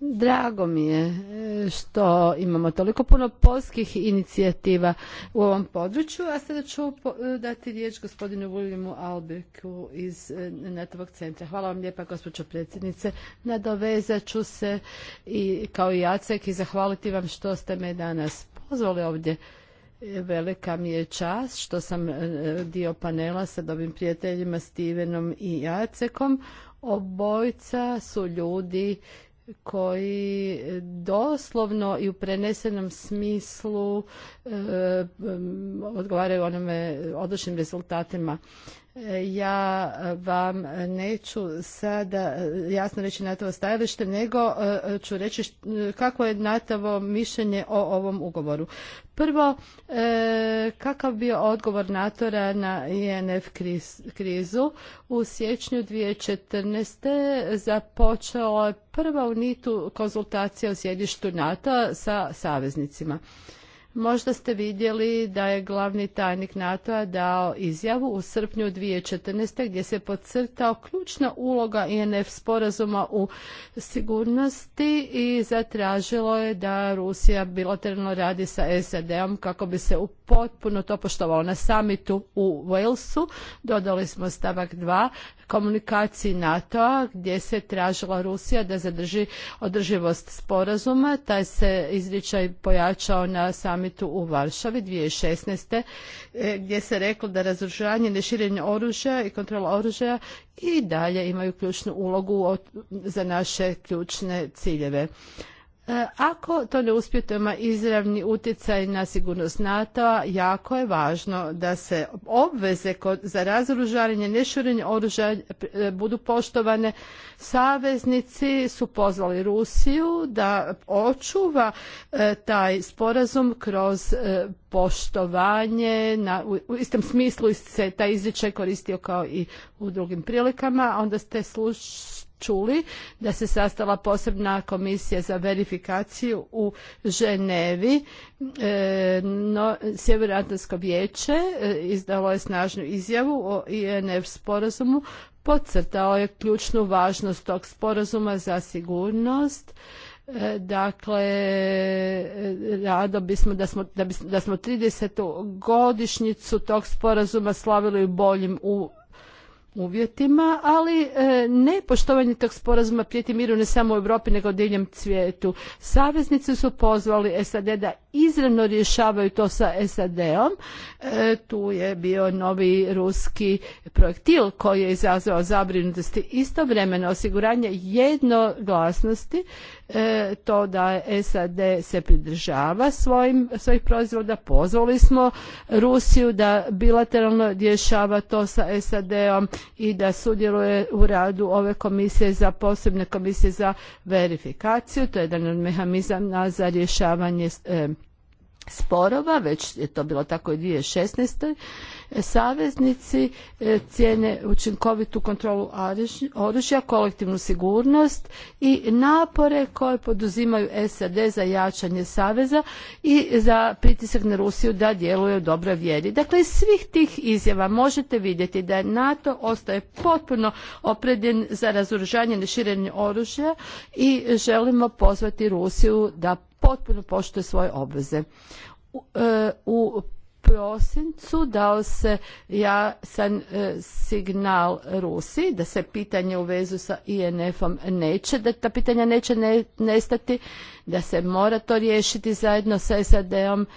Drago mi je e, što imamo toliko puno polskih inicijativa u ovom području, a sada ću e, dati riječ gospodinu Vuljimu Albeku iz e, Netovog centra. Hvala vam lijepa, gospođo predsjednice. Nadovezat ću se i kao i Jacek i zahvaliti vam što ste me danas pozvali ovdje. Velika mi je čast što sam dio panela sa dobim prijateljima Stevenom i Jacekom. Obojca su ljudi koji doslovno i u prenesenom smislu e, odgovaraju onome odličnim rezultatima ja e, vam neću sada e, jasno reći NATO stajalište, nego e, ću reći kako je NATO mišljenje o ovom ugovoru. Prvo, kakav bio odgovor NATO-a na INF krizu? U siječnju 2014. započela je prva u nitu konzultacija u sjedištu NATO sa saveznicima. Možda ste vidjeli da je glavni tajnik NATO-a dao izjavu u srpnju 2014. gdje se podcrtao ključna uloga INF sporazuma u sigurnosti i zatražilo je da Rusija bilateralno radi sa SAD-om kako bi se u potpuno to poštovalo na samitu u Walesu. Dodali smo stavak 2 komunikaciji NATO-a gdje se tražila Rusija da zadrži održivost sporazuma. Taj se izričaj pojačao na samitu samitu u Varšavi 2016. E, gdje se reklo da razoružanje, neširenje oružja i kontrola oružja i dalje imaju ključnu ulogu za naše ključne ciljeve. E, ako to ne uspijete, ima izravni utjecaj na sigurnost NATO-a, jako je važno da se obveze za razoružavanje, neširenje oružja e, budu poštovane. Saveznici su pozvali Rusiju da očuva e, taj sporazum kroz poštovanje, u istom smislu se taj izričaj koristio kao i u drugim prilikama, onda ste slušali čuli da se sastala posebna komisija za verifikaciju u Ženevi. E, no, vijeće e, izdalo je snažnu izjavu o INF sporazumu. Podcrtao je ključnu važnost tog sporazuma za sigurnost. E, dakle, rado bismo da smo, da, bismo, da smo 30. godišnjicu tog sporazuma slavili boljim u uvjetima, ali e, ne poštovanje tog sporazuma prijeti miru ne samo u Europi nego diljem svijetu. Saveznici su pozvali SAD da izravno rješavaju to sa SAD-om. E, tu je bio novi ruski projektil koji je izazvao zabrinutosti. Istovremeno osiguranje jednoglasnosti e, to da SAD se pridržava svojim, svojih proizvoda. Pozvali smo Rusiju da bilateralno rješava to sa SAD-om i da sudjeluje u radu ove komisije za posebne komisije za verifikaciju. To je jedan od mehanizama za rješavanje e, sporova, već je to bilo tako i 2016. Saveznici e, cijene učinkovitu kontrolu oružja, kolektivnu sigurnost i napore koje poduzimaju SAD za jačanje saveza i za pritisak na Rusiju da djeluje u dobroj vjeri. Dakle, iz svih tih izjava možete vidjeti da NATO ostaje potpuno opredjen za razoružanje i širenje oružja i želimo pozvati Rusiju da potpuno poštuje svoje obveze. U, e, prosincu dao se ja e, signal Rusiji da se pitanje u vezu sa INF-om neće, da ta pitanja neće nestati, da se mora to riješiti zajedno sa SAD-om,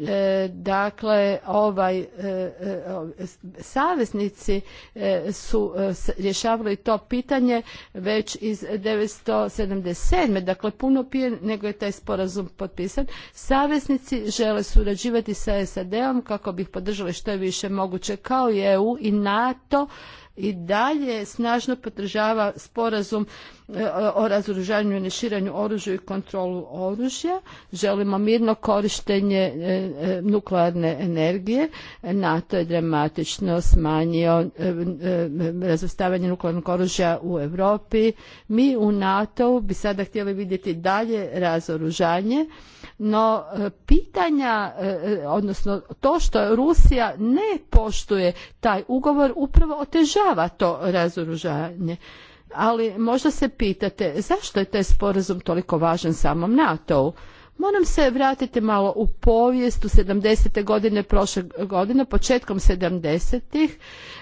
E, dakle ovaj e, e, saveznici su rješavali to pitanje već iz 1977. dakle puno prije nego je taj sporazum potpisan saveznici žele surađivati sa SAD-om kako bi ih podržali što je više moguće kao i EU i NATO i dalje snažno podržava sporazum E, o razoružanju i neširanju oružja i kontrolu oružja. Želimo mirno korištenje e, e, nuklearne energije. NATO je dramatično smanjio razvrstavanje nuklearnog oružja u Europi. Mi u NATO bi sada htjeli vidjeti dalje razoružanje, no pitanja, odnosno to što Rusija ne poštuje taj ugovor upravo otežava to razoružanje ali možda se pitate zašto je taj sporazum toliko važan samom NATO-u? Moram se vratiti malo u povijest u 70. godine prošle godine, početkom 70-ih.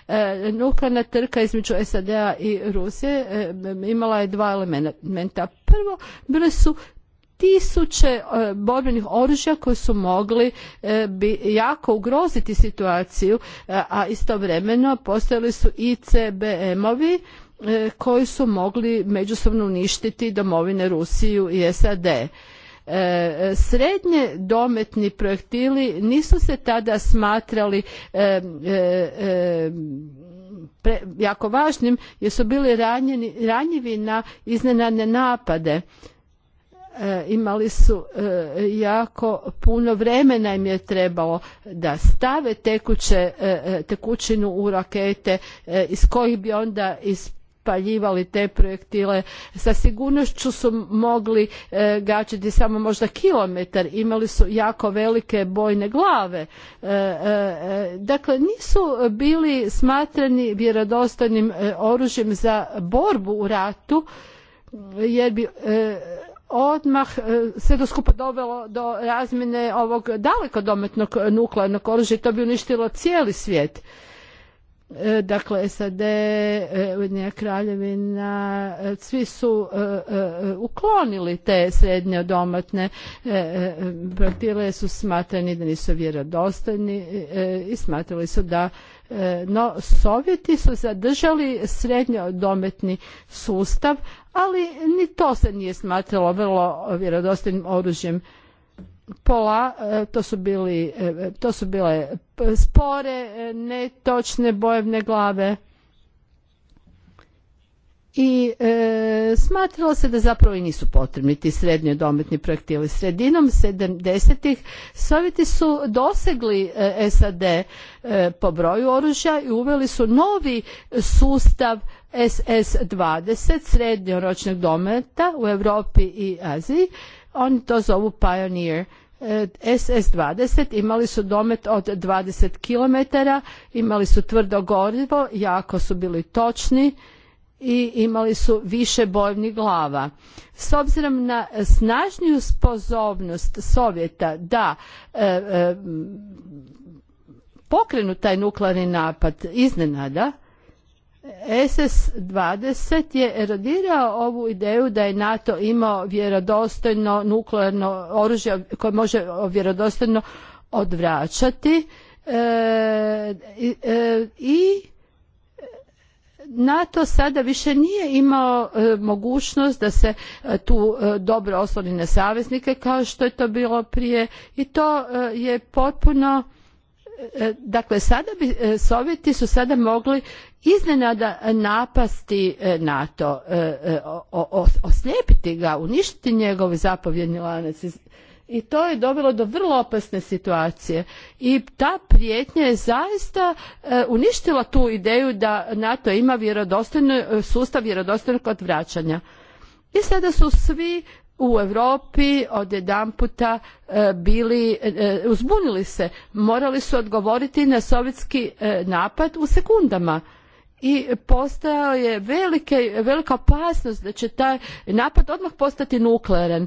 E, nuklearna trka između SAD-a i Rusije e, imala je dva elementa. Prvo, bile su tisuće e, borbenih oružja koji su mogli bi jako ugroziti situaciju, a istovremeno postojali su ICBM-ovi E, koji su mogli međusobno uništiti domovine Rusiju i SAD. E, srednje dometni projektili nisu se tada smatrali e, jako važnim jer su bili ranjivi na iznenadne napade. Imali su jako puno vremena im je trebalo da stave tekućinu u rakete iz kojih bi onda iz paljivali te projektile sa sigurnošću su mogli e, gađati samo možda kilometar imali su jako velike bojne glave e, e, e, dakle nisu bili smatrani vjerodostojnim oružjem za borbu u ratu jer bi odmah sve to dovelo do razmjene ovog daleko dometnog nuklearnog oružja i to bi uništilo cijeli svijet E, dakle SAD, e, Ujedinja Kraljevina, e, svi su uklonili te srednje domatne projektile su smatrani da nisu vjerodostojni i smatrali su da no Sovjeti su zadržali srednje odometni sustav, ali ni to se nije smatralo vrlo vjerodostojnim oružjem pola, e, to su, bili, e, to su bile spore, e, netočne bojevne glave i e, smatralo se da zapravo i nisu potrebni ti srednjodometni dometni projektili. Sredinom 70. Sovjeti su dosegli SAD po broju oružja i uveli su novi sustav SS-20 srednjoročnog dometa u Europi i Aziji. Oni to zovu Pioneer E, SS20 imali su domet od 20 km, imali su tvrdo gorivo, jako su bili točni i imali su više bojnih glava. S obzirom na snažniju sposobnost Sovjeta da e, e, pokrenu taj nuklearni napad iznenada, SS-20 je erodirao ovu ideju da je NATO imao vjerodostojno nuklearno oružje koje može vjerodostojno odvraćati e, e, i NATO sada više nije imao e, mogućnost da se tu dobro osloni na saveznike kao što je to bilo prije i to je potpuno E, dakle sada bi e, sovjeti su sada mogli iznenada napasti e, NATO, oslijepiti ga, uništiti njegov zapovjedni lanac i to je dovelo do vrlo opasne situacije i ta prijetnja je zaista uništila tu ideju da NATO ima sustav vjerodostojnog odvraćanja. I sada su svi u Europi odjedanputa puta e, bili, e, e, uzbunili se, morali su odgovoriti na sovjetski napad u sekundama i postojao je velike, velika opasnost da će taj napad odmah postati nuklearan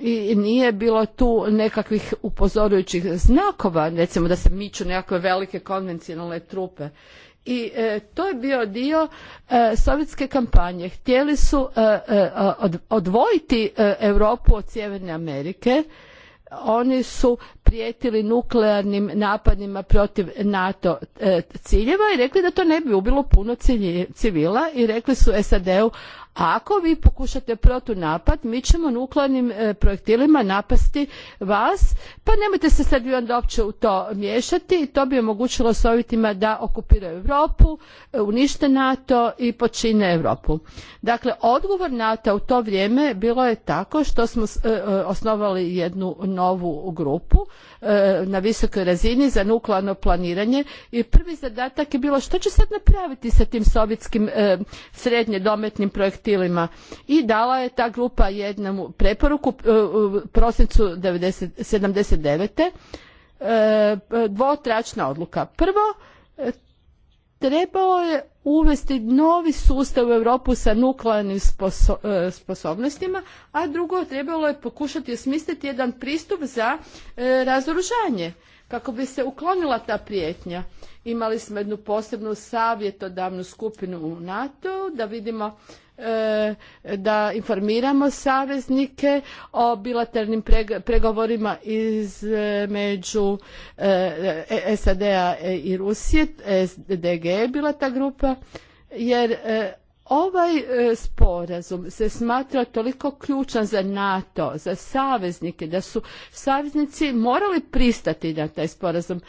i nije bilo tu nekakvih upozorujućih znakova, recimo da se miču nekakve velike konvencionalne trupe i e, to je bio dio e, sovjetske kampanje. Htjeli su e, odvojiti Europu od Sjeverne Amerike. Oni su prijetili nuklearnim napadima protiv NATO ciljeva i rekli da to ne bi ubilo puno civila i rekli su SAD-u ako vi pokušate protunapad, mi ćemo nuklearnim e, projektilima napasti vas, pa nemojte se sad vi onda uopće u to miješati i to bi omogućilo Sovjetima da okupiraju Europu, e, unište NATO i počine Europu. Dakle, odgovor NATO u to vrijeme bilo je tako što smo e, osnovali jednu novu grupu na visokoj razini za nuklearno planiranje i prvi zadatak je bilo što će sad napraviti sa tim sovjetskim srednje dometnim projektilima projektilima i dala je ta grupa jednu preporuku e, u prosincu sedamdeset 79. E, dvotračna odluka. Prvo, e, trebalo je uvesti novi sustav u Europu sa nuklearnim sposobnostima, a drugo trebalo je pokušati osmisliti jedan pristup za razoružanje kako bi se uklonila ta prijetnja. Imali smo jednu posebnu savjetodavnu skupinu u NATO da vidimo E, da informiramo saveznike o bilateralnim pregovorima između e, e, SAD-a i Rusije, SDG je bila ta grupa, jer Ovaj sporazum se smatra toliko ključan za NATO, za saveznike, da su saveznici morali pristati na taj sporazum.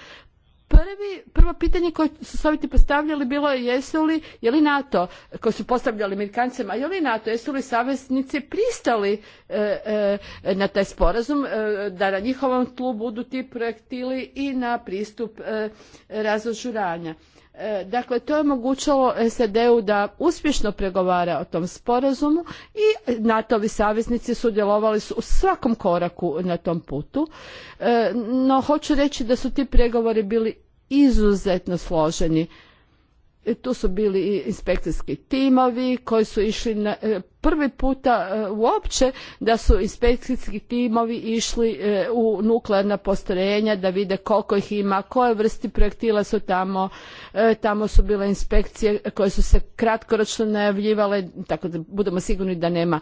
Prvi, prvo pitanje koje su Sovjeti postavljali bilo je jesu li, je li NATO, koji su postavljali Amerikancima, je li NATO, jesu li saveznici pristali e, e, na taj sporazum, e, da na njihovom tlu budu ti projektili i na pristup razožuranja. E, dakle, to je omogućalo SAD-u da uspješno pregovara o tom sporazumu i NATO-vi saveznici sudjelovali su u svakom koraku na tom putu. E, no, hoću reći da su ti pregovori bili izuzetno složeni E, tu su bili inspekcijski timovi koji su išli e, prvi puta e, uopće da su inspekcijski timovi išli u nuklearna postrojenja da vide koliko ih ima, koje vrsti projektila su tamo, tamo su bile inspekcije koje su se kratkoročno najavljivale, tako da budemo sigurni da nema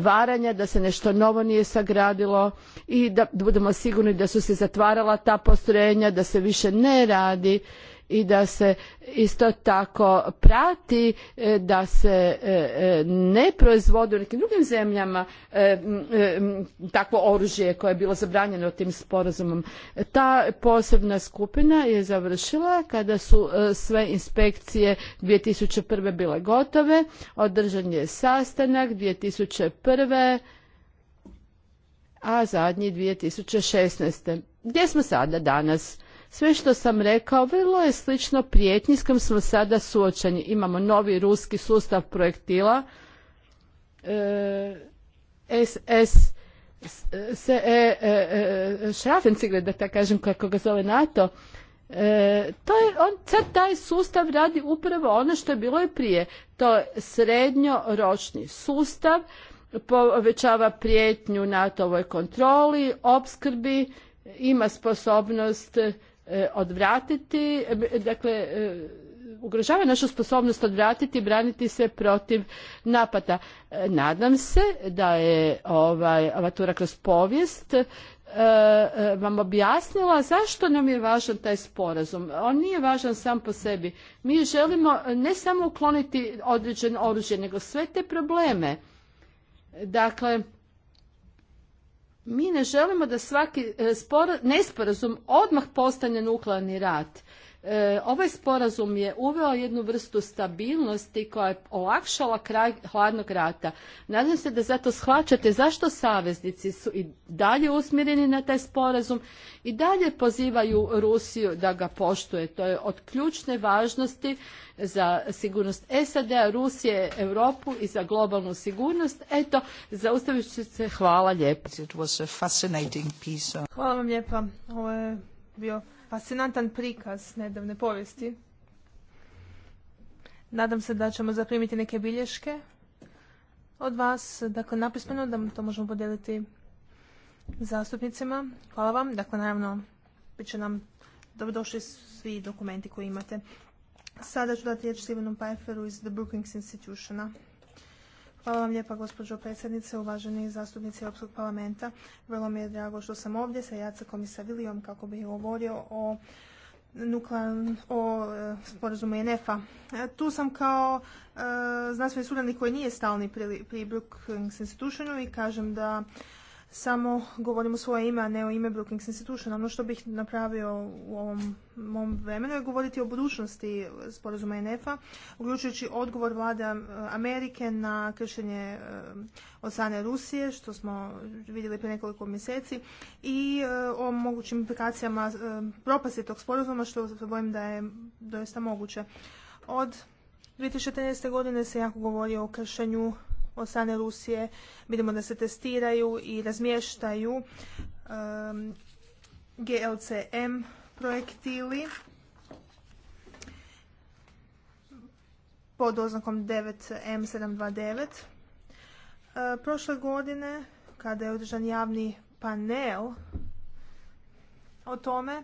varanja, da se nešto novo nije sagradilo i da budemo sigurni da su se zatvarala ta postrojenja, da se više ne radi i da se isto tako prati e, da se e, e, ne proizvodi u nekim drugim zemljama takvo oružje koje je bilo zabranjeno tim sporazumom. Ta posebna skupina je završila kada su sve inspekcije 2001. bile gotove. Održan je sastanak 2001 a zadnji 2016. Gdje smo sada danas? Sve što sam rekao vrlo je slično prijetnji s kojim smo sada suočeni. Imamo novi ruski sustav projektila SS e, se e, e, da tako kažem kako ga zove NATO, to sad taj sustav radi upravo ono što je bilo i prije. To je srednjoročni sustav, povećava prijetnju NATO-ovoj kontroli, opskrbi, ima sposobnost E, odvratiti, e, dakle e, ugrožava našu sposobnost odvratiti i braniti se protiv napada. Nadam se da je ovaj, ova kroz povijest vam objasnila zašto nam je važan taj sporazum. On nije važan sam po sebi. Mi želimo ne samo ukloniti određen oružje, nego sve te probleme. Dakle, mi ne želimo da svaki e, nesporazum odmah postane nuklearni rat. E, ovaj sporazum je uveo jednu vrstu stabilnosti koja je olakšala kraj hladnog rata. Nadam se da zato shvaćate zašto saveznici su i dalje usmjereni na taj sporazum i dalje pozivaju Rusiju da ga poštuje. To je od ključne važnosti za sigurnost sad Rusije, Europu i za globalnu sigurnost. Eto, zaustavit ću se. Hvala lijepo. Hvala vam lijepa. Ovo je fascinantan prikaz nedavne povijesti. Nadam se da ćemo zaprimiti neke bilješke od vas, dakle napismeno, da to možemo podijeliti zastupnicima. Hvala vam. Dakle, naravno, bit će nam dobrodošli svi dokumenti koji imate. Sada ću dati riječ Slivanom Pajferu iz The Brookings Institutiona. Hvala vam lijepa gospođo predsjednice, uvaženi zastupnici Europskog parlamenta. Vrlo mi je drago što sam ovdje sa Jacekom i sa Vilijom kako bih govorio o nuklearnom, o e, sporazumu INF-a. E, tu sam kao e, znanstveni suradnik koji nije stalni pri, pri Brookings Institutionu i kažem da samo govorim u svoje ime, a ne o ime Brookings Institution. Ono što bih napravio u ovom mom vremenu je govoriti o budućnosti sporazuma NF-a, uključujući odgovor vlade Amerike na kršenje eh, od strane Rusije, što smo vidjeli prije nekoliko mjeseci, i eh, o mogućim implikacijama eh, propasti tog sporazuma, što se bojim da je doista moguće. Od 2013. godine se jako govori o kršenju od strane Rusije. Vidimo da se testiraju i razmještaju um, GLCM projektili pod oznakom 9M729. E, uh, prošle godine, kada je održan javni panel o tome,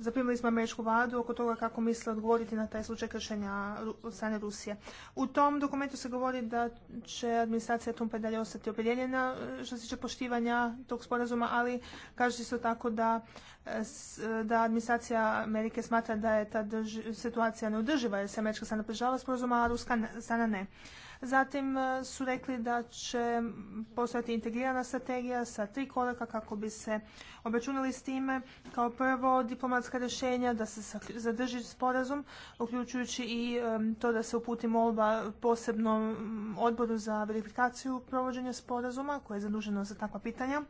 zaprimili smo američku vladu oko toga kako misle odgovoriti na taj slučaj kršenja od strane Rusije. U tom dokumentu se govori da će administracija Trumpa dalje ostati opredjeljena eh, što se tiče poštivanja tog sporazuma, ali kaže se tako da, eh, eh, da administracija Amerike smatra da je ta situacija neodrživa jer se američka strana prežava sporazuma, a ruska strana ne. Zatim e, su rekli da će postojati integrirana strategija sa tri koraka kako bi se obračunali s time. Kao prvo diplomatska rješenja da se zadrži sporazum, uključujući i e, to da se uputi molba posebnom odboru za verifikaciju provođenja sporazuma koje je zaduženo za takva pitanja.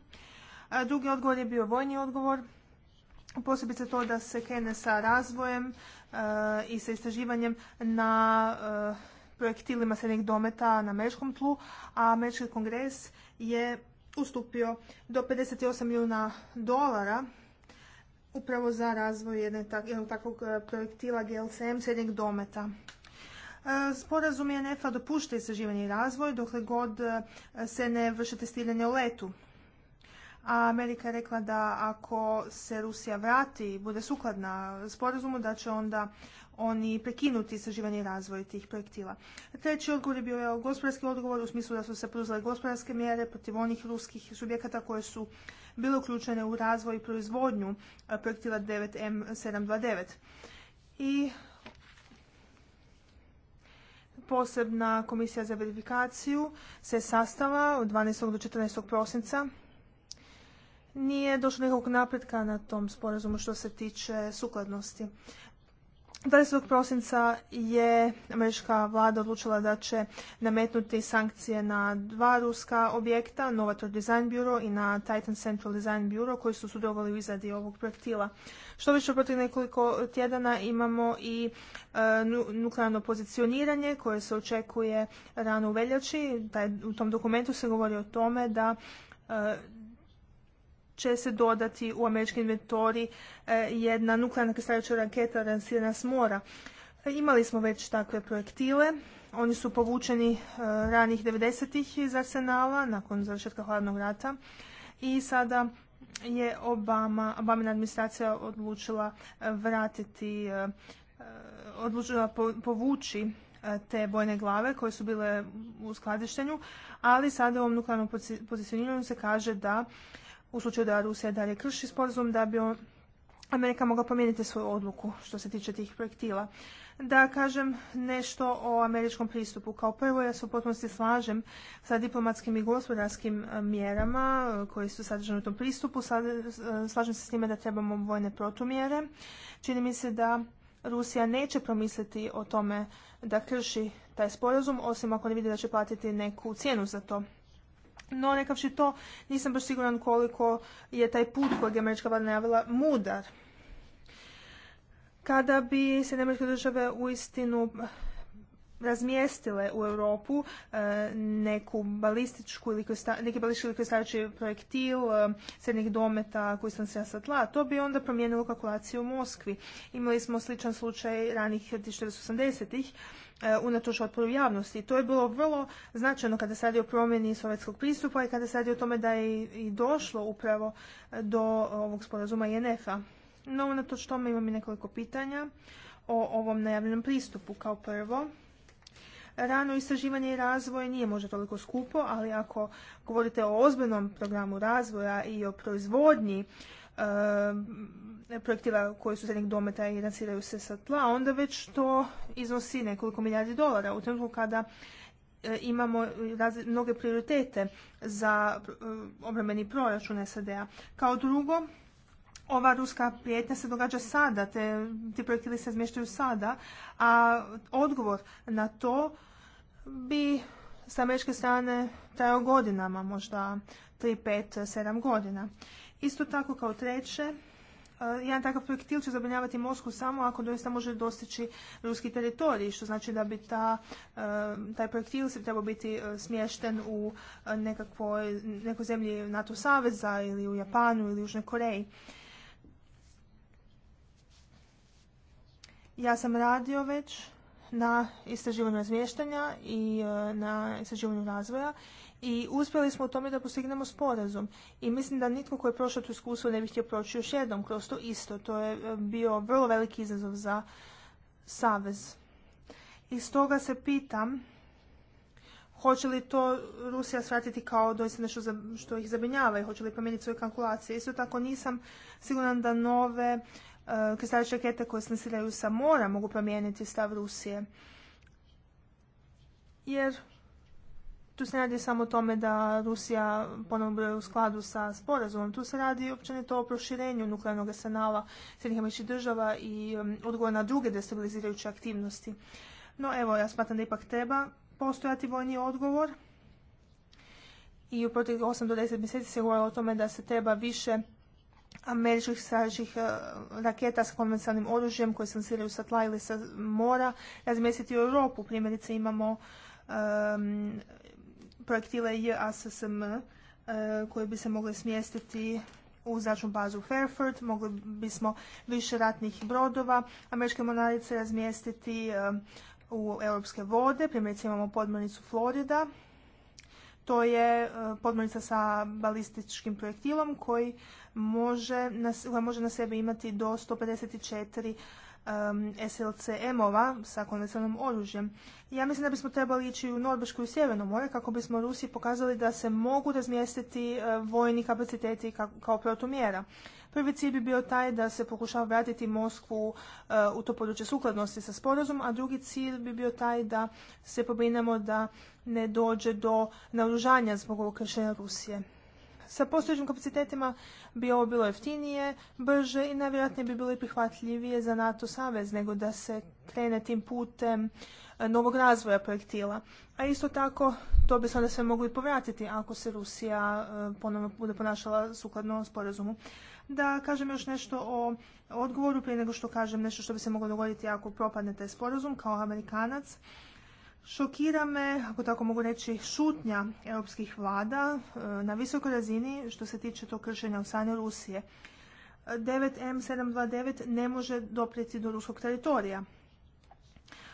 Drugi odgovor je bio vojni odgovor, posebice to da se krene sa razvojem e, i sa istraživanjem na projektilima srednjeg dometa na američkom tlu, a američki kongres je ustupio do 58 milijuna dolara upravo za razvoj jednog takvog e, projektila GLCM srednjeg dometa. E, sporazum je nefa dopušta istraživanje i razvoj dokle god e, se ne vrše testiranje u letu. A Amerika je rekla da ako se Rusija vrati i bude sukladna sporazumu, da će onda oni prekinuti istraživanje i razvoj tih projektila. Treći odgovor je bio gospodarski odgovor u smislu da su se preuzele gospodarske mjere protiv onih ruskih subjekata koje su bile uključene u razvoj i proizvodnju projektila 9M729. I posebna komisija za verifikaciju se sastava od 12. do 14. prosinca nije došlo nekog napretka na tom sporazumu što se tiče sukladnosti. 20. prosinca je američka vlada odlučila da će nametnuti sankcije na dva ruska objekta, Novator Design Bureau i na Titan Central Design Bureau koji su sudjelovali u izradi ovog projektila. Što više protiv nekoliko tjedana imamo i e, nuklearno pozicioniranje koje se očekuje rano u veljači. u tom dokumentu se govori o tome da e, će se dodati u američki inventori e, jedna nuklearna krstajuća raketa lansirana s mora. E, imali smo već takve projektile. Oni su povučeni e, ranih 90-ih iz arsenala nakon završetka hladnog rata i sada je Obama, Obama administracija odlučila vratiti, odlučila povući te bojne glave koje su bile u skladištenju, ali sada u ovom nuklearnom pozicioniranju se kaže da u slučaju da Rusija dalje krši sporazum da bi Amerika mogla promijeniti svoju odluku što se tiče tih projektila. Da kažem nešto o američkom pristupu. Kao prvo ja se u potpunosti slažem sa diplomatskim i gospodarskim e, mjerama e, koji su sadržani u tom pristupu. E, slažem se s time da trebamo vojne protumjere. Čini mi se da Rusija neće promisliti o tome da krši taj sporazum, osim ako ne vidi da će platiti neku cijenu za to. No, rekavši to, nisam baš siguran koliko je taj put kojeg je američka vlada najavila mudar. Kada bi se američke države u istinu eh, razmjestile u Europu eh, neku balističku ili neki balistički ili projektil eh, srednjih dometa koji sam se tla, to bi onda promijenilo kalkulaciju u Moskvi. Imali smo sličan slučaj ranih 1980-ih E, unatoč otporu javnosti. To je bilo vrlo značajno kada se radi o promjeni sovjetskog pristupa i kada se radi o tome da je i došlo upravo e, do ovog sporazuma INF-a. No, unatoč tome imam i nekoliko pitanja o ovom najavljenom pristupu. Kao prvo, rano istraživanje i razvoj nije možda toliko skupo, ali ako govorite o ozbiljnom programu razvoja i o proizvodnji E, projektiva koji su zadnjeg dometa i nasiraju se sa tla, onda već to iznosi nekoliko milijardi dolara. U trenutku kada e, imamo mnoge prioritete za e, obrambeni proračun SAD-a. Kao drugo, ova ruska prijetnja se događa sada, te, ti projektili se zmještaju sada, a odgovor na to bi sa američke strane trajao godinama, možda 3, 5, 7 godina. Isto tako kao treće, e, jedan takav projektil će zabrinjavati Mosku samo ako doista može dostići ruski teritorij, što znači da bi ta, e, taj projektil se trebao biti e, smješten u nekakvoj, nekoj zemlji NATO saveza ili u Japanu ili Južnoj Koreji. Ja sam radio već na istraživanju razmještanja i na istraživanju razvoja i uspjeli smo u tome da postignemo sporazum. I mislim da nitko koji je prošao tu iskustvo ne bi htio proći još jednom kroz to isto. To je eh, bio vrlo veliki izazov za savez. I stoga se pitam hoće li to Rusija shvatiti kao doista nešto što ih zabrinjava i hoće li promijeniti svoje kalkulacije. Isto tako nisam siguran da nove uh, rakete koje se nasiraju sa mora mogu promijeniti stav Rusije. Jer tu se radi samo o tome da Rusija ponovno je u skladu sa sporazumom. Tu se radi općenito o proširenju nuklearnog arsenala Sjedinjenih država i um, odgovor na druge destabilizirajuće aktivnosti. No evo, ja smatram da ipak treba postojati vojni odgovor. I u proteklih 8 do 10 mjeseci se govorilo o tome da se treba više američkih stražih uh, raketa s konvencionalnim oružjem koje se lansiraju sa tla ili sa mora razmjestiti u Europu. Primjerice imamo um, projektile JASSM e, koje bi se mogle smjestiti u zračnu bazu Fairford, mogli bismo više ratnih brodova američke mornarice razmjestiti e, u europske vode, primjerice imamo podmornicu Florida, to je e, podmornica sa balističkim projektilom koji može, koja može na sebi imati do 154 um, SLCM-ova sa konvencionalnim oružjem. Ja mislim da bismo trebali ići u Norbešku i Sjeverno more kako bismo Rusiji pokazali da se mogu razmjestiti eh, vojni kapaciteti kao, kao protumjera. Prvi cilj bi bio taj da se pokušava vratiti Moskvu eh, u to područje sukladnosti sa sporazum, a drugi cilj bi bio taj da se pobrinemo da ne dođe do naoružanja zbog ovog Rusije sa postojećim kapacitetima bi ovo bilo jeftinije, brže i najvjerojatnije bi bilo i prihvatljivije za NATO savez nego da se krene tim putem e, novog razvoja projektila. A isto tako to bi se onda sve mogli povratiti ako se Rusija e, ponovno bude ponašala sukladno sporazumu. Da kažem još nešto o odgovoru prije nego što kažem nešto što bi se moglo dogoditi ako propadne taj sporazum kao Amerikanac. Šokira me, ako tako mogu reći, šutnja europskih vlada e, na visokoj razini što se tiče tog kršenja u strane Rusije. 9M729 ne može doprijeti do ruskog teritorija.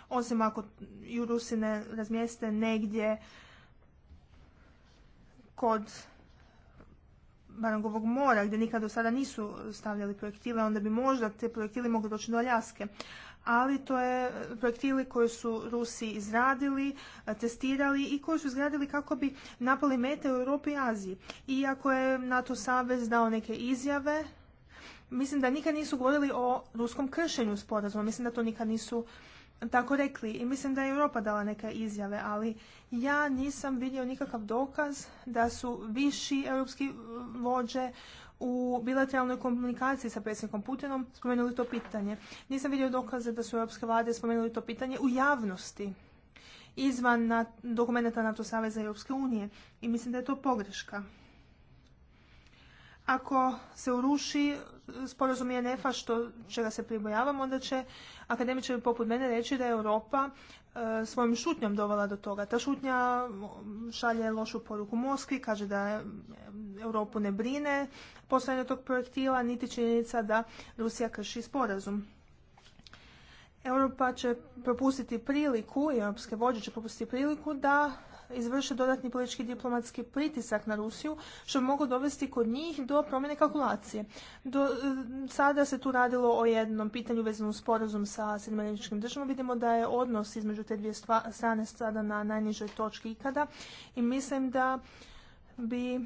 Osim ako ju Rusi ne razmijeste negdje kod Barangovog mora, gdje nikada do sada nisu stavljali projektile, onda bi možda te projektile mogli doći do Aljaske ali to je projektili koje su Rusi izradili, e, testirali i koji su izgradili kako bi napali mete u Europi i Aziji. Iako je NATO savez dao neke izjave, mislim da nikad nisu govorili o ruskom kršenju sporazuma, mislim da to nikad nisu tako rekli i mislim da je Europa dala neke izjave, ali ja nisam vidio nikakav dokaz da su viši europski vođe u bilateralnoj komunikaciji sa predsjednikom Putinom spomenuli to pitanje. Nisam vidio dokaze da su europske vlade spomenuli to pitanje u javnosti izvan na, dokumenta NATO Saveza i Europske unije i mislim da je to pogreška ako se uruši sporazum INF-a, što čega se pribojavamo, onda će akademičari poput mene reći da je Europa svojim e, svojom šutnjom dovela do toga. Ta šutnja mm, šalje lošu poruku Moskvi, kaže da mm, Europu ne brine postojanje tog projektila, niti činjenica da Rusija krši sporazum. Europa će propustiti priliku, europske vođe će propustiti priliku da izvrše dodatni politički diplomatski pritisak na Rusiju, što bi moglo dovesti kod njih do promjene kalkulacije. Do, e, sada se tu radilo o jednom pitanju vezanom uz sporazum sa Sjedinjeničkim državom. Vidimo da je odnos između te dvije strane sada na najnižoj točki ikada i mislim da bi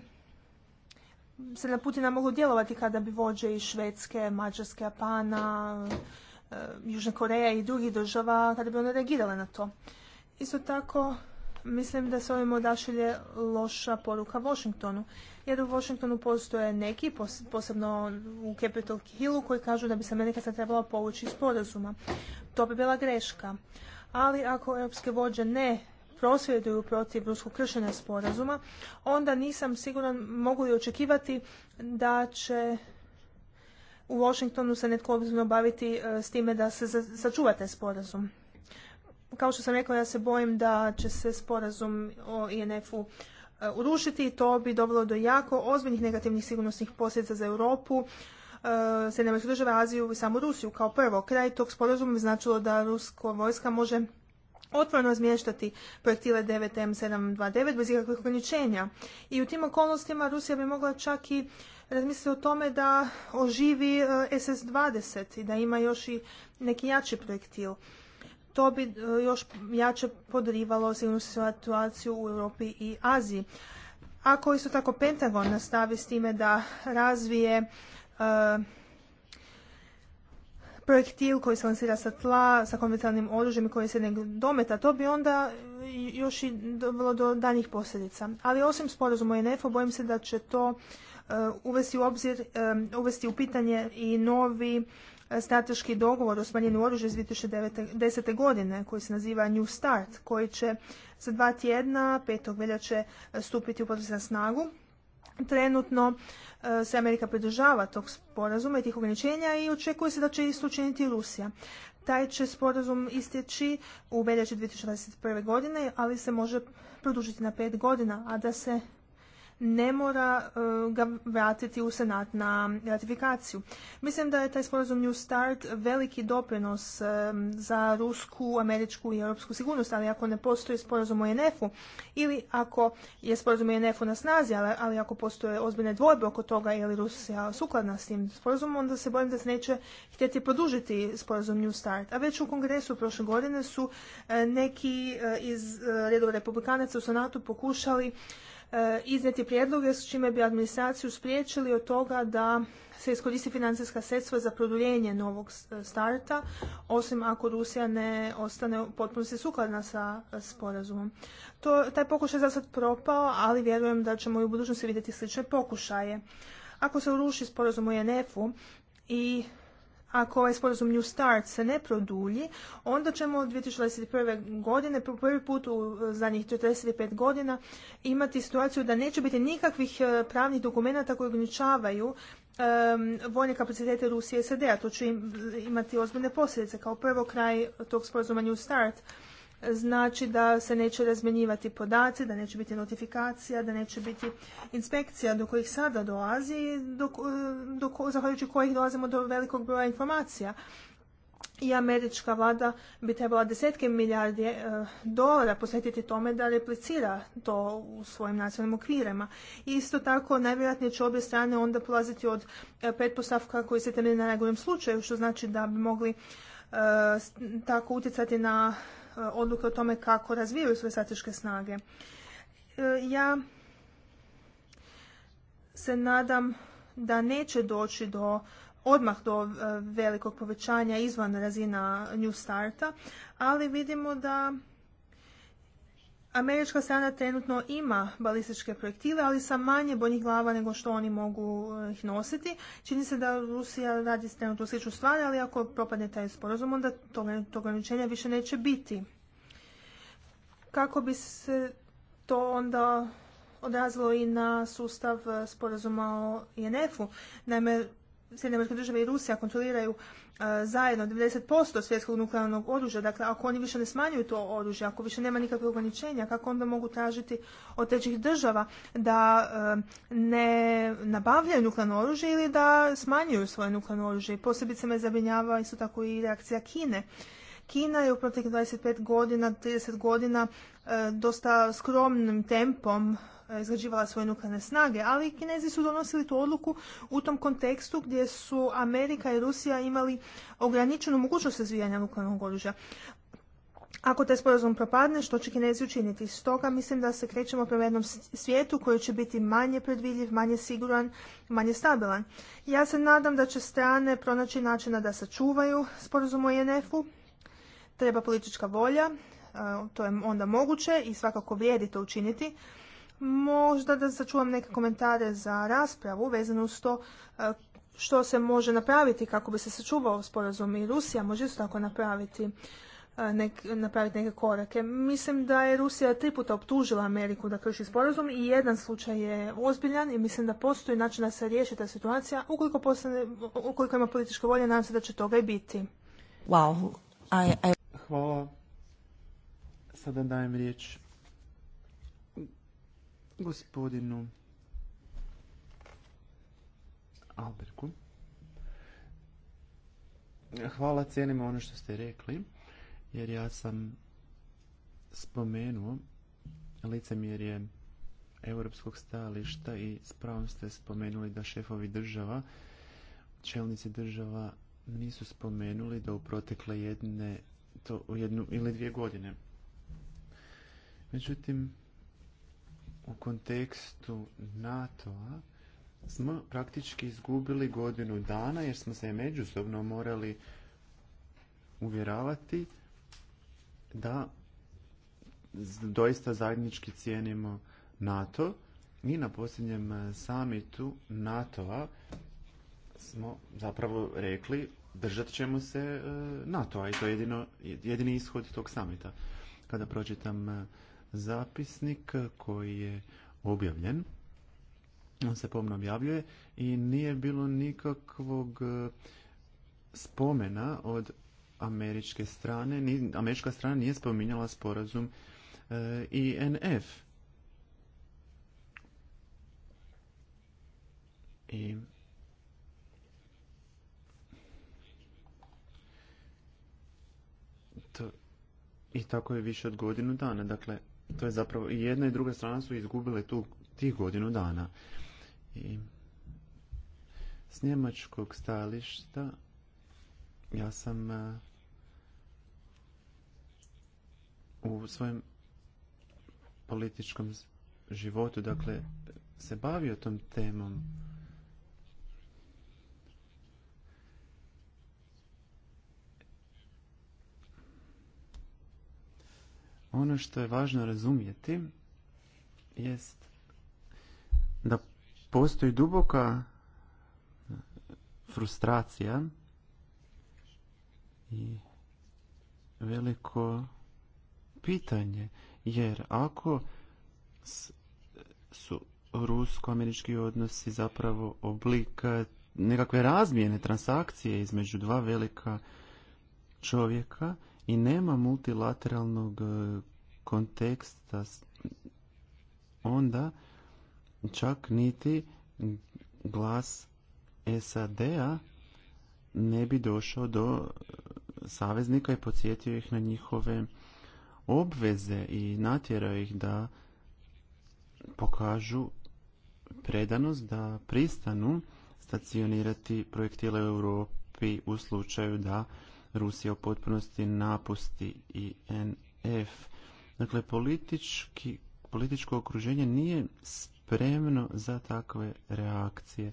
se na Putina moglo djelovati kada bi vođe iz Švedske, Mađarske, Japana, e, Južne Koreje i drugih država, kada bi one reagirale na to. Isto tako Mislim da se ovim odašilje loša poruka Washingtonu. Jer u Washingtonu postoje neki, posebno u Capitol Hillu, koji kažu da bi se Amerika sad trebala povući iz sporazuma. To bi bila greška. Ali ako europske vođe ne prosvjeduju protiv ruskog kršenja sporazuma, onda nisam siguran mogu li očekivati da će u Washingtonu se netko obzirno baviti e, s time da se sačuva taj sporazum. Kao što sam rekla, ja se bojim da će se sporazum o INF-u e, urušiti i to bi dovelo do jako ozbiljnih negativnih sigurnosnih posljedica za Europu, se države, Aziju i samo Rusiju. Kao prvo, kraj tog sporazuma bi značilo da rusko vojska može otvoreno razmještati projektile 9M729 bez ikakvih ograničenja. I u tim okolnostima Rusija bi mogla čak i razmisliti o tome da oživi e, SS-20 i da ima još i neki jači projektil to bi e, još jače podrivalo sigurnu situaciju u Europi i Aziji. Ako isto tako Pentagon nastavi s time da razvije e, projektil koji se lansira sa tla, sa konvencionalnim oružjem i koji se ne dometa, to bi onda još i dovelo do danjih posljedica. Ali osim sporazuma unf a bojim se da će to e, uvesti u obzir, uvesti u pitanje i novi strateški dogovor o smanjenju oružja iz 2010. godine koji se naziva New Start koji će za dva tjedna 5. veljače stupiti u potpis snagu. Trenutno e, se Amerika pridržava tog sporazuma i tih ograničenja i očekuje se da će isto učiniti Rusija. Taj će sporazum istječi u veljači 2021. godine, ali se može produžiti na pet godina, a da se ne mora e, ga vratiti u Senat na ratifikaciju. Mislim da je taj sporazum New Start veliki doprinos e, za rusku, američku i europsku sigurnost, ali ako ne postoji sporazum o ENF-u ili ako je sporazum o ENF-u na snazi, ali, ako postoje ozbiljne dvojbe oko toga ili Rusija sukladna s tim sporazumom, onda se bojim da se neće htjeti produžiti sporazum New Start. A već u kongresu prošle godine su e, neki iz redova republikanaca u Senatu pokušali E, iznijeti prijedloge s čime bi administraciju spriječili od toga da se iskoristi financijska sredstva za produljenje novog e, starta, osim ako Rusija ne ostane potpuno se sukladna sa e, sporazumom. To, taj pokušaj je za sad propao, ali vjerujem da ćemo i u budućnosti vidjeti slične pokušaje. Ako se uruši sporazum u nefu u i ako ovaj sporazum New Start se ne produlji, onda ćemo od 2021. godine prvi put u eh, zadnjih 45 godina imati situaciju da neće biti nikakvih eh, pravnih dokumenata koji ograničavaju vojne kapacitete Rusije i SAD-a. To će eh, imati ozbiljne posljedice. Kao prvo kraj tog sporazuma New Start znači da se neće razmenjivati podaci, da neće biti notifikacija, da neće biti inspekcija do kojih sada dolazi, do, zahvaljujući kojih dolazimo do velikog broja informacija. I američka vlada bi trebala desetke milijardi e, dolara posvetiti tome da replicira to u svojim nacionalnim okvirima. Isto tako, najvjerojatnije će obje strane onda polaziti od e, pretpostavka koji se temelji na najgorem slučaju, što znači da bi mogli e, tako utjecati na Eh, odluke o tome kako razvijaju svoje strateške snage. Eh, ja se nadam da neće doći do odmah do eh, velikog povećanja izvan razina New Starta, ali vidimo da Američka strana trenutno ima balističke projektile, ali sa manje bojnih glava nego što oni mogu eh, ih nositi. Čini se da Rusija radi trenutno sličnu stvar, ali ako propadne taj sporazum, onda to ograničenja više neće biti. Kako bi se to onda odrazilo i na sustav eh, sporazuma o INF-u? Naime, Sjedinjene države i Rusija kontroliraju zajedno 90% svjetskog nuklearnog oružja, dakle ako oni više ne smanjuju to oružje, ako više nema nikakve ograničenja, kako onda mogu tražiti od trećih država da ne nabavljaju nuklearno oružje ili da smanjuju svoje nuklearno oružje. Posebice me zabrinjava isto tako i reakcija Kine. Kina je u proteklih 25 godina, 30 godina dosta skromnim tempom Eh, izgrađivala svoje nuklearne snage, ali Kinezi su donosili tu odluku u tom kontekstu gdje su Amerika i Rusija imali ograničenu mogućnost razvijanja nuklearnog oružja. Ako taj sporazum propadne, što će Kinezi učiniti? Stoga mislim da se krećemo prema jednom svijetu koji će biti manje predvidljiv, manje siguran, manje stabilan. Ja se nadam da će strane pronaći načina da sačuvaju sporazum o INF-u. Treba politička volja, eh, to je onda moguće i svakako vrijedi to učiniti. Možda da sačuvam neke komentare za raspravu vezano uz to e, što se može napraviti kako bi se sačuvao sporazum i Rusija može isto tako napraviti e, napraviti neke korake. Mislim da je Rusija tri puta optužila Ameriku da krši sporazum i jedan slučaj je ozbiljan i mislim da postoji način da se riješi ta situacija. Ukoliko, ukoliko ima političke volje, nadam se da će toga i biti. Hvala. Sada dajem riječ gospodinu Alberku. Hvala, cijenima ono što ste rekli, jer ja sam spomenuo licemjerje europskog stajališta i spravom ste spomenuli da šefovi država, čelnici država nisu spomenuli da u protekle jedne to jednu ili dvije godine. Međutim, u kontekstu NATO-a smo praktički izgubili godinu dana jer smo se međusobno morali uvjeravati da doista zajednički cijenimo NATO i na posljednjem e, samitu NATO-a smo zapravo rekli držat ćemo se e, NATO-a i to je jedini ishod tog samita. Kada pročitam e, zapisnik koji je objavljen. On se pomno objavljuje i nije bilo nikakvog e, spomena od američke strane. američka strana nije spominjala sporazum INF. E, I I tako je više od godinu dana. Dakle, to je zapravo i jedna i druga strana su izgubile tu tih godinu dana. I s njemačkog stajališta ja sam e, u svojem političkom životu, dakle, se bavio tom temom Ono što je važno razumjeti jest da postoji duboka frustracija i veliko pitanje, jer ako su rusko-američki odnosi zapravo oblik nekakve razmjene transakcije između dva velika čovjeka i nema multilateralnog e, konteksta onda čak niti glas SAD-a ne bi došao do e, saveznika i podsjetio ih na njihove obveze i natjerao ih da pokažu predanost da pristanu stacionirati projektile u Europi u slučaju da Rusija u potpunosti napusti INF. Dakle, politički, političko okruženje nije spremno za takve reakcije.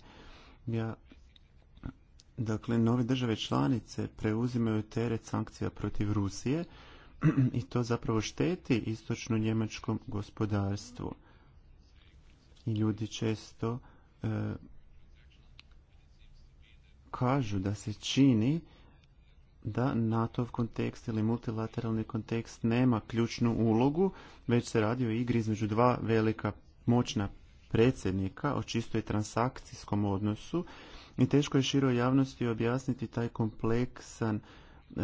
Ja, dakle, nove države članice preuzimaju teret sankcija protiv Rusije <clears throat> i to zapravo šteti istočno njemačkom gospodarstvu. I ljudi često e, kažu da se čini da nato kontekst ili multilateralni kontekst nema ključnu ulogu, već se radi o igri između dva velika moćna predsjednika o čistoj transakcijskom odnosu i teško je široj javnosti objasniti taj kompleksan e,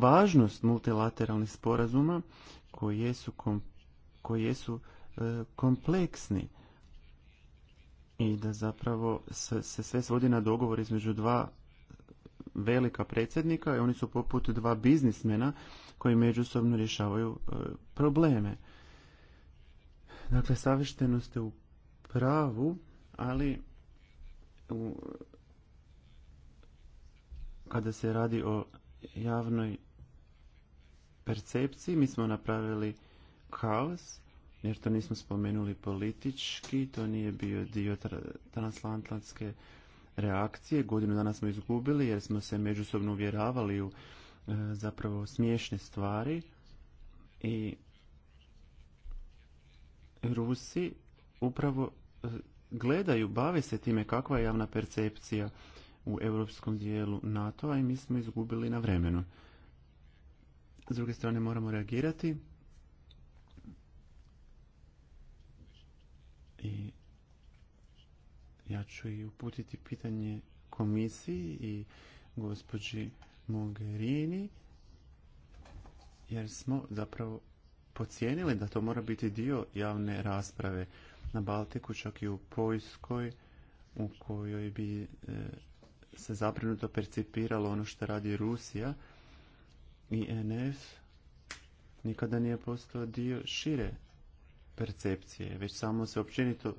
važnost multilateralnih sporazuma koji su koji e, kompleksni i da zapravo se, se sve svodi na dogovor između dva velika predsjednika i oni su poput dva biznismena koji međusobno rješavaju e, probleme. Dakle, savršteno ste u pravu, ali kada se radi o javnoj percepciji, mi smo napravili kaos, jer to nismo spomenuli politički, to nije bio dio transatlantske reakcije. Godinu dana smo izgubili jer smo se međusobno uvjeravali u e, zapravo smiješne stvari i Rusi upravo e, gledaju, bave se time kakva je javna percepcija u europskom dijelu NATO-a i mi smo izgubili na vremenu. S druge strane moramo reagirati i ja ću i uputiti pitanje komisiji i gospođi Mogherini, jer smo zapravo pocijenili da to mora biti dio javne rasprave na Baltiku, čak i u Pojskoj u kojoj bi e, se zabrinuto percipiralo ono što radi Rusija i NF nikada nije postao dio šire percepcije, već samo se općenito,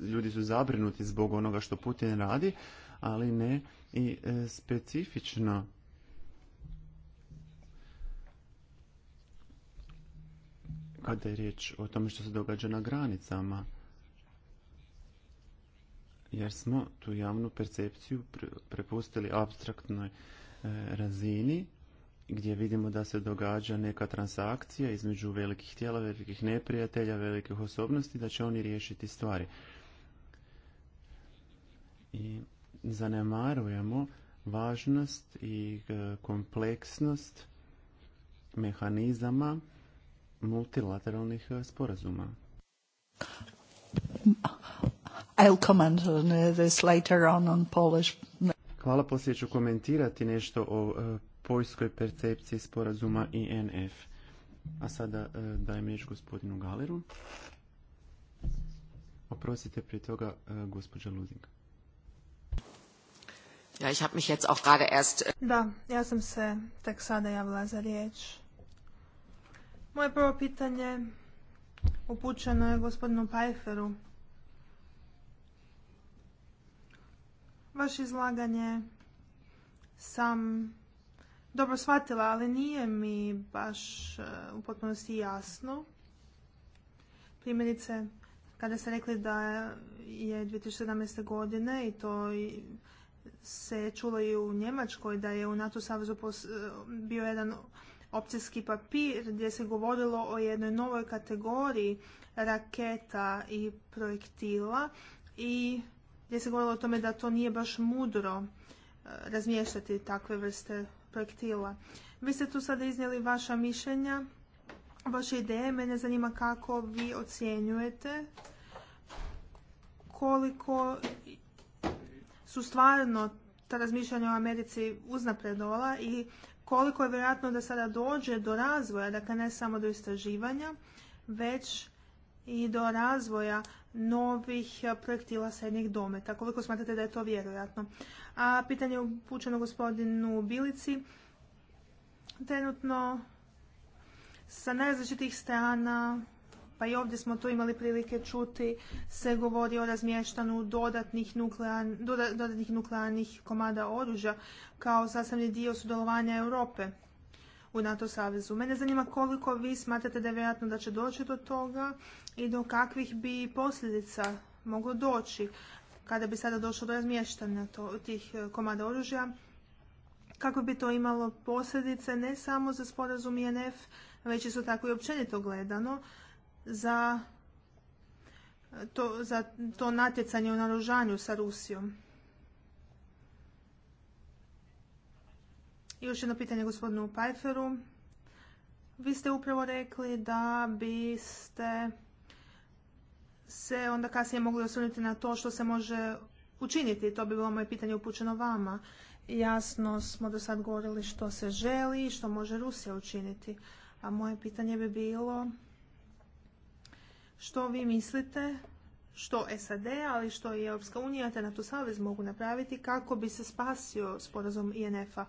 ljudi su zabrinuti zbog onoga što Putin radi, ali ne i e, specifično kada je riječ o tome što se događa na granicama. Jer smo tu javnu percepciju prepustili abstraktnoj e, razini gdje vidimo da se događa neka transakcija između velikih tijela, velikih neprijatelja, velikih osobnosti, da će oni riješiti stvari. I zanemarujemo važnost i e, kompleksnost mehanizama multilateralnih e, sporazuma. I'll comment on uh, this later on on Polish. Hvala, poslije ću komentirati nešto o e, poljskoj percepciji sporazuma INF. A sada e, dajem riječ gospodinu Galeru. Oprostite, prije toga e, gospođa Ja, ich mich jetzt auch gerade erst... E, da, ja sam se tek sada javila za riječ. Moje prvo pitanje upućeno je gospodinu Pajferu. Vaše izlaganje sam dobro shvatila, ali nije mi baš e, u potpunosti jasno. Primjerice, kada ste rekli da je 2017. godine i to se čulo i u Njemačkoj da je u NATO savezu e, bio jedan opcijski papir gdje se govorilo o jednoj novoj kategoriji raketa i projektila i gdje se govorilo o tome da to nije baš mudro e, razmještati takve vrste projektila. Vi ste tu sada iznijeli vaša mišljenja, vaše ideje. Mene zanima kako vi ocjenjujete koliko su stvarno ta razmišljanja o Americi uznapredovala i koliko je vjerojatno da sada dođe do razvoja, dakle ne samo do istraživanja, već i do razvoja novih projektila srednjeg dometa. Koliko smatrate da je to vjerojatno? A pitanje je upućeno gospodinu Bilici. Trenutno sa najrazličitih strana, pa i ovdje smo to imali prilike čuti, se govori o razmještanu dodatnih, dodatnih nuklearnih komada oružja kao sastavni dio sudjelovanja Europe u NATO savezu. Mene zanima koliko vi smatrate da je vjerojatno da će doći do toga i do kakvih bi posljedica moglo doći kada bi sada došlo do razmještanja tih e, komada oružja, kako bi to imalo posljedice ne samo za sporazum INF, već isto tako i općenito gledano za e, to, za to natjecanje u naružanju sa Rusijom. I još jedno pitanje gospodinu Pajferu. Vi ste upravo rekli da biste se onda kasnije mogli osvrnuti na to što se može učiniti. To bi bilo moje pitanje upućeno vama. Jasno smo do sad govorili što se želi i što može Rusija učiniti. A moje pitanje bi bilo što vi mislite, što SAD, ali što i Europska unija te NATO savez mogu napraviti kako bi se spasio sporazum INF-a. E,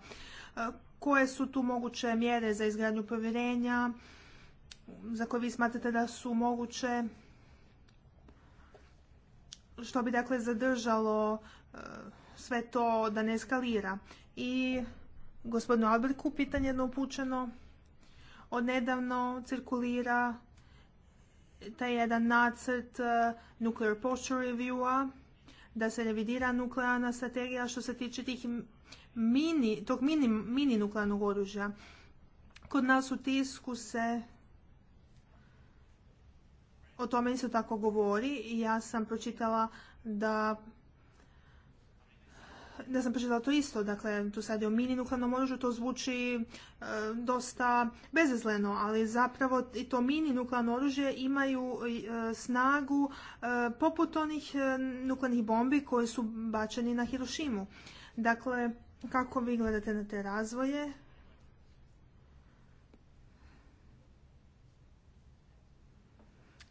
koje su tu moguće mjere za izgradnju povjerenja za koje vi smatrate da su moguće što bi dakle zadržalo e, sve to da ne eskalira. I gospodinu Albreku, pitanje jedno upućeno. Odnedavno cirkulira taj jedan nacrt e, Nuclear Posture Reviewa, da se revidira nuklearna strategija što se tiče tih mini, tog mini, mini nuklearnog oružja. Kod nas u tisku se o tome isto tako govori i ja sam pročitala da da sam pročitala to isto, dakle, tu sad je o mini nuklearnom oružju, to zvuči e, dosta bezazleno, ali zapravo i to mini nuklearno oružje imaju e, snagu e, poput onih nuklearnih bombi koje su bačeni na Hirošimu. Dakle, kako vi gledate na te razvoje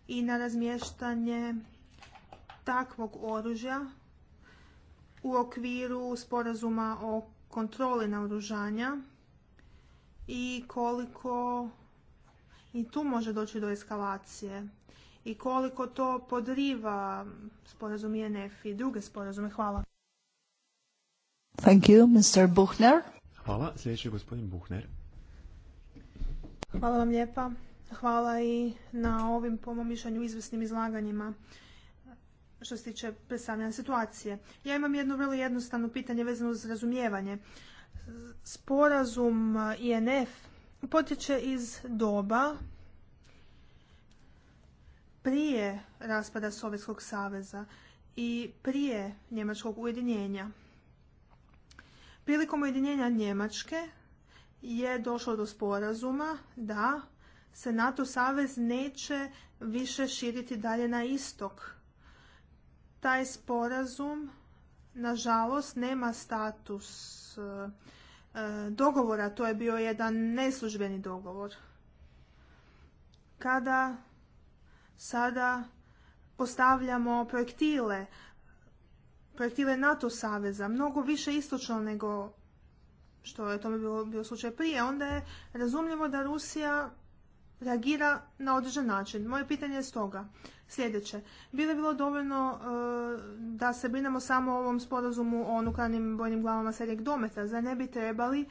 i na razmještanje takvog oružja u okviru sporazuma o kontroli naoružanja i koliko i tu može doći do eskalacije i koliko to podriva sporazum INF i druge sporazume. Hvala. Thank you, Mr. Buchner. Hvala. Sljedeći je gospodin Buchner. Hvala vam lijepa. Hvala i na ovim, po mom mišljenju, izvrsnim izlaganjima što se tiče predstavljanja situacije. Ja imam jedno vrlo jednostavno pitanje vezano uz razumijevanje. Sporazum INF potječe iz doba prije raspada Sovjetskog saveza i prije njemačkog ujedinjenja. Prilikom ujedinjenja Njemačke je došlo do sporazuma da se NATO savez neće više širiti dalje na istok. Taj sporazum, nažalost, nema status e, dogovora, to je bio jedan neslužbeni dogovor. Kada sada postavljamo projektile, projektile NATO saveza, mnogo više istočno nego što je to bio slučaj prije, onda je razumljivo da Rusija reagira na određen način. Moje pitanje je stoga sljedeće. Bilo je bilo dovoljno e, da se brinemo samo o ovom sporazumu o nuklearnim bojnim glavama srednjeg dometa. Zar ne bi trebali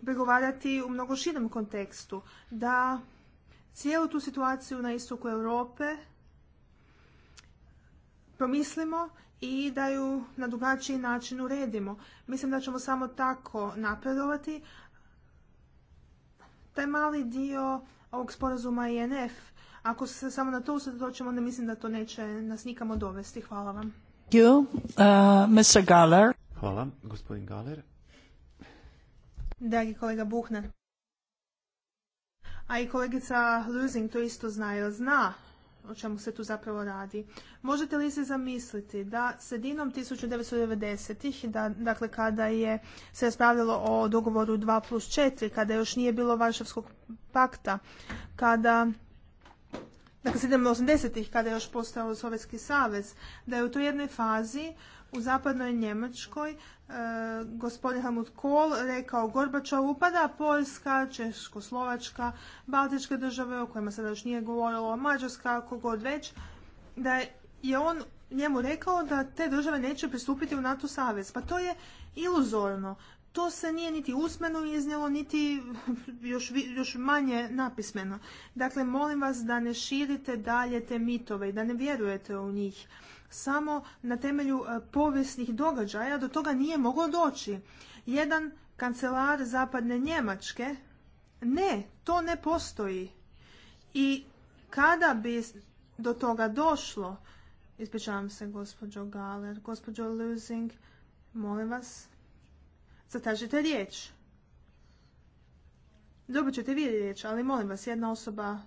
pregovarati u mnogo širem kontekstu? Da cijelu tu situaciju na istoku Europe promislimo i da ju na drugačiji način uredimo. Mislim da ćemo samo tako napredovati. Taj mali dio ovog sporazuma INF. Ako se samo na to usredotočimo, onda mislim da to neće nas nikamo dovesti. Hvala vam. You, uh, Mr. Galler. Hvala, gospodin Galler. Dragi kolega Buhner. A i kolegica Lusing to isto zna, jer zna o čemu se tu zapravo radi. Možete li se zamisliti da sredinom 1990-ih, da, dakle kada je se raspravljalo o dogovoru 2 plus 4, kada još nije bilo Varšavskog pakta, kada dakle, 80 ih kada je još postao Sovjetski savez, da je u toj jednoj fazi u zapadnoj Njemačkoj e, gospodin Helmut Kohl rekao Gorbačov upada Poljska, Češko-Slovačka, Baltičke države o kojima sada još nije govorilo, Mađarska, kogod već, da je on njemu rekao da te države neće pristupiti u NATO savez. Pa to je iluzorno. To se nije niti usmeno iznijelo, niti <laughs> još, još manje napismeno. Dakle, molim vas da ne širite dalje te mitove i da ne vjerujete u njih samo na temelju e, povijesnih događaja do toga nije moglo doći. Jedan kancelar zapadne Njemačke, ne, to ne postoji. I kada bi do toga došlo, ispričavam se gospođo Galer, gospođo Lusing, molim vas, zatražite riječ. Dobit ćete vi riječ, ali molim vas, jedna osoba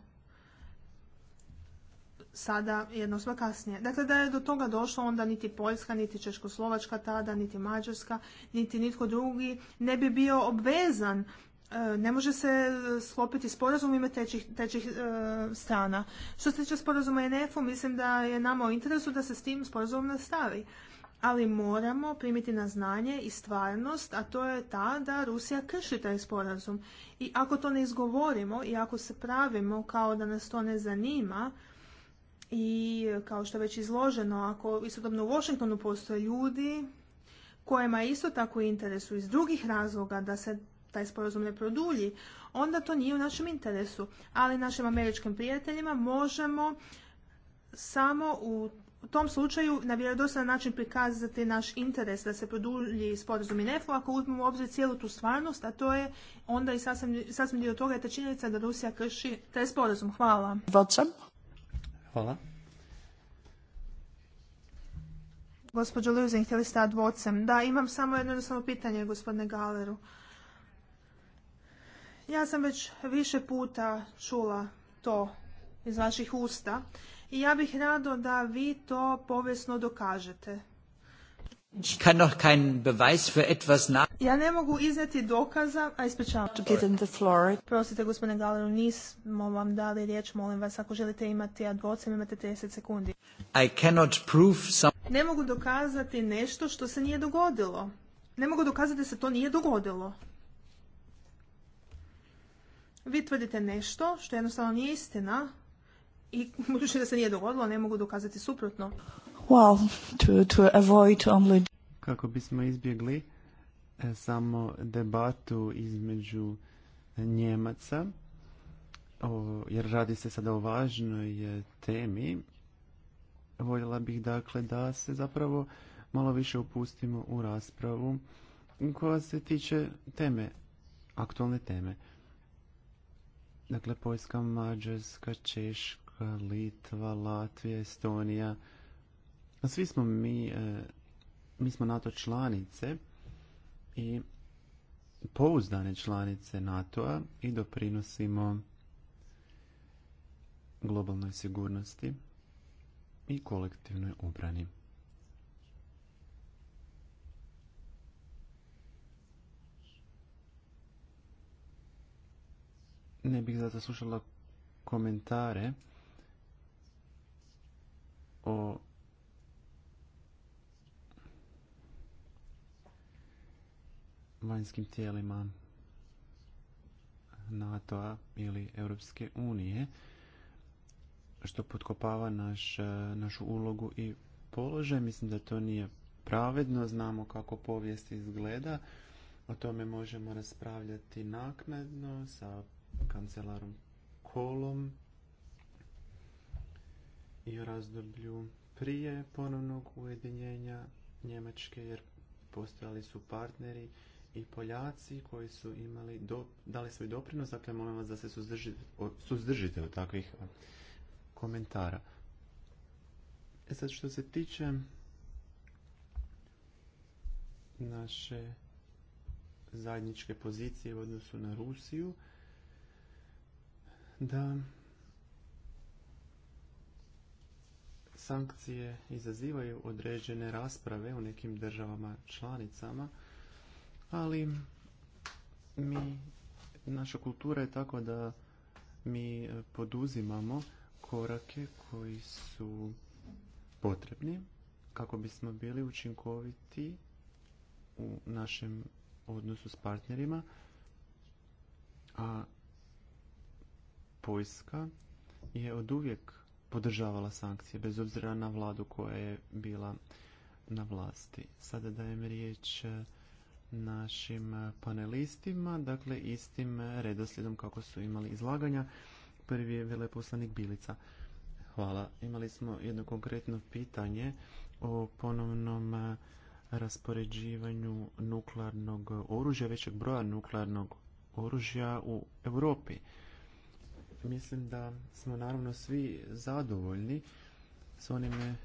sada jednostavno kasnije. Dakle, da je do toga došlo onda niti Poljska, niti Češkoslovačka tada, niti Mađarska, niti nitko drugi ne bi bio obvezan e, ne može se e, sklopiti sporazum ime tečih, tečih e, strana. Što se tiče sporazuma NF-u, mislim da je nama u interesu da se s tim sporazumom nastavi. Ali moramo primiti na znanje i stvarnost, a to je ta da Rusija krši taj sporazum. I ako to ne izgovorimo i ako se pravimo kao da nas to ne zanima, i kao što je već izloženo, ako istodobno u Washingtonu postoje ljudi kojima je isto tako interesu iz drugih razloga da se taj sporazum ne produlji, onda to nije u našem interesu. Ali našim američkim prijateljima možemo samo u tom slučaju na vjerodostan način prikazati naš interes da se produlji sporazum i ako uzmemo u obzir cijelu tu stvarnost, a to je onda i sasvim, sasvim dio toga je ta činjenica da Rusija krši taj sporazum. Hvala. Hvala. Gospođo Luzin, htjeli ste ad vocem. Da, imam samo jedno jednostavno pitanje, gospodine Galeru. Ja sam već više puta čula to iz vaših usta i ja bih rado da vi to povijesno dokažete. Ja ne mogu izneti dokaza, a ispričavam. Prosite, gospodine Galeru, nismo vam dali riječ, molim vas, ako želite imati advocem, imate 30 sekundi. I cannot prove Ne mogu dokazati nešto što se nije dogodilo. Ne mogu dokazati da se to nije dogodilo. Vi tvrdite nešto što jednostavno nije istina i <laughs> budući da se nije dogodilo, ne mogu dokazati suprotno well, to, to avoid Kako bismo izbjegli e, samo debatu između Njemaca, jer radi se sada o važnoj e, temi, voljela bih dakle da se zapravo malo više upustimo u raspravu koja se tiče teme, aktualne teme. Dakle, Poljska, Mađarska, Češka, Litva, Latvija, Estonija, pa svi smo mi, e, mi smo NATO članice i pouzdane članice NATO-a i doprinosimo globalnoj sigurnosti i kolektivnoj obrani. Ne bih zato slušala komentare o vanjskim tijelima NATO-a ili Europske unije, što potkopava naš, našu ulogu i položaj. Mislim da to nije pravedno, znamo kako povijest izgleda. O tome možemo raspravljati naknadno sa kancelarom Kolom i o razdoblju prije ponovnog ujedinjenja Njemačke, jer postojali su partneri i Poljaci koji su imali do, dali svoj doprinos, dakle molim vas da se suzdržite, suzdržite od takvih komentara. E sad što se tiče naše zajedničke pozicije u odnosu na Rusiju, da sankcije izazivaju određene rasprave u nekim državama članicama, ali mi, naša kultura je tako da mi e, poduzimamo korake koji su potrebni kako bismo bili učinkoviti u našem odnosu s partnerima, a Poljska je oduvijek podržavala sankcije, bez obzira na vladu koja je bila na vlasti. Sada dajem riječ e, našim e, panelistima, dakle istim redoslijedom kako su imali izlaganja. Prvi je veleposlanik Bilica. Hvala. Imali smo jedno konkretno pitanje o ponovnom e, raspoređivanju nuklearnog oružja, većeg broja nuklearnog oružja u Europi. Mislim da smo naravno svi zadovoljni s onime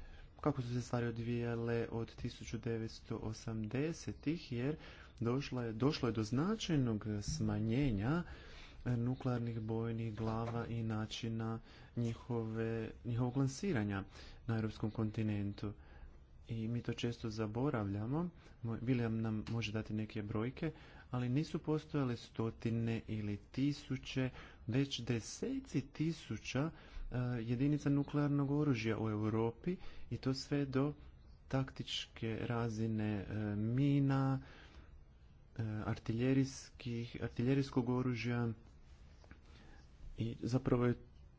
kako su se stvari odvijale od 1980-ih jer došlo je, došlo je do značajnog smanjenja e, nuklearnih bojnih glava i načina njihove, njihovog lansiranja na europskom kontinentu. I mi to često zaboravljamo. William nam može dati neke brojke, ali nisu postojale stotine ili tisuće, već deseci tisuća E, jedinica nuklearnog oružja u Europi i to sve do taktičke razine e, mina, e, artiljerijskih, artiljerijskog oružja i zapravo je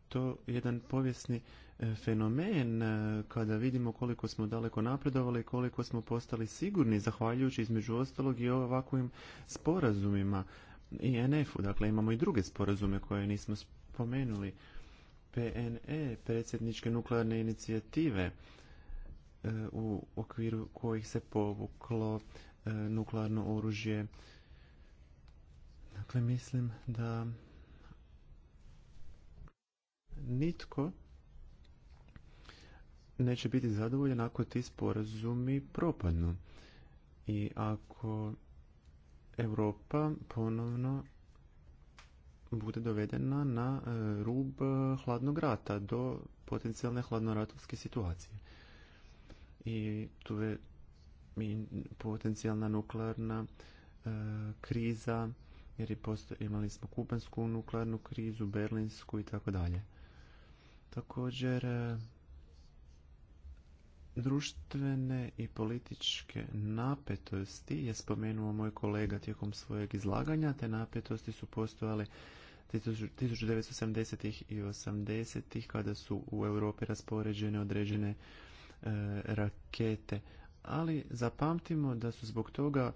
to jedan povijesni fenomen kada vidimo koliko smo daleko napredovali i koliko smo postali sigurni zahvaljujući između ostalog i ovakvim sporazumima INF-u. Dakle, imamo i druge sporazume koje nismo spomenuli PNE, predsjedničke nuklearne inicijative e, u okviru kojih se povuklo e, nuklearno oružje. Dakle, mislim da nitko neće biti zadovoljan ako ti sporazumi propadnu i ako Europa ponovno bude dovedena na e, rub e, hladnog rata, do potencijalne hladnoratovske situacije. I tu je potencijalna nuklearna e, kriza, jer imali smo kubansku nuklearnu krizu, berlinsku i tako dalje. Također, društvene i političke napetosti je spomenuo moj kolega tijekom svojeg izlaganja. Te napetosti su postojale 1970. i 80. kada su u Europi raspoređene određene e, rakete. Ali zapamtimo da su zbog toga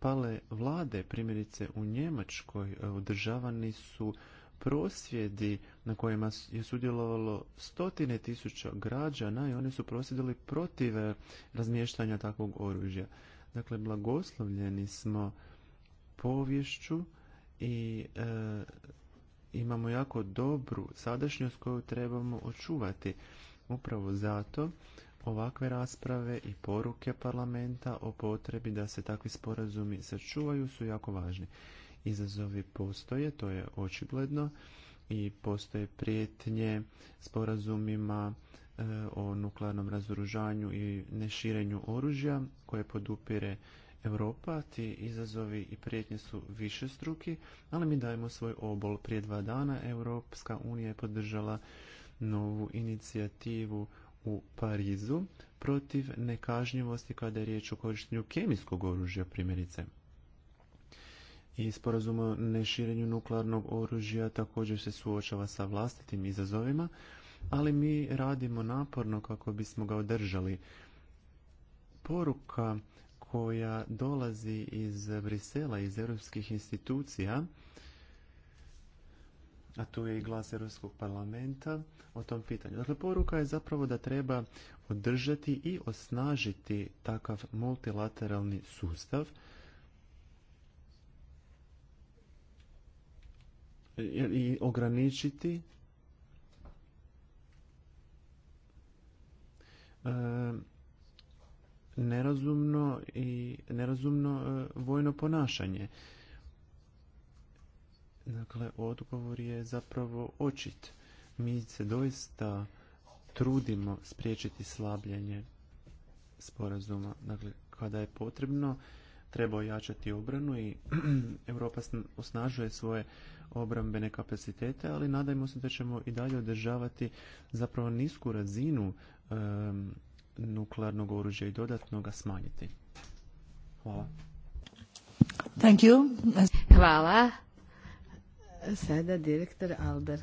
pale vlade, primjerice u Njemačkoj, održavani su prosvjedi na kojima je sudjelovalo stotine tisuća građana i oni su prosvjedili protiv eh, razmještanja takvog oružja. Dakle, blagoslovljeni smo povješću i eh, imamo jako dobru sadašnjost koju trebamo očuvati. Upravo zato ovakve rasprave i poruke parlamenta o potrebi da se takvi sporazumi sačuvaju su jako važni. Izazovi postoje, to je očigledno i postoje prijetnje sporazumima e, o nuklearnom razoružanju i neširenju oružja koje podupire Europa. Ti izazovi i prijetnje su višestruki, ali mi dajemo svoj obol. Prije dva dana Europska unija je podržala novu inicijativu u Parizu protiv nekažnjivosti kada je riječ o korištenju kemijskog oružja primjerice i sporazum o neširenju nuklearnog oružja također se suočava sa vlastitim izazovima, ali mi radimo naporno kako bismo ga održali. Poruka koja dolazi iz Brisela, iz europskih institucija, a tu je i glas Europskog parlamenta o tom pitanju. Dakle, poruka je zapravo da treba održati i osnažiti takav multilateralni sustav i ograničiti e, nerazumno i nerazumno e, vojno ponašanje. Dakle, odgovor je zapravo očit. Mi se doista trudimo spriječiti slabljenje sporazuma. Dakle, kada je potrebno, treba ojačati obranu i <clears throat> Europa osnažuje svoje obrambene kapacitete, ali nadajmo se da ćemo i dalje održavati zapravo nisku razinu nuklearnog oružja i dodatno ga smanjiti. Hvala. Thank you. Hvala. Sada direktor Alberg.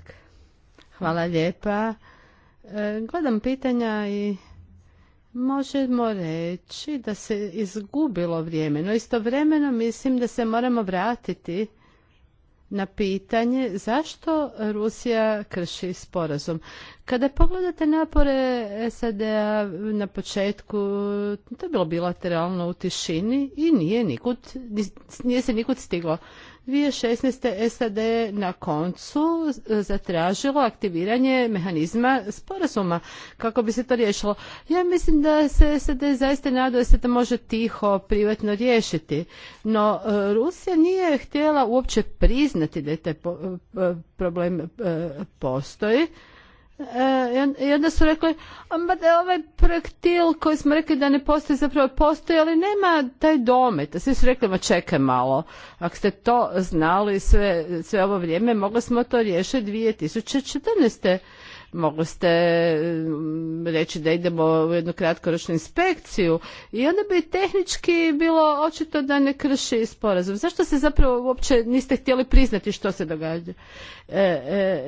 Hvala lijepa. E, gledam pitanja i možemo reći da se izgubilo vrijeme, no istovremeno mislim da se moramo vratiti na pitanje zašto Rusija krši sporazum. Kada pogledate napore SAD-a na početku, to je bilo bilateralno u tišini i nije, nikud, nije se nikud stiglo. 2016. SAD je na koncu zatražilo aktiviranje mehanizma sporazuma kako bi se to riješilo. Ja mislim da se SAD zaista nada da se to može tiho privatno riješiti. No e, Rusija nije htjela uopće priznati da je taj e, problem e, postoji i e, onda su rekli da ovaj projektil koji smo rekli da ne postoji zapravo postoji ali nema taj domet svi su rekli ma čekaj malo ako ste to znali sve, sve ovo vrijeme mogli smo to riješiti 2014 mogli ste mm, reći da idemo u jednu kratkoročnu inspekciju i onda bi tehnički bilo očito da ne krši sporazum. Zašto se zapravo uopće niste htjeli priznati što se događa? E,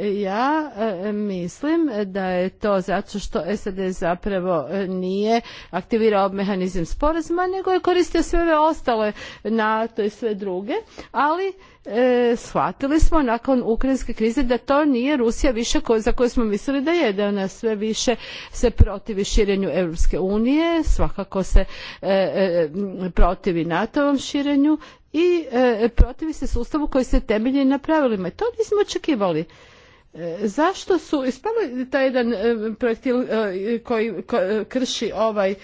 e, ja e, mislim da je to zato što SAD zapravo nije aktivirao mehanizam sporazuma, nego je koristio sve ove ostale NATO i sve druge, ali e, shvatili smo nakon ukrajinske krize da to nije Rusija više ko, za koju smo mislili da je, da ona sve više se protivi širenju Europske unije, svakako se e, e, protivi NATO-ovom širenju i e, protivi se sustavu koji se temelji na pravilima. I to nismo očekivali. Zašto su ispali taj jedan projektil koji krši ovaj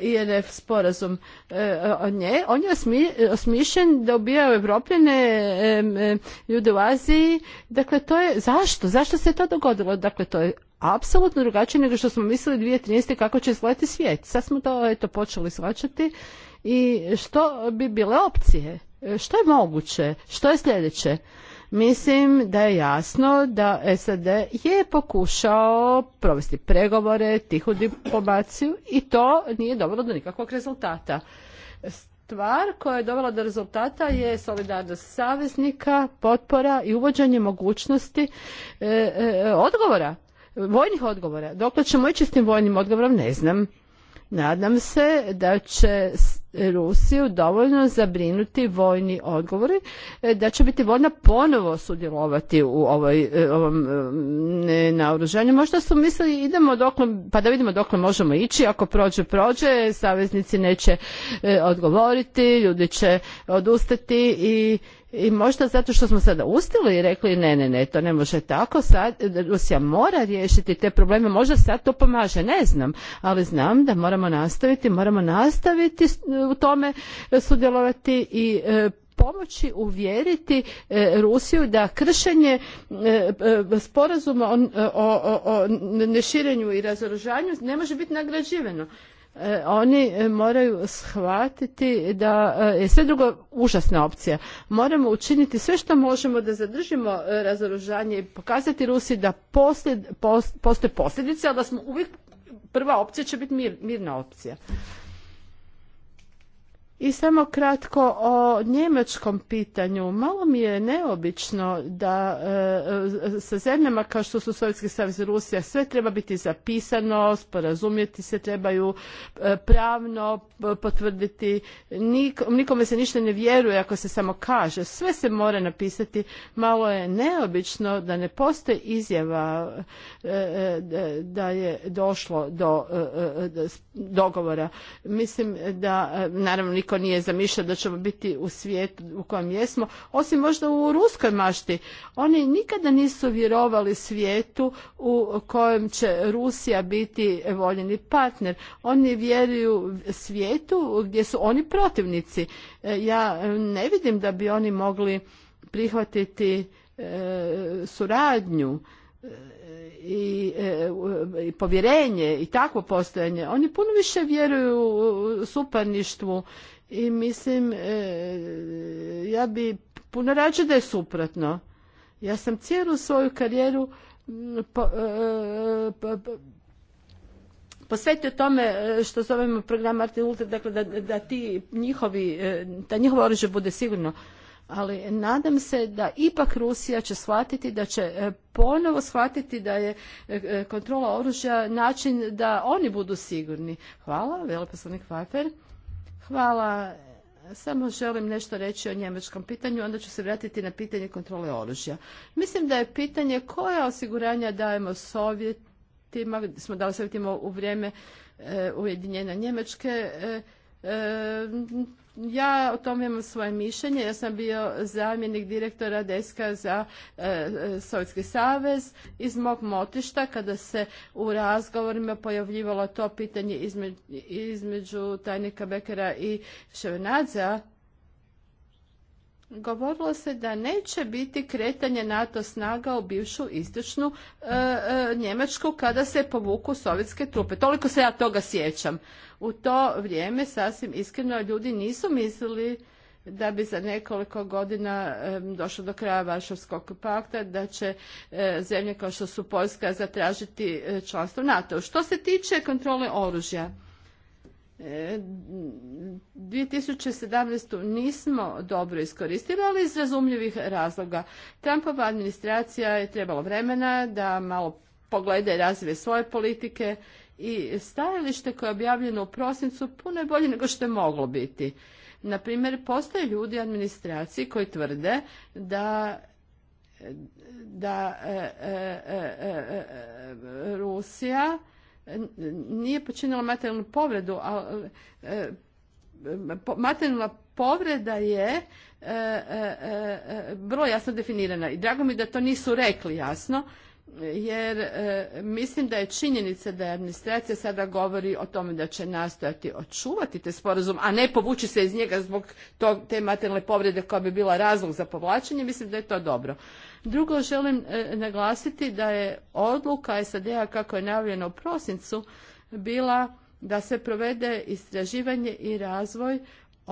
INF sporazum e, nje, on je osmišljen da ubija Evropljene ljude u Aziji. Dakle, to je, zašto? Zašto se to dogodilo? Dakle, to je apsolutno drugačije nego što smo mislili 2013. kako će izgledati svijet. Sad smo to eto, počeli shvaćati i što bi bile opcije? E, što je moguće? Što je sljedeće? Mislim da je jasno da SAD je pokušao provesti pregovore, tihu diplomaciju i to nije dovelo do nikakvog rezultata. Stvar koja je dovela do rezultata je solidarnost saveznika, potpora i uvođenje mogućnosti e, e, odgovora, vojnih odgovora. Dokle ćemo ići s tim vojnim odgovorom ne znam. Nadam se da će Rusiju dovoljno zabrinuti vojni odgovori, e, da će biti voljna ponovo sudjelovati u ovoj, e, ovom e, naoružanju. Možda su mislili idemo dokle, pa da vidimo dokle možemo ići, ako prođe, prođe, saveznici neće odgovoriti, ljudi će odustati i i možda zato što smo sada ustali i rekli ne, ne, ne, to ne može tako, sad Rusija mora riješiti te probleme, možda sad to pomaže, ne znam, ali znam da moramo nastaviti, moramo nastaviti u tome sudjelovati i e, pomoći uvjeriti e, Rusiju da kršenje e, sporazuma o, o neširenju i razoružanju ne može biti nagrađivano. E, oni e, moraju shvatiti da e, je sve drugo užasna opcija. Moramo učiniti sve što možemo da zadržimo razoružanje i pokazati Rusiji da posljed, postoje posljedice, ali da smo uvijek prva opcija će biti mirna opcija. I samo kratko o njemačkom pitanju. Malo mi je neobično da e, e, sa zemljama kao što su Sovjetski savez i Rusija sve treba biti zapisano, sporazumjeti se trebaju e, pravno potvrditi. nikome se ništa ne vjeruje ako se samo kaže. Sve se mora napisati. Malo je neobično da ne postoji izjava da je došlo do dogovora. Mislim da, naravno, nitko nije zamišljao da ćemo biti u svijetu u kojem jesmo, osim možda u ruskoj mašti. Oni nikada nisu vjerovali svijetu u kojem će Rusija biti voljeni partner. Oni vjeruju svijetu gdje su oni protivnici. E, ja ne vidim da bi oni mogli prihvatiti e, suradnju e, i, i povjerenje i takvo postojanje oni puno više vjeruju suparništvu i mislim e, ja bi puno rađe da je suprotno. Ja sam cijelu svoju karijeru e, posvetio tome e, što zovemo program Martin Luther, dakle da, da ti njihovi, da njihovo oružje bude sigurno. Ali nadam se da ipak Rusija će shvatiti, da će ponovo shvatiti da je kontrola oružja način da oni budu sigurni. Hvala, veleposlanik Vafer. Hvala. Samo želim nešto reći o njemačkom pitanju, onda ću se vratiti na pitanje kontrole oružja. Mislim da je pitanje koja osiguranja dajemo sovjetima, smo dali sovjetima u vrijeme e, ujedinjenja Njemačke, e, e, ja o tom imam svoje mišljenje. Ja sam bio zamjenik direktora Deska za e, Sovjetski savez iz mog motišta kada se u razgovorima pojavljivalo to pitanje između, tajnika Bekera i Ševenadza. Govorilo se da neće biti kretanje NATO snaga u bivšu istočnu e, e, Njemačku kada se povuku sovjetske trupe. Toliko se ja toga sjećam. U to vrijeme sasvim iskreno ljudi nisu mislili da bi za nekoliko godina došlo do kraja Varšavskog pakta, da će e, zemlje kao što su Poljska zatražiti e, članstvo NATO. Što se tiče kontrole oružja, 2017. E, nismo dobro iskoristili, ali iz razumljivih razloga. Trumpova administracija je trebala vremena da malo pogleda i razvije svoje politike i stajalište koje je objavljeno u prosincu puno je bolje nego što je moglo biti. Na primjer, postoje ljudi u administraciji koji tvrde da da e, e, e, e, e Rusija nije počinila materijalnu povredu, ali e, materijalna povreda je vrlo jasno definirana i drago mi da to nisu rekli jasno jer e, mislim da je činjenica da administracija sada govori o tome da će nastojati očuvati te sporazum, a ne povući se iz njega zbog tog, te materijalne povrede koja bi bila razlog za povlačenje, mislim da je to dobro. Drugo želim e, naglasiti da je odluka SAD-a kako je najavljeno u prosincu bila da se provede istraživanje i razvoj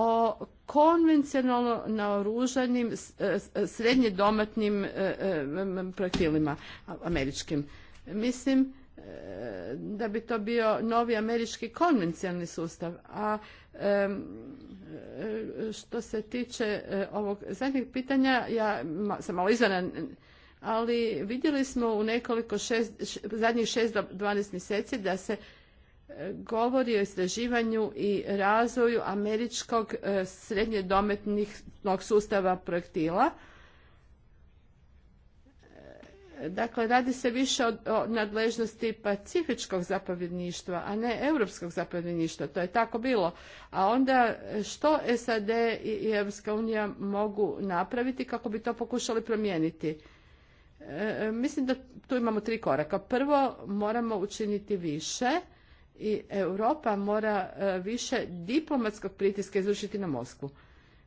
o konvencionalno naoružanim e, e, srednje domatnim e, projektilima američkim. Mislim da bi to bio novi američki konvencionalni sustav. A što se tiče ovog zadnjeg pitanja, ja sam malo izvana, ali vidjeli smo u nekoliko zadnjih 6 do 12 mjeseci da se govori o istraživanju i razvoju američkog e, srednje dometnih sustava projektila. E, dakle, radi se više o nadležnosti pacifičkog zapovjedništva, a ne europskog zapovjedništva. To je tako bilo. A onda što SAD i Europska unija mogu napraviti kako bi to pokušali promijeniti? E, mislim da tu imamo tri koraka. Prvo, moramo učiniti više – i Europa mora e, više diplomatskog pritiska izvršiti na Moskvu.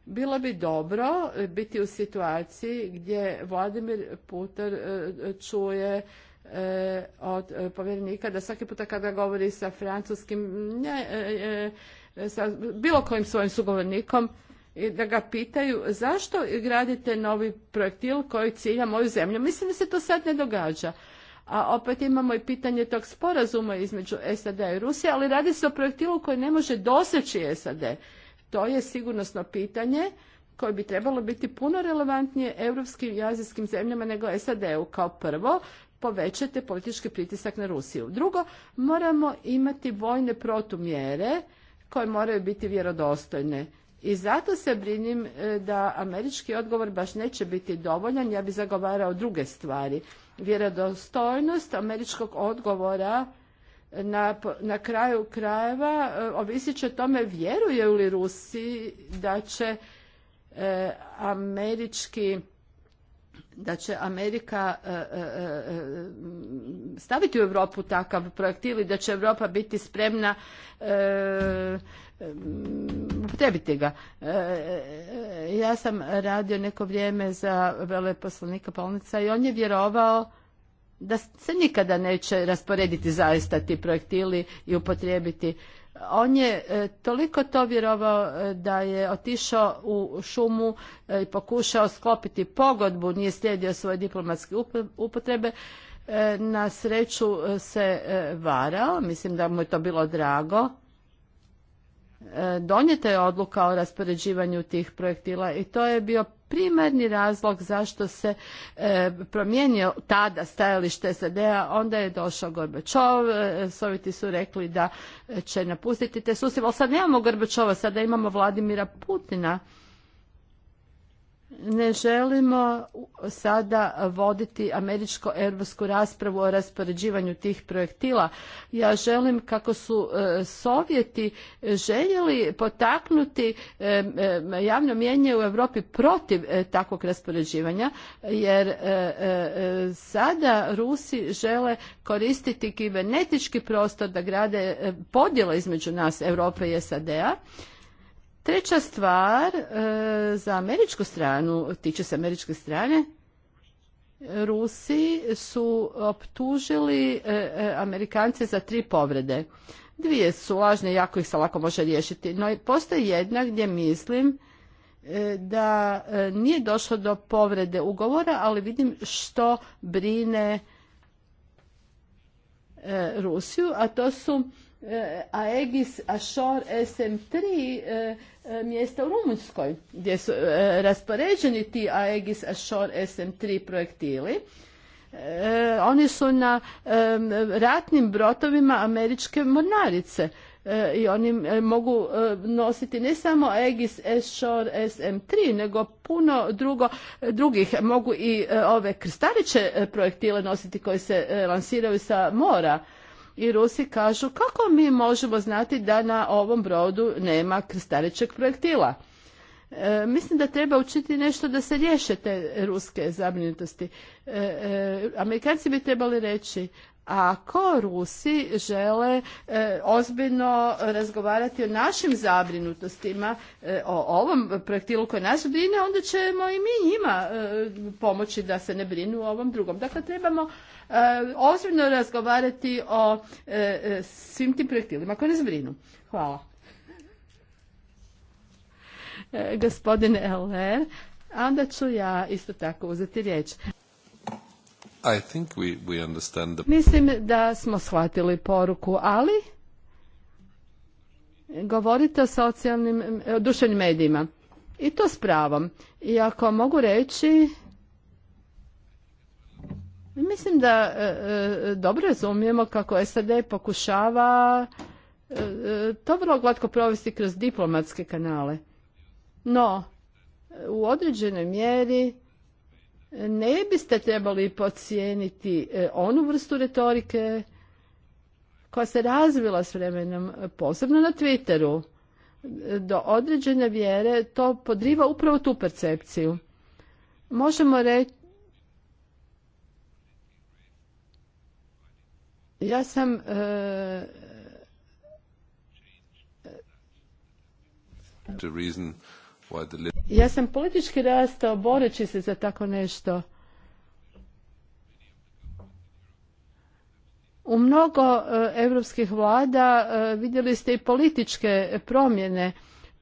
Bilo bi dobro e, biti u situaciji gdje Vladimir Putar e, čuje od povjerenika da svaki puta kada govori sa francuskim ne, sa bilo kojim svojim sugovornikom i da ga pitaju zašto gradite novi projektil koji cilja moju zemlju. Mislim da se to sad ne događa. A opet imamo i pitanje tog sporazuma između SAD i Rusije, ali radi se o projektilu koji ne može doseći SAD. To je sigurnosno pitanje koje bi trebalo biti puno relevantnije europskim i azijskim zemljama nego SAD-u. Kao prvo, povećate politički pritisak na Rusiju. Drugo, moramo imati vojne protumjere koje moraju biti vjerodostojne. I zato se brinim e, da američki odgovor baš neće biti dovoljan, ja bih zagovarao druge stvari vjerodostojnost američkog odgovora na, kraju krajeva e, ovisit će tome vjeruje li Rusiji da će e, američki da će Amerika e, e, e, staviti u Europu takav projektili, da će Europa biti spremna upotrebiti ga. Ja sam radio neko vrijeme za veleposlanika Polnica i on je vjerovao da se nikada neće rasporediti zaista ti projektili i upotrijebiti on je e, toliko to vjerovao e, da je otišao u šumu e, i pokušao sklopiti pogodbu, nije slijedio svoje diplomatske upotrebe. Na sreću se varao, mislim da mu je to bilo drago E, donijeta je odluka o raspoređivanju tih projektila i to je bio primarni razlog zašto se e, promijenio tada stajalište SAD-a, onda je došao Gorbačov, e, Sovjeti su rekli da će napustiti te susjeve, ali sad nemamo Gorbačova, sada imamo Vladimira Putina ne želimo sada voditi američko-europsku raspravu o raspoređivanju tih projektila. Ja želim kako su e, Sovjeti željeli potaknuti e, e, javno mjenje u Europi protiv takvog raspoređivanja, jer sada Rusi žele koristiti kibernetički prostor da grade podjela između nas, Europe i SAD-a Treća stvar e, za američku stranu, tiče se američke strane, Rusi su optužili e, e, Amerikance za tri povrede. Dvije su lažne, jako ih se lako može riješiti, no postoji jedna gdje mislim da nije došlo do povrede ugovora, ali vidim što brine Rusiju, a to su Aegis Ashore SM3 E, mjesta u Rumunjskoj gdje su e, raspoređeni ti Aegis Ashore SM3 projektili. E, oni su na ratnim brotovima američke mornarice i oni mogu nositi ne samo Aegis Ashore SM3 nego puno drugo, drugih. Mogu i ove krstariće projektile nositi koji se lansiraju sa mora i Rusi kažu kako mi možemo znati da na ovom brodu nema krstarećeg projektila. E, mislim da treba učiti nešto da se riješe te ruske zabrinutosti. E, e Amerikanci bi trebali reći ako Rusi žele e, ozbiljno razgovarati o našim zabrinutostima, o ovom projektilu koji nas brine, onda ćemo i mi njima pomoći da se ne brinu o ovom drugom. Dakle, trebamo E, ozbiljno razgovarati o e, e, svim tim projektilima koji ne zbrinu. Hvala. Gospodine LR, onda ću ja isto tako uzeti riječ. Mislim da smo shvatili poruku, ali govorite o socijalnim, o duševnim medijima. I to s pravom. I ako mogu reći, Mislim da e, e, dobro razumijemo kako SAD pokušava e, to vrlo glatko provesti kroz diplomatske kanale. No, u određenoj mjeri ne biste trebali pocijeniti onu vrstu retorike koja se razvila s vremenom, posebno na Twitteru. Do određene vjere to podriva upravo tu percepciju. Možemo reći Ja sam e, ja sam politički rastao boreći se za tako nešto. U mnogo europskih vlada e, vidjeli ste i političke promjene.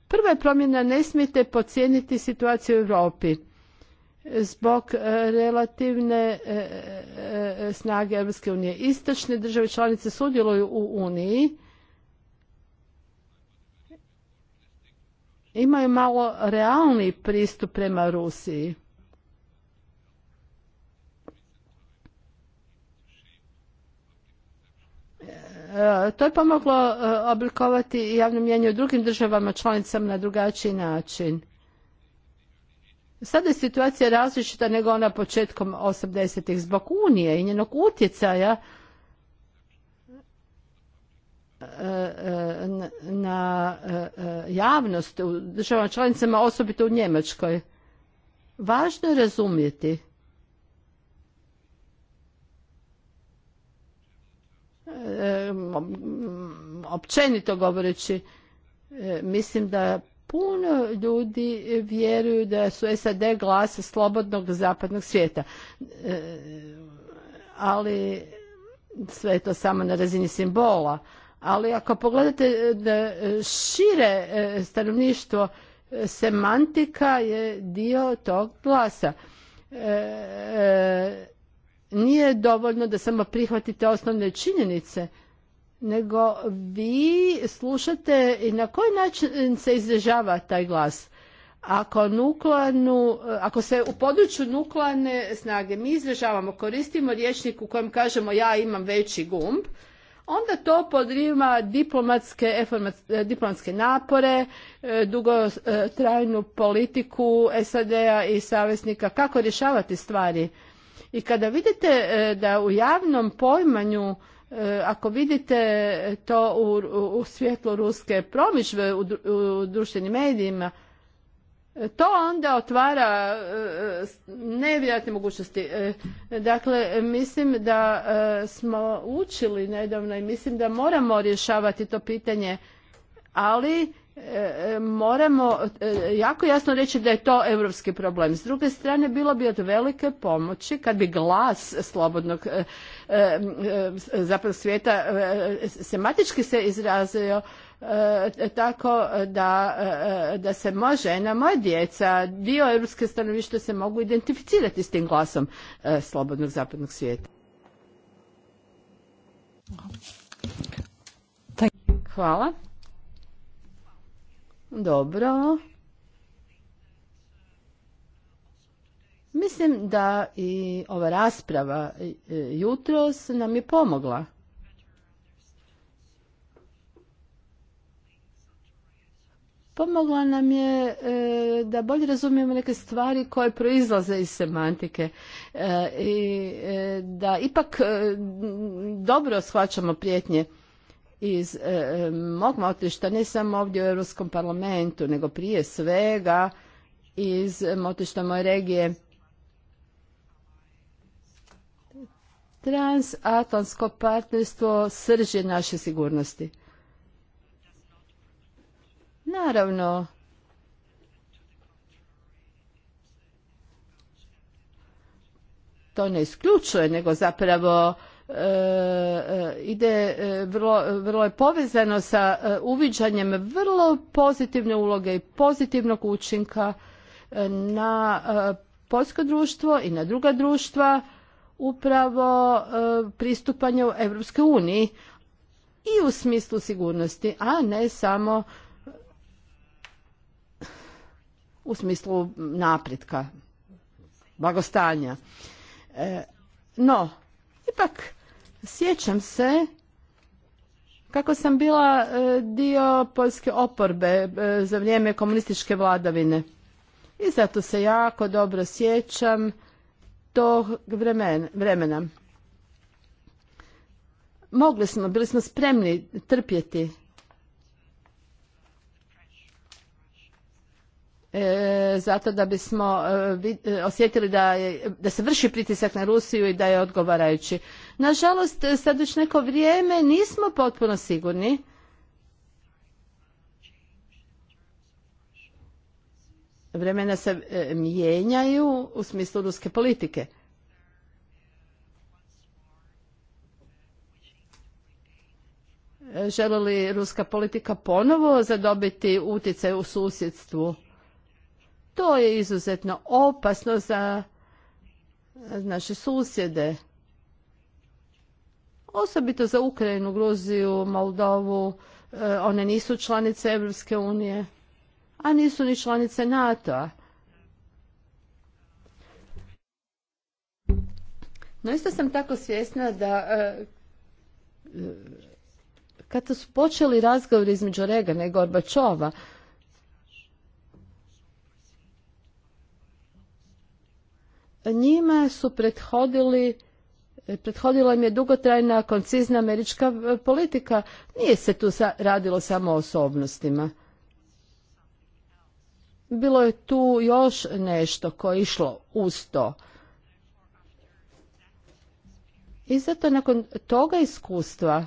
Prva promjena, ne smijete pocijeniti situaciju u Europi zbog e, relativne e, e, snage Europske unije. Istočne države članice sudjeluju u Uniji, imaju malo realni pristup prema Rusiji. To je pomoglo oblikovati javno mjenje u drugim državama članicama na drugačiji način. Sada je situacija različita nego ona početkom 80 zbog Unije i njenog utjecaja e, e, na e, javnost u državama članicama, osobito u Njemačkoj. Važno je razumjeti općenito govoreći mislim da puno ljudi vjeruju da su SAD glas slobodnog zapadnog svijeta. E, ali sve je to samo na razini simbola. Ali ako pogledate e, da e, šire stanovništvo semantika je dio tog glasa. Nije dovoljno da samo prihvatite osnovne činjenice nego vi slušate i na koji način se izražava taj glas. Ako, nuklearnu, ako se u području nuklearne snage mi izražavamo, koristimo rječnik u kojem kažemo ja imam veći gumb, onda to podrima diplomatske, e, diplomatske napore, e, dugotrajnu e, politiku SAD-a i saveznika, kako rješavati stvari. I kada vidite da u javnom pojmanju E, ako vidite to u, u, svjetlu ruske promičbe u, društvenim medijima, to onda otvara e, nevjerojatne mogućnosti. E, dakle, mislim da smo učili nedavno i mislim da moramo rješavati to pitanje, ali moramo jako jasno reći da je to europski problem. S druge strane, bilo bi od velike pomoći kad bi glas slobodnog E, e, zapravo svijeta e, sematički se izrazio tako da, da se može na moja djeca, dio europske stanovništva se mogu identificirati s tim glasom slobodnog zapadnog svijeta. Hvala. Dobro. Mislim da i ova rasprava e, jutros nam je pomogla. Pomogla nam je e, da bolje razumijemo neke stvari koje proizlaze iz semantike e, i da ipak dobro shvaćamo prijetnje iz mog motrišta, ne samo ovdje u Europskom parlamentu, nego prije svega iz motrišta moje regije Transatlantsko partnerstvo srže naše sigurnosti. Naravno, to ne isključuje, nego zapravo e, e, ide, e, vrlo, vrlo je povezano sa uviđanjem vrlo pozitivne uloge i pozitivnog učinka na poljsko društvo i na druga društva upravo e, pristupanju Europske uniji i u smislu sigurnosti, a ne samo u smislu napretka, blagostanja. E, no, ipak sjećam se kako sam bila e, dio poljske oporbe za vrijeme komunističke vladavine. I zato se jako dobro sjećam tog vremena. Mogli smo, bili smo spremni trpjeti E, zato da bismo e, e, osjetili da, da se vrši pritisak na Rusiju i da je odgovarajući. Nažalost, e, sad već neko vrijeme nismo potpuno sigurni vremena se e, mijenjaju u smislu ruske politike. Želi li ruska politika ponovo zadobiti utjecaj u susjedstvu? To je izuzetno opasno za naše susjede. Osobito za Ukrajinu, Gruziju, Moldovu, e, one nisu članice Europske unije a nisu ni članice NATO-a. No isto sam tako svjesna da e, e, kad kada su počeli razgovori između Regana i Gorbačova, njima su prethodili e, prethodila im je dugotrajna koncizna američka politika. Nije se tu radilo samo o osobnostima bilo je tu još nešto koje je išlo uz to. I zato nakon toga iskustva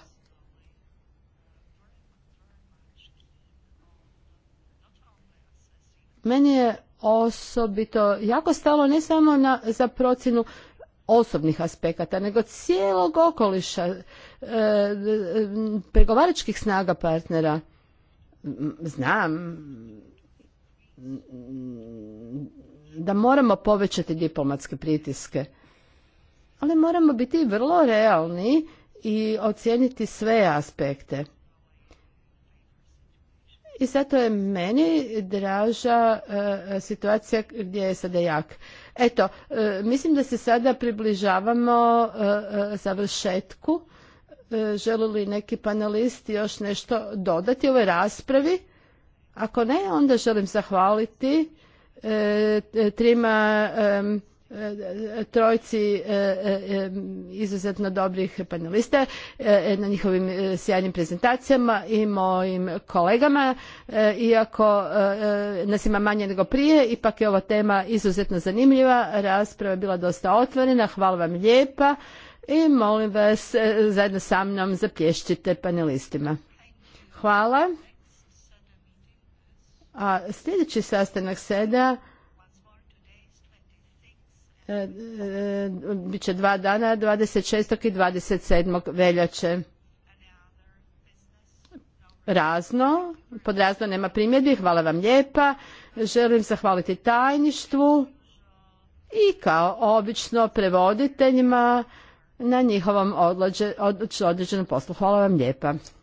meni je osobito jako stalo ne samo na, za procjenu osobnih aspekata, nego cijelog okoliša, e, pregovaračkih snaga partnera. Znam, da moramo povećati diplomatske pritiske. Ali moramo biti vrlo realni i ocijeniti sve aspekte. I zato je meni draža e, situacija gdje je sada jak. Eto, e, mislim da se sada približavamo e, završetku. Želi li neki panelisti još nešto dodati ovoj raspravi? Ako ne, onda želim zahvaliti e, trima e, trojci e, izuzetno dobrih panelista na njihovim sjajnim prezentacijama i mojim kolegama. Iako nas ima manje nego prije, ipak je ova tema izuzetno zanimljiva. Rasprava je bila dosta otvorena. Hvala vam lijepa i molim vas zajedno sa mnom zaplješćite panelistima. Hvala. A sljedeći sastanak SEDA e, e, bit će dva dana, 26. i 27. veljače. Razno, pod razno nema primjedbi, hvala vam lijepa. Želim zahvaliti tajništvu i kao obično prevoditeljima na njihovom odlođe, poslu. Hvala vam lijepa.